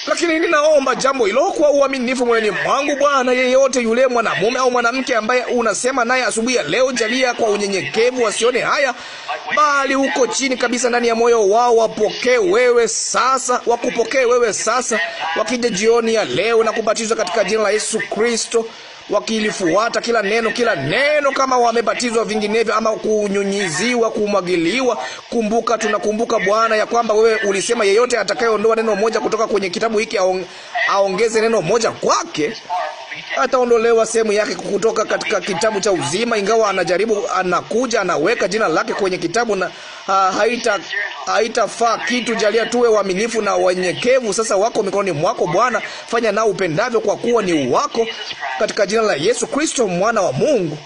Lakini ninaomba jambo hilo kwa uaminifu moyoni mwangu. Bwana, yeyote yule mwanamume au mwanamke ambaye unasema naye asubuhi ya leo, jalia kwa unyenyekevu, wasione haya, bali huko chini kabisa ndani ya moyo wao wapokee wewe sasa, wakupokee wewe sasa, wakija jioni ya leo na kubatizwa katika jina la Yesu Kristo wakilifuata kila neno, kila neno, kama wamebatizwa vinginevyo, ama kunyunyiziwa, kumwagiliwa. Kumbuka, tunakumbuka Bwana ya kwamba wewe ulisema yeyote atakayeondoa neno moja kutoka kwenye kitabu hiki aongeze neno moja kwake ataondolewa sehemu yake kutoka katika kitabu cha uzima, ingawa anajaribu, anakuja anaweka jina lake kwenye kitabu na ha, ah, haita haitafaa kitu. Jalia tuwe waaminifu na wanyekevu. Sasa wako mikononi mwako Bwana, fanya nao upendavyo, kwa kuwa ni wako, katika jina la Yesu Kristo mwana wa Mungu.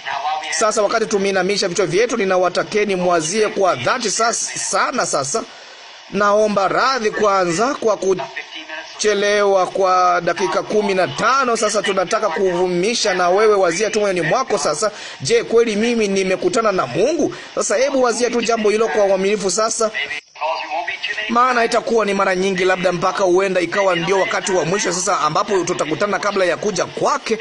Sasa wakati tumeinamisha vichwa vyetu, ninawatakeni mwazie kwa dhati sasa, sana. Sasa naomba radhi kwanza kwa ku chelewa kwa dakika kumi na tano. Sasa tunataka kuvumisha, na wewe wazia tu moyoni mwako sasa. Je, kweli mimi nimekutana na Mungu? Sasa hebu wazia tu jambo hilo kwa uaminifu sasa maana itakuwa ni mara nyingi, labda mpaka huenda ikawa ndio wakati wa mwisho sasa, ambapo tutakutana kabla ya kuja kwake.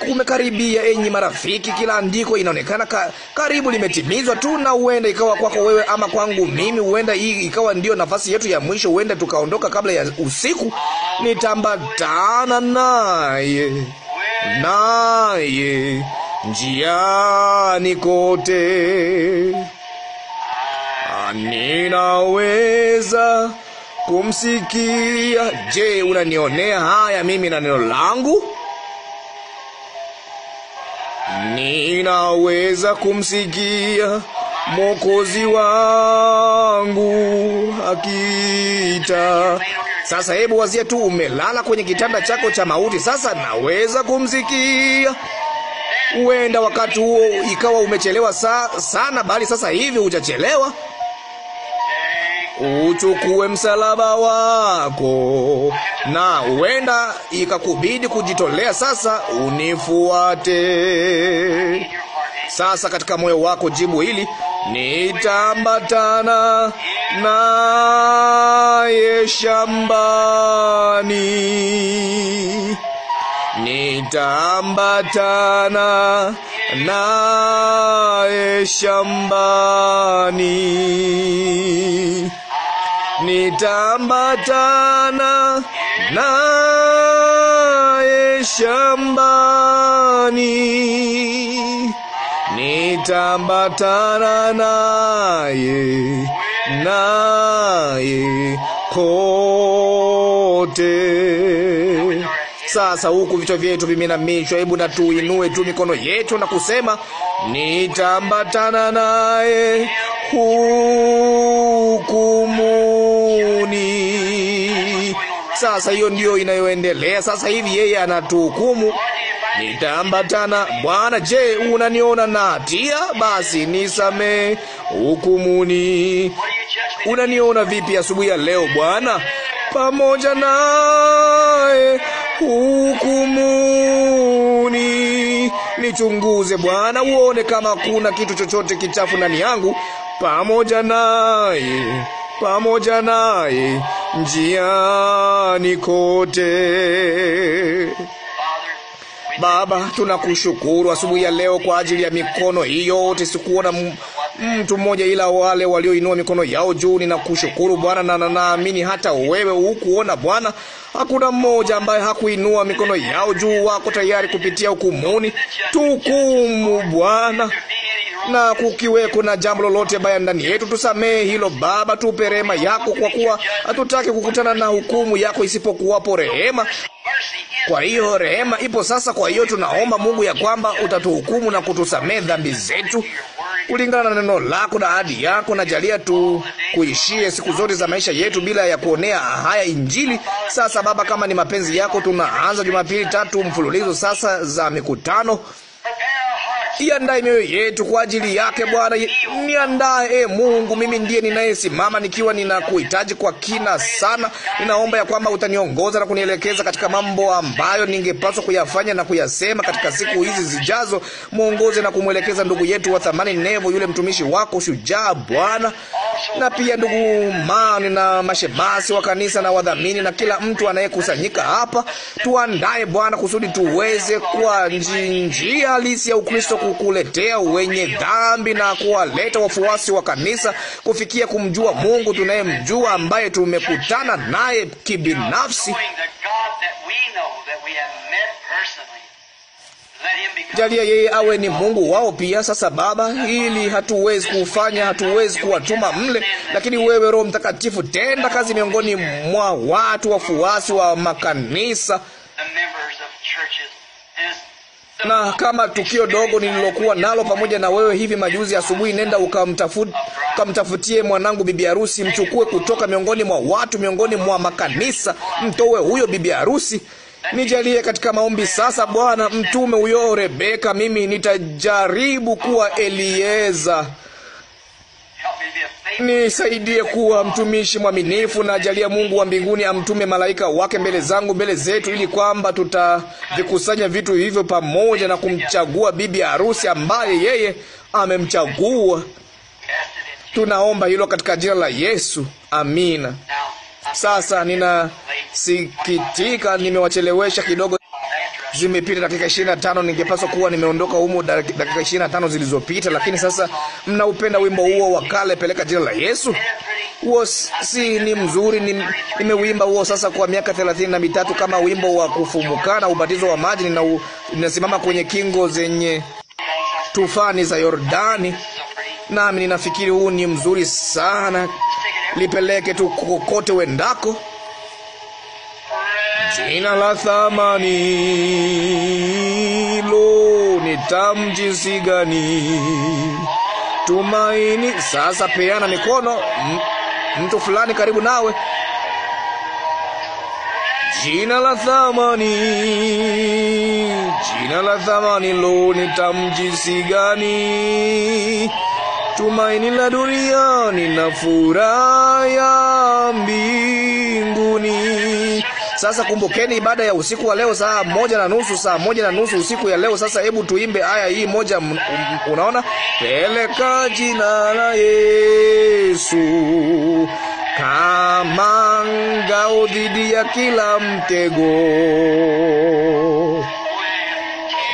Kumekaribia, kume enyi marafiki, kila andiko inaonekana ka, karibu limetimizwa tu, na huenda ikawa kwako wewe ama kwangu mimi, huenda hii ikawa ndio nafasi yetu ya mwisho, huenda tukaondoka kabla ya usiku. Nitambatana naye naye njiani kote ninaweza kumsikia. Je, unanionea haya mimi na neno langu? Ninaweza kumsikia Mwokozi wangu akiita. Sasa hebu wazia tu, umelala kwenye kitanda chako cha mauti. Sasa naweza kumsikia. Huenda wakati huo ikawa umechelewa sa sana, bali sasa hivi hujachelewa. Uchukue msalaba wako, na huenda ikakubidi kujitolea. Sasa unifuate. Sasa katika moyo wako jibu hili, nitambatana naye shambani, nitambatana naye shambani nitambatana naye shambani, nitambatana naye naye kote. Sasa huku vichwa vyetu vimenamishwa, hebu na tuinue tu mikono yetu na kusema nitambatana naye huku Sasa hiyo ndiyo inayoendelea sasa hivi. Yeye anatuhukumu. Nitaambatana. Bwana, je, unaniona na hatia? Basi nisamehe, hukumuni. Unaniona vipi asubuhi ya leo, Bwana? Pamoja naye hukumuni. Nichunguze Bwana, uone kama kuna kitu chochote kichafu ndani yangu. Pamoja naye pamoja naye njiani kote. Baba, tunakushukuru asubuhi ya leo kwa ajili ya mikono hii yote. Sikuona mtu mmoja ila wale walioinua mikono yao juu. Ninakushukuru Bwana, na naamini hata wewe hukuona Bwana, hakuna mmoja ambaye hakuinua mikono yao juu. Wako tayari kupitia hukumuni. Tuhukumu Bwana, na kukiweko na jambo lolote baya ndani yetu, tusamehe hilo. Baba, tupe rehema yako, kwa kuwa hatutaki kukutana na hukumu yako isipokuwapo rehema. Kwa hiyo rehema ipo sasa. Kwa hiyo tunaomba Mungu ya kwamba utatuhukumu na kutusamehe dhambi zetu kulingana na neno lako na ahadi yako, na jalia tu kuishie siku zote za maisha yetu bila ya kuonea haya Injili. Sasa Baba, kama ni mapenzi yako, tunaanza Jumapili tatu mfululizo sasa za mikutano Iandae mioyo yetu kwa ajili yake Bwana. Niandae e Mungu, mimi ndiye ninayesimama nikiwa ninakuhitaji kwa kina sana. Ninaomba ya kwamba utaniongoza na kunielekeza katika mambo ambayo ningepaswa kuyafanya na kuyasema katika siku hizi zijazo. Mwongoze na kumwelekeza ndugu yetu wa thamani Nevo, yule mtumishi wako shujaa Bwana, na pia ndugu Mani na mashemasi wa kanisa na wadhamini na kila mtu anayekusanyika hapa. Tuandae Bwana kusudi tuweze kwa njia halisi ya Ukristo kukuletea wenye dhambi na kuwaleta wafuasi wa kanisa kufikia kumjua Mungu tunayemjua ambaye tumekutana naye kibinafsi. Jalia yeye awe ni Mungu wao pia. Sasa Baba, ili hatuwezi kufanya, hatuwezi kuwatuma mle, lakini wewe, Roho Mtakatifu, tenda kazi miongoni mwa watu wafuasi wa makanisa na kama tukio dogo nililokuwa nalo pamoja na wewe hivi majuzi asubuhi, nenda ukamtafutie mwanangu bibi harusi, mchukue kutoka miongoni mwa watu, miongoni mwa makanisa, mtowe huyo bibi harusi. Nijalie katika maombi sasa, Bwana, mtume huyo Rebeka. Mimi nitajaribu kuwa Elieza nisaidie kuwa mtumishi mwaminifu, na jalia Mungu wa mbinguni amtume malaika wake mbele zangu, mbele zetu, ili kwamba tutavikusanya vitu hivyo pamoja na kumchagua bibi harusi ambaye yeye amemchagua. Tunaomba hilo katika jina la Yesu, amina. Sasa ninasikitika nimewachelewesha kidogo zimepita dakika 25. Ningepaswa kuwa nimeondoka humo dakika 25 zilizopita, lakini sasa mnaupenda wimbo huo wa kale, peleka jina la Yesu. Huo si ni mzuri? Nimeuimba huo sasa kwa miaka thelathini na mitatu kama wimbo wa kufumukana, ubatizo wa maji. Ninasimama kwenye kingo zenye tufani za Yordani, nami ninafikiri huu ni mzuri sana. Lipeleke tu kokote wendako jina la thamani. Lo, ni tamu jinsi gani! Tumaini sasa. Peana mikono mtu fulani karibu nawe. Jina la thamani, jina la thamani, lo, ni tamu jinsi gani! Tumaini la duniani na furaha ya mbinguni. Sasa kumbukeni ibada ya usiku wa leo, saa moja na nusu, saa moja na nusu usiku ya leo. Sasa hebu tuimbe aya hii moja. Unaona, peleka jina la Yesu kama ngao dhidi ya kila mtego,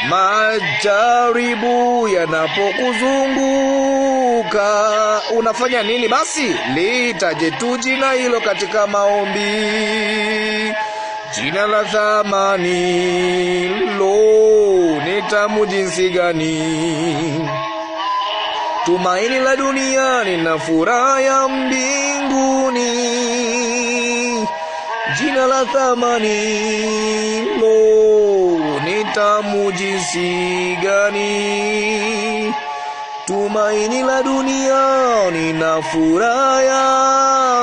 majaribu yanapokuzunguka unafanya nini? Basi litaje tu jina hilo katika maombi jina la thamani. Lo, ni tamu jinsi gani! Tumaini la duniani na furaha ya mbinguni, jina la thamani. Lo, ni tamu jinsi gani! Tumaini la duniani na furaha ya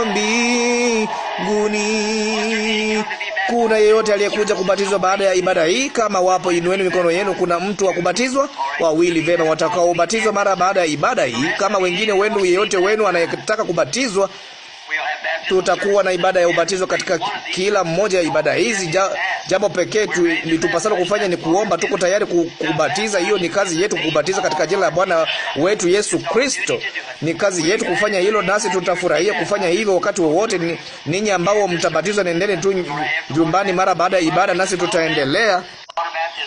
mbinguni kuna yeyote aliyekuja kubatizwa baada ya ibada hii? Kama wapo, inueni mikono yenu. Kuna mtu wa kubatizwa? Wawili, vema, watakaobatizwa mara baada ya ibada hii. Kama wengine wenu, yeyote wenu anayetaka kubatizwa, Tutakuwa na ibada ya ubatizo katika kila mmoja ya ibada hizi. Jambo pekee tu litupasalo kufanya ni kuomba. Tuko tayari kubatiza, hiyo ni kazi yetu, kubatiza katika jina la Bwana wetu Yesu Kristo. Ni kazi yetu kufanya hilo, nasi tutafurahia kufanya hivyo wakati wowote. Ninyi ambao mtabatizwa, nendeni tu nyumbani mara baada ya ibada, nasi tutaendelea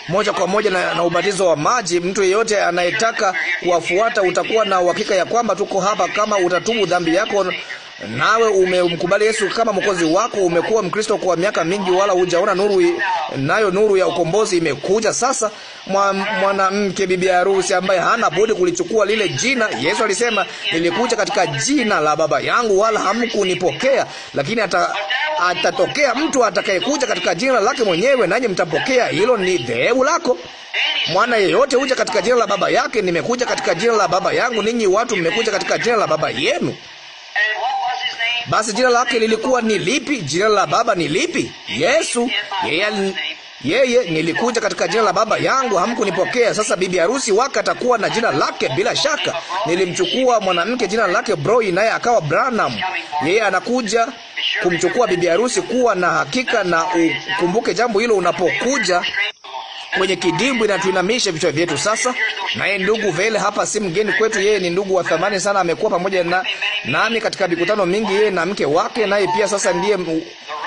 moja kwa moja na, na ubatizo wa maji. Mtu yeyote anayetaka kuwafuata, utakuwa na uhakika ya kwamba tuko hapa. Kama utatubu dhambi yako nawe umemkubali Yesu kama mwokozi wako, umekuwa Mkristo kwa miaka mingi, wala hujaona nuru, nayo nuru ya ukombozi imekuja sasa. Mwanamke bibi harusi ambaye hana budi kulichukua lile jina. Yesu alisema, nilikuja katika jina la Baba yangu wala hamkunipokea, lakini ata, atatokea mtu atakayekuja katika jina lake mwenyewe, nanyi mtampokea. Hilo ni dhehebu lako. Mwana yeyote huja katika jina la baba yake. Nimekuja katika jina la baba yangu, ninyi watu mmekuja katika jina la baba yenu. Basi jina lake lilikuwa ni lipi? Jina la Baba ni lipi? Yesu. Yeye yeye, nilikuja katika jina la Baba yangu, hamkunipokea. Sasa bibi harusi wake atakuwa na jina lake, bila shaka. Nilimchukua mwanamke jina lake Broi, naye akawa Branham. Yeye anakuja kumchukua bibi harusi. Kuwa na hakika na ukumbuke jambo hilo unapokuja kwenye kidimbwi na tuinamishe vichwa vyetu sasa. Naye ndugu Vele hapa si mgeni kwetu, yeye ni ndugu wa thamani sana, amekuwa pamoja na nami katika mikutano mingi, yeye na mke wake, naye pia sasa ndiye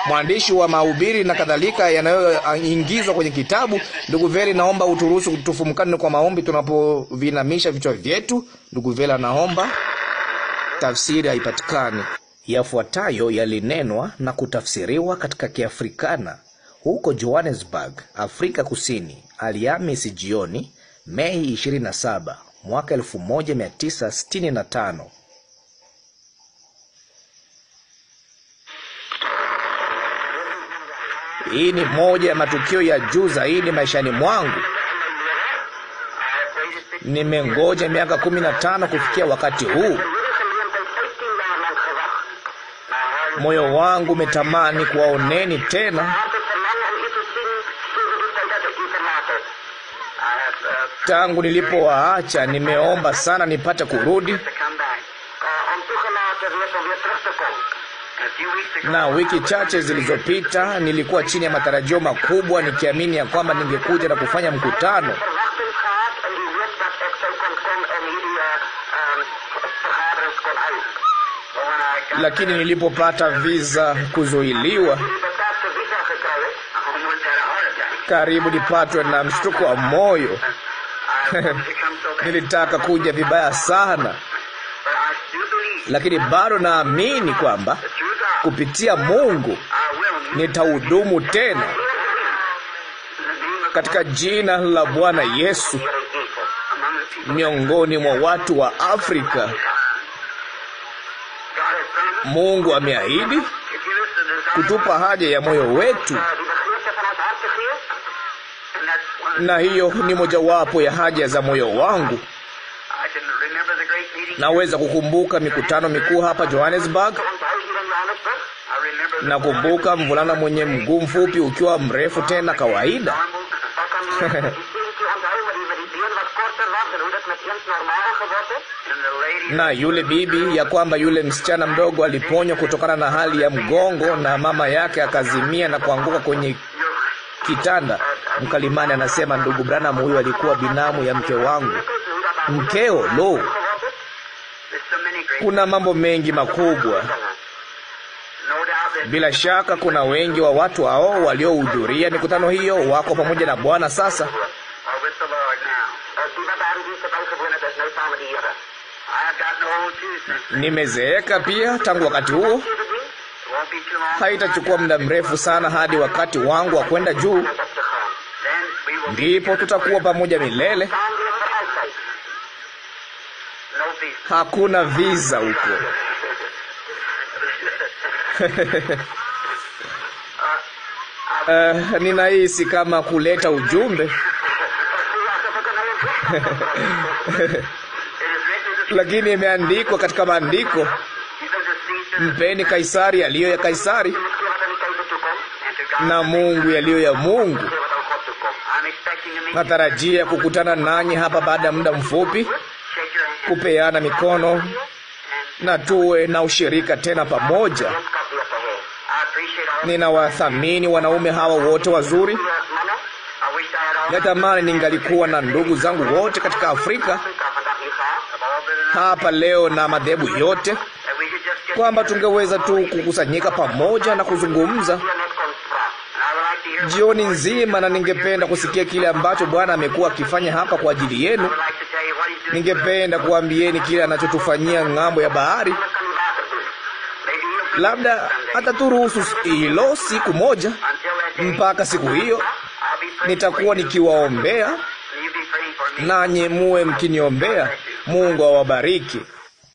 mwandishi wa mahubiri na kadhalika yanayoingizwa kwenye kitabu. Ndugu Vele, naomba uturuhusu tufumkane kwa maombi tunapovinamisha vichwa vyetu. Ndugu Vele anaomba. Tafsiri haipatikani. Yafuatayo yalinenwa na kutafsiriwa katika Kiafrikana huko Johannesburg, Afrika Kusini, Alhamisi jioni, Mei 27 mwaka 1965. Hii ni moja ya matukio ya juu zaidi maishani mwangu. Nimengoja miaka 15 kufikia wakati huu. Moyo wangu umetamani kuwaoneni tena, Tangu nilipowaacha nimeomba sana nipate kurudi, na wiki chache zilizopita nilikuwa chini ya matarajio makubwa, nikiamini ya kwamba ningekuja na kufanya mkutano lakini nilipopata viza kuzuiliwa, karibu nipatwe na mshtuko wa moyo. nilitaka kuja vibaya sana, lakini bado naamini kwamba kupitia Mungu nitahudumu tena katika jina la Bwana Yesu miongoni mwa watu wa Afrika. Mungu ameahidi kutupa haja ya moyo wetu na hiyo ni mojawapo ya haja za moyo wangu. Naweza kukumbuka mikutano mikuu hapa Johannesburg. Nakumbuka mvulana mwenye mguu mfupi ukiwa mrefu tena kawaida na yule bibi ya kwamba yule msichana mdogo aliponywa kutokana na hali ya mgongo, na mama yake akazimia na kuanguka kwenye kitanda. Mkalimani anasema, ndugu Branham huyu alikuwa binamu ya mke wangu. Mkeo? Lo, kuna mambo mengi makubwa. Bila shaka kuna wengi wa watu hao waliohudhuria mikutano hiyo wako pamoja na Bwana sasa. Nimezeeka pia tangu wakati huo. Haitachukua muda mrefu sana hadi wakati wangu wa kwenda juu, ndipo tutakuwa pamoja milele. Hakuna visa huko. Uh, ninahisi kama kuleta ujumbe lakini imeandikwa katika maandiko Mpeni Kaisari yaliyo ya Kaisari na Mungu yaliyo ya Mungu. Natarajia kukutana nanyi hapa baada ya muda mfupi, kupeana mikono na tuwe na ushirika tena pamoja. Ninawathamini wanaume hawa wote wazuri. Natamani ningalikuwa na ndugu zangu wote katika Afrika hapa leo na madhehebu yote kwamba tungeweza tu kukusanyika pamoja na kuzungumza jioni nzima, na ningependa kusikia kile ambacho Bwana amekuwa akifanya hapa kwa ajili yenu. Ningependa kuambieni kile anachotufanyia ng'ambo ya bahari. Labda ataturuhusu hilo siku moja. Mpaka siku hiyo nitakuwa nikiwaombea, nanye muwe mkiniombea. Mungu awabariki.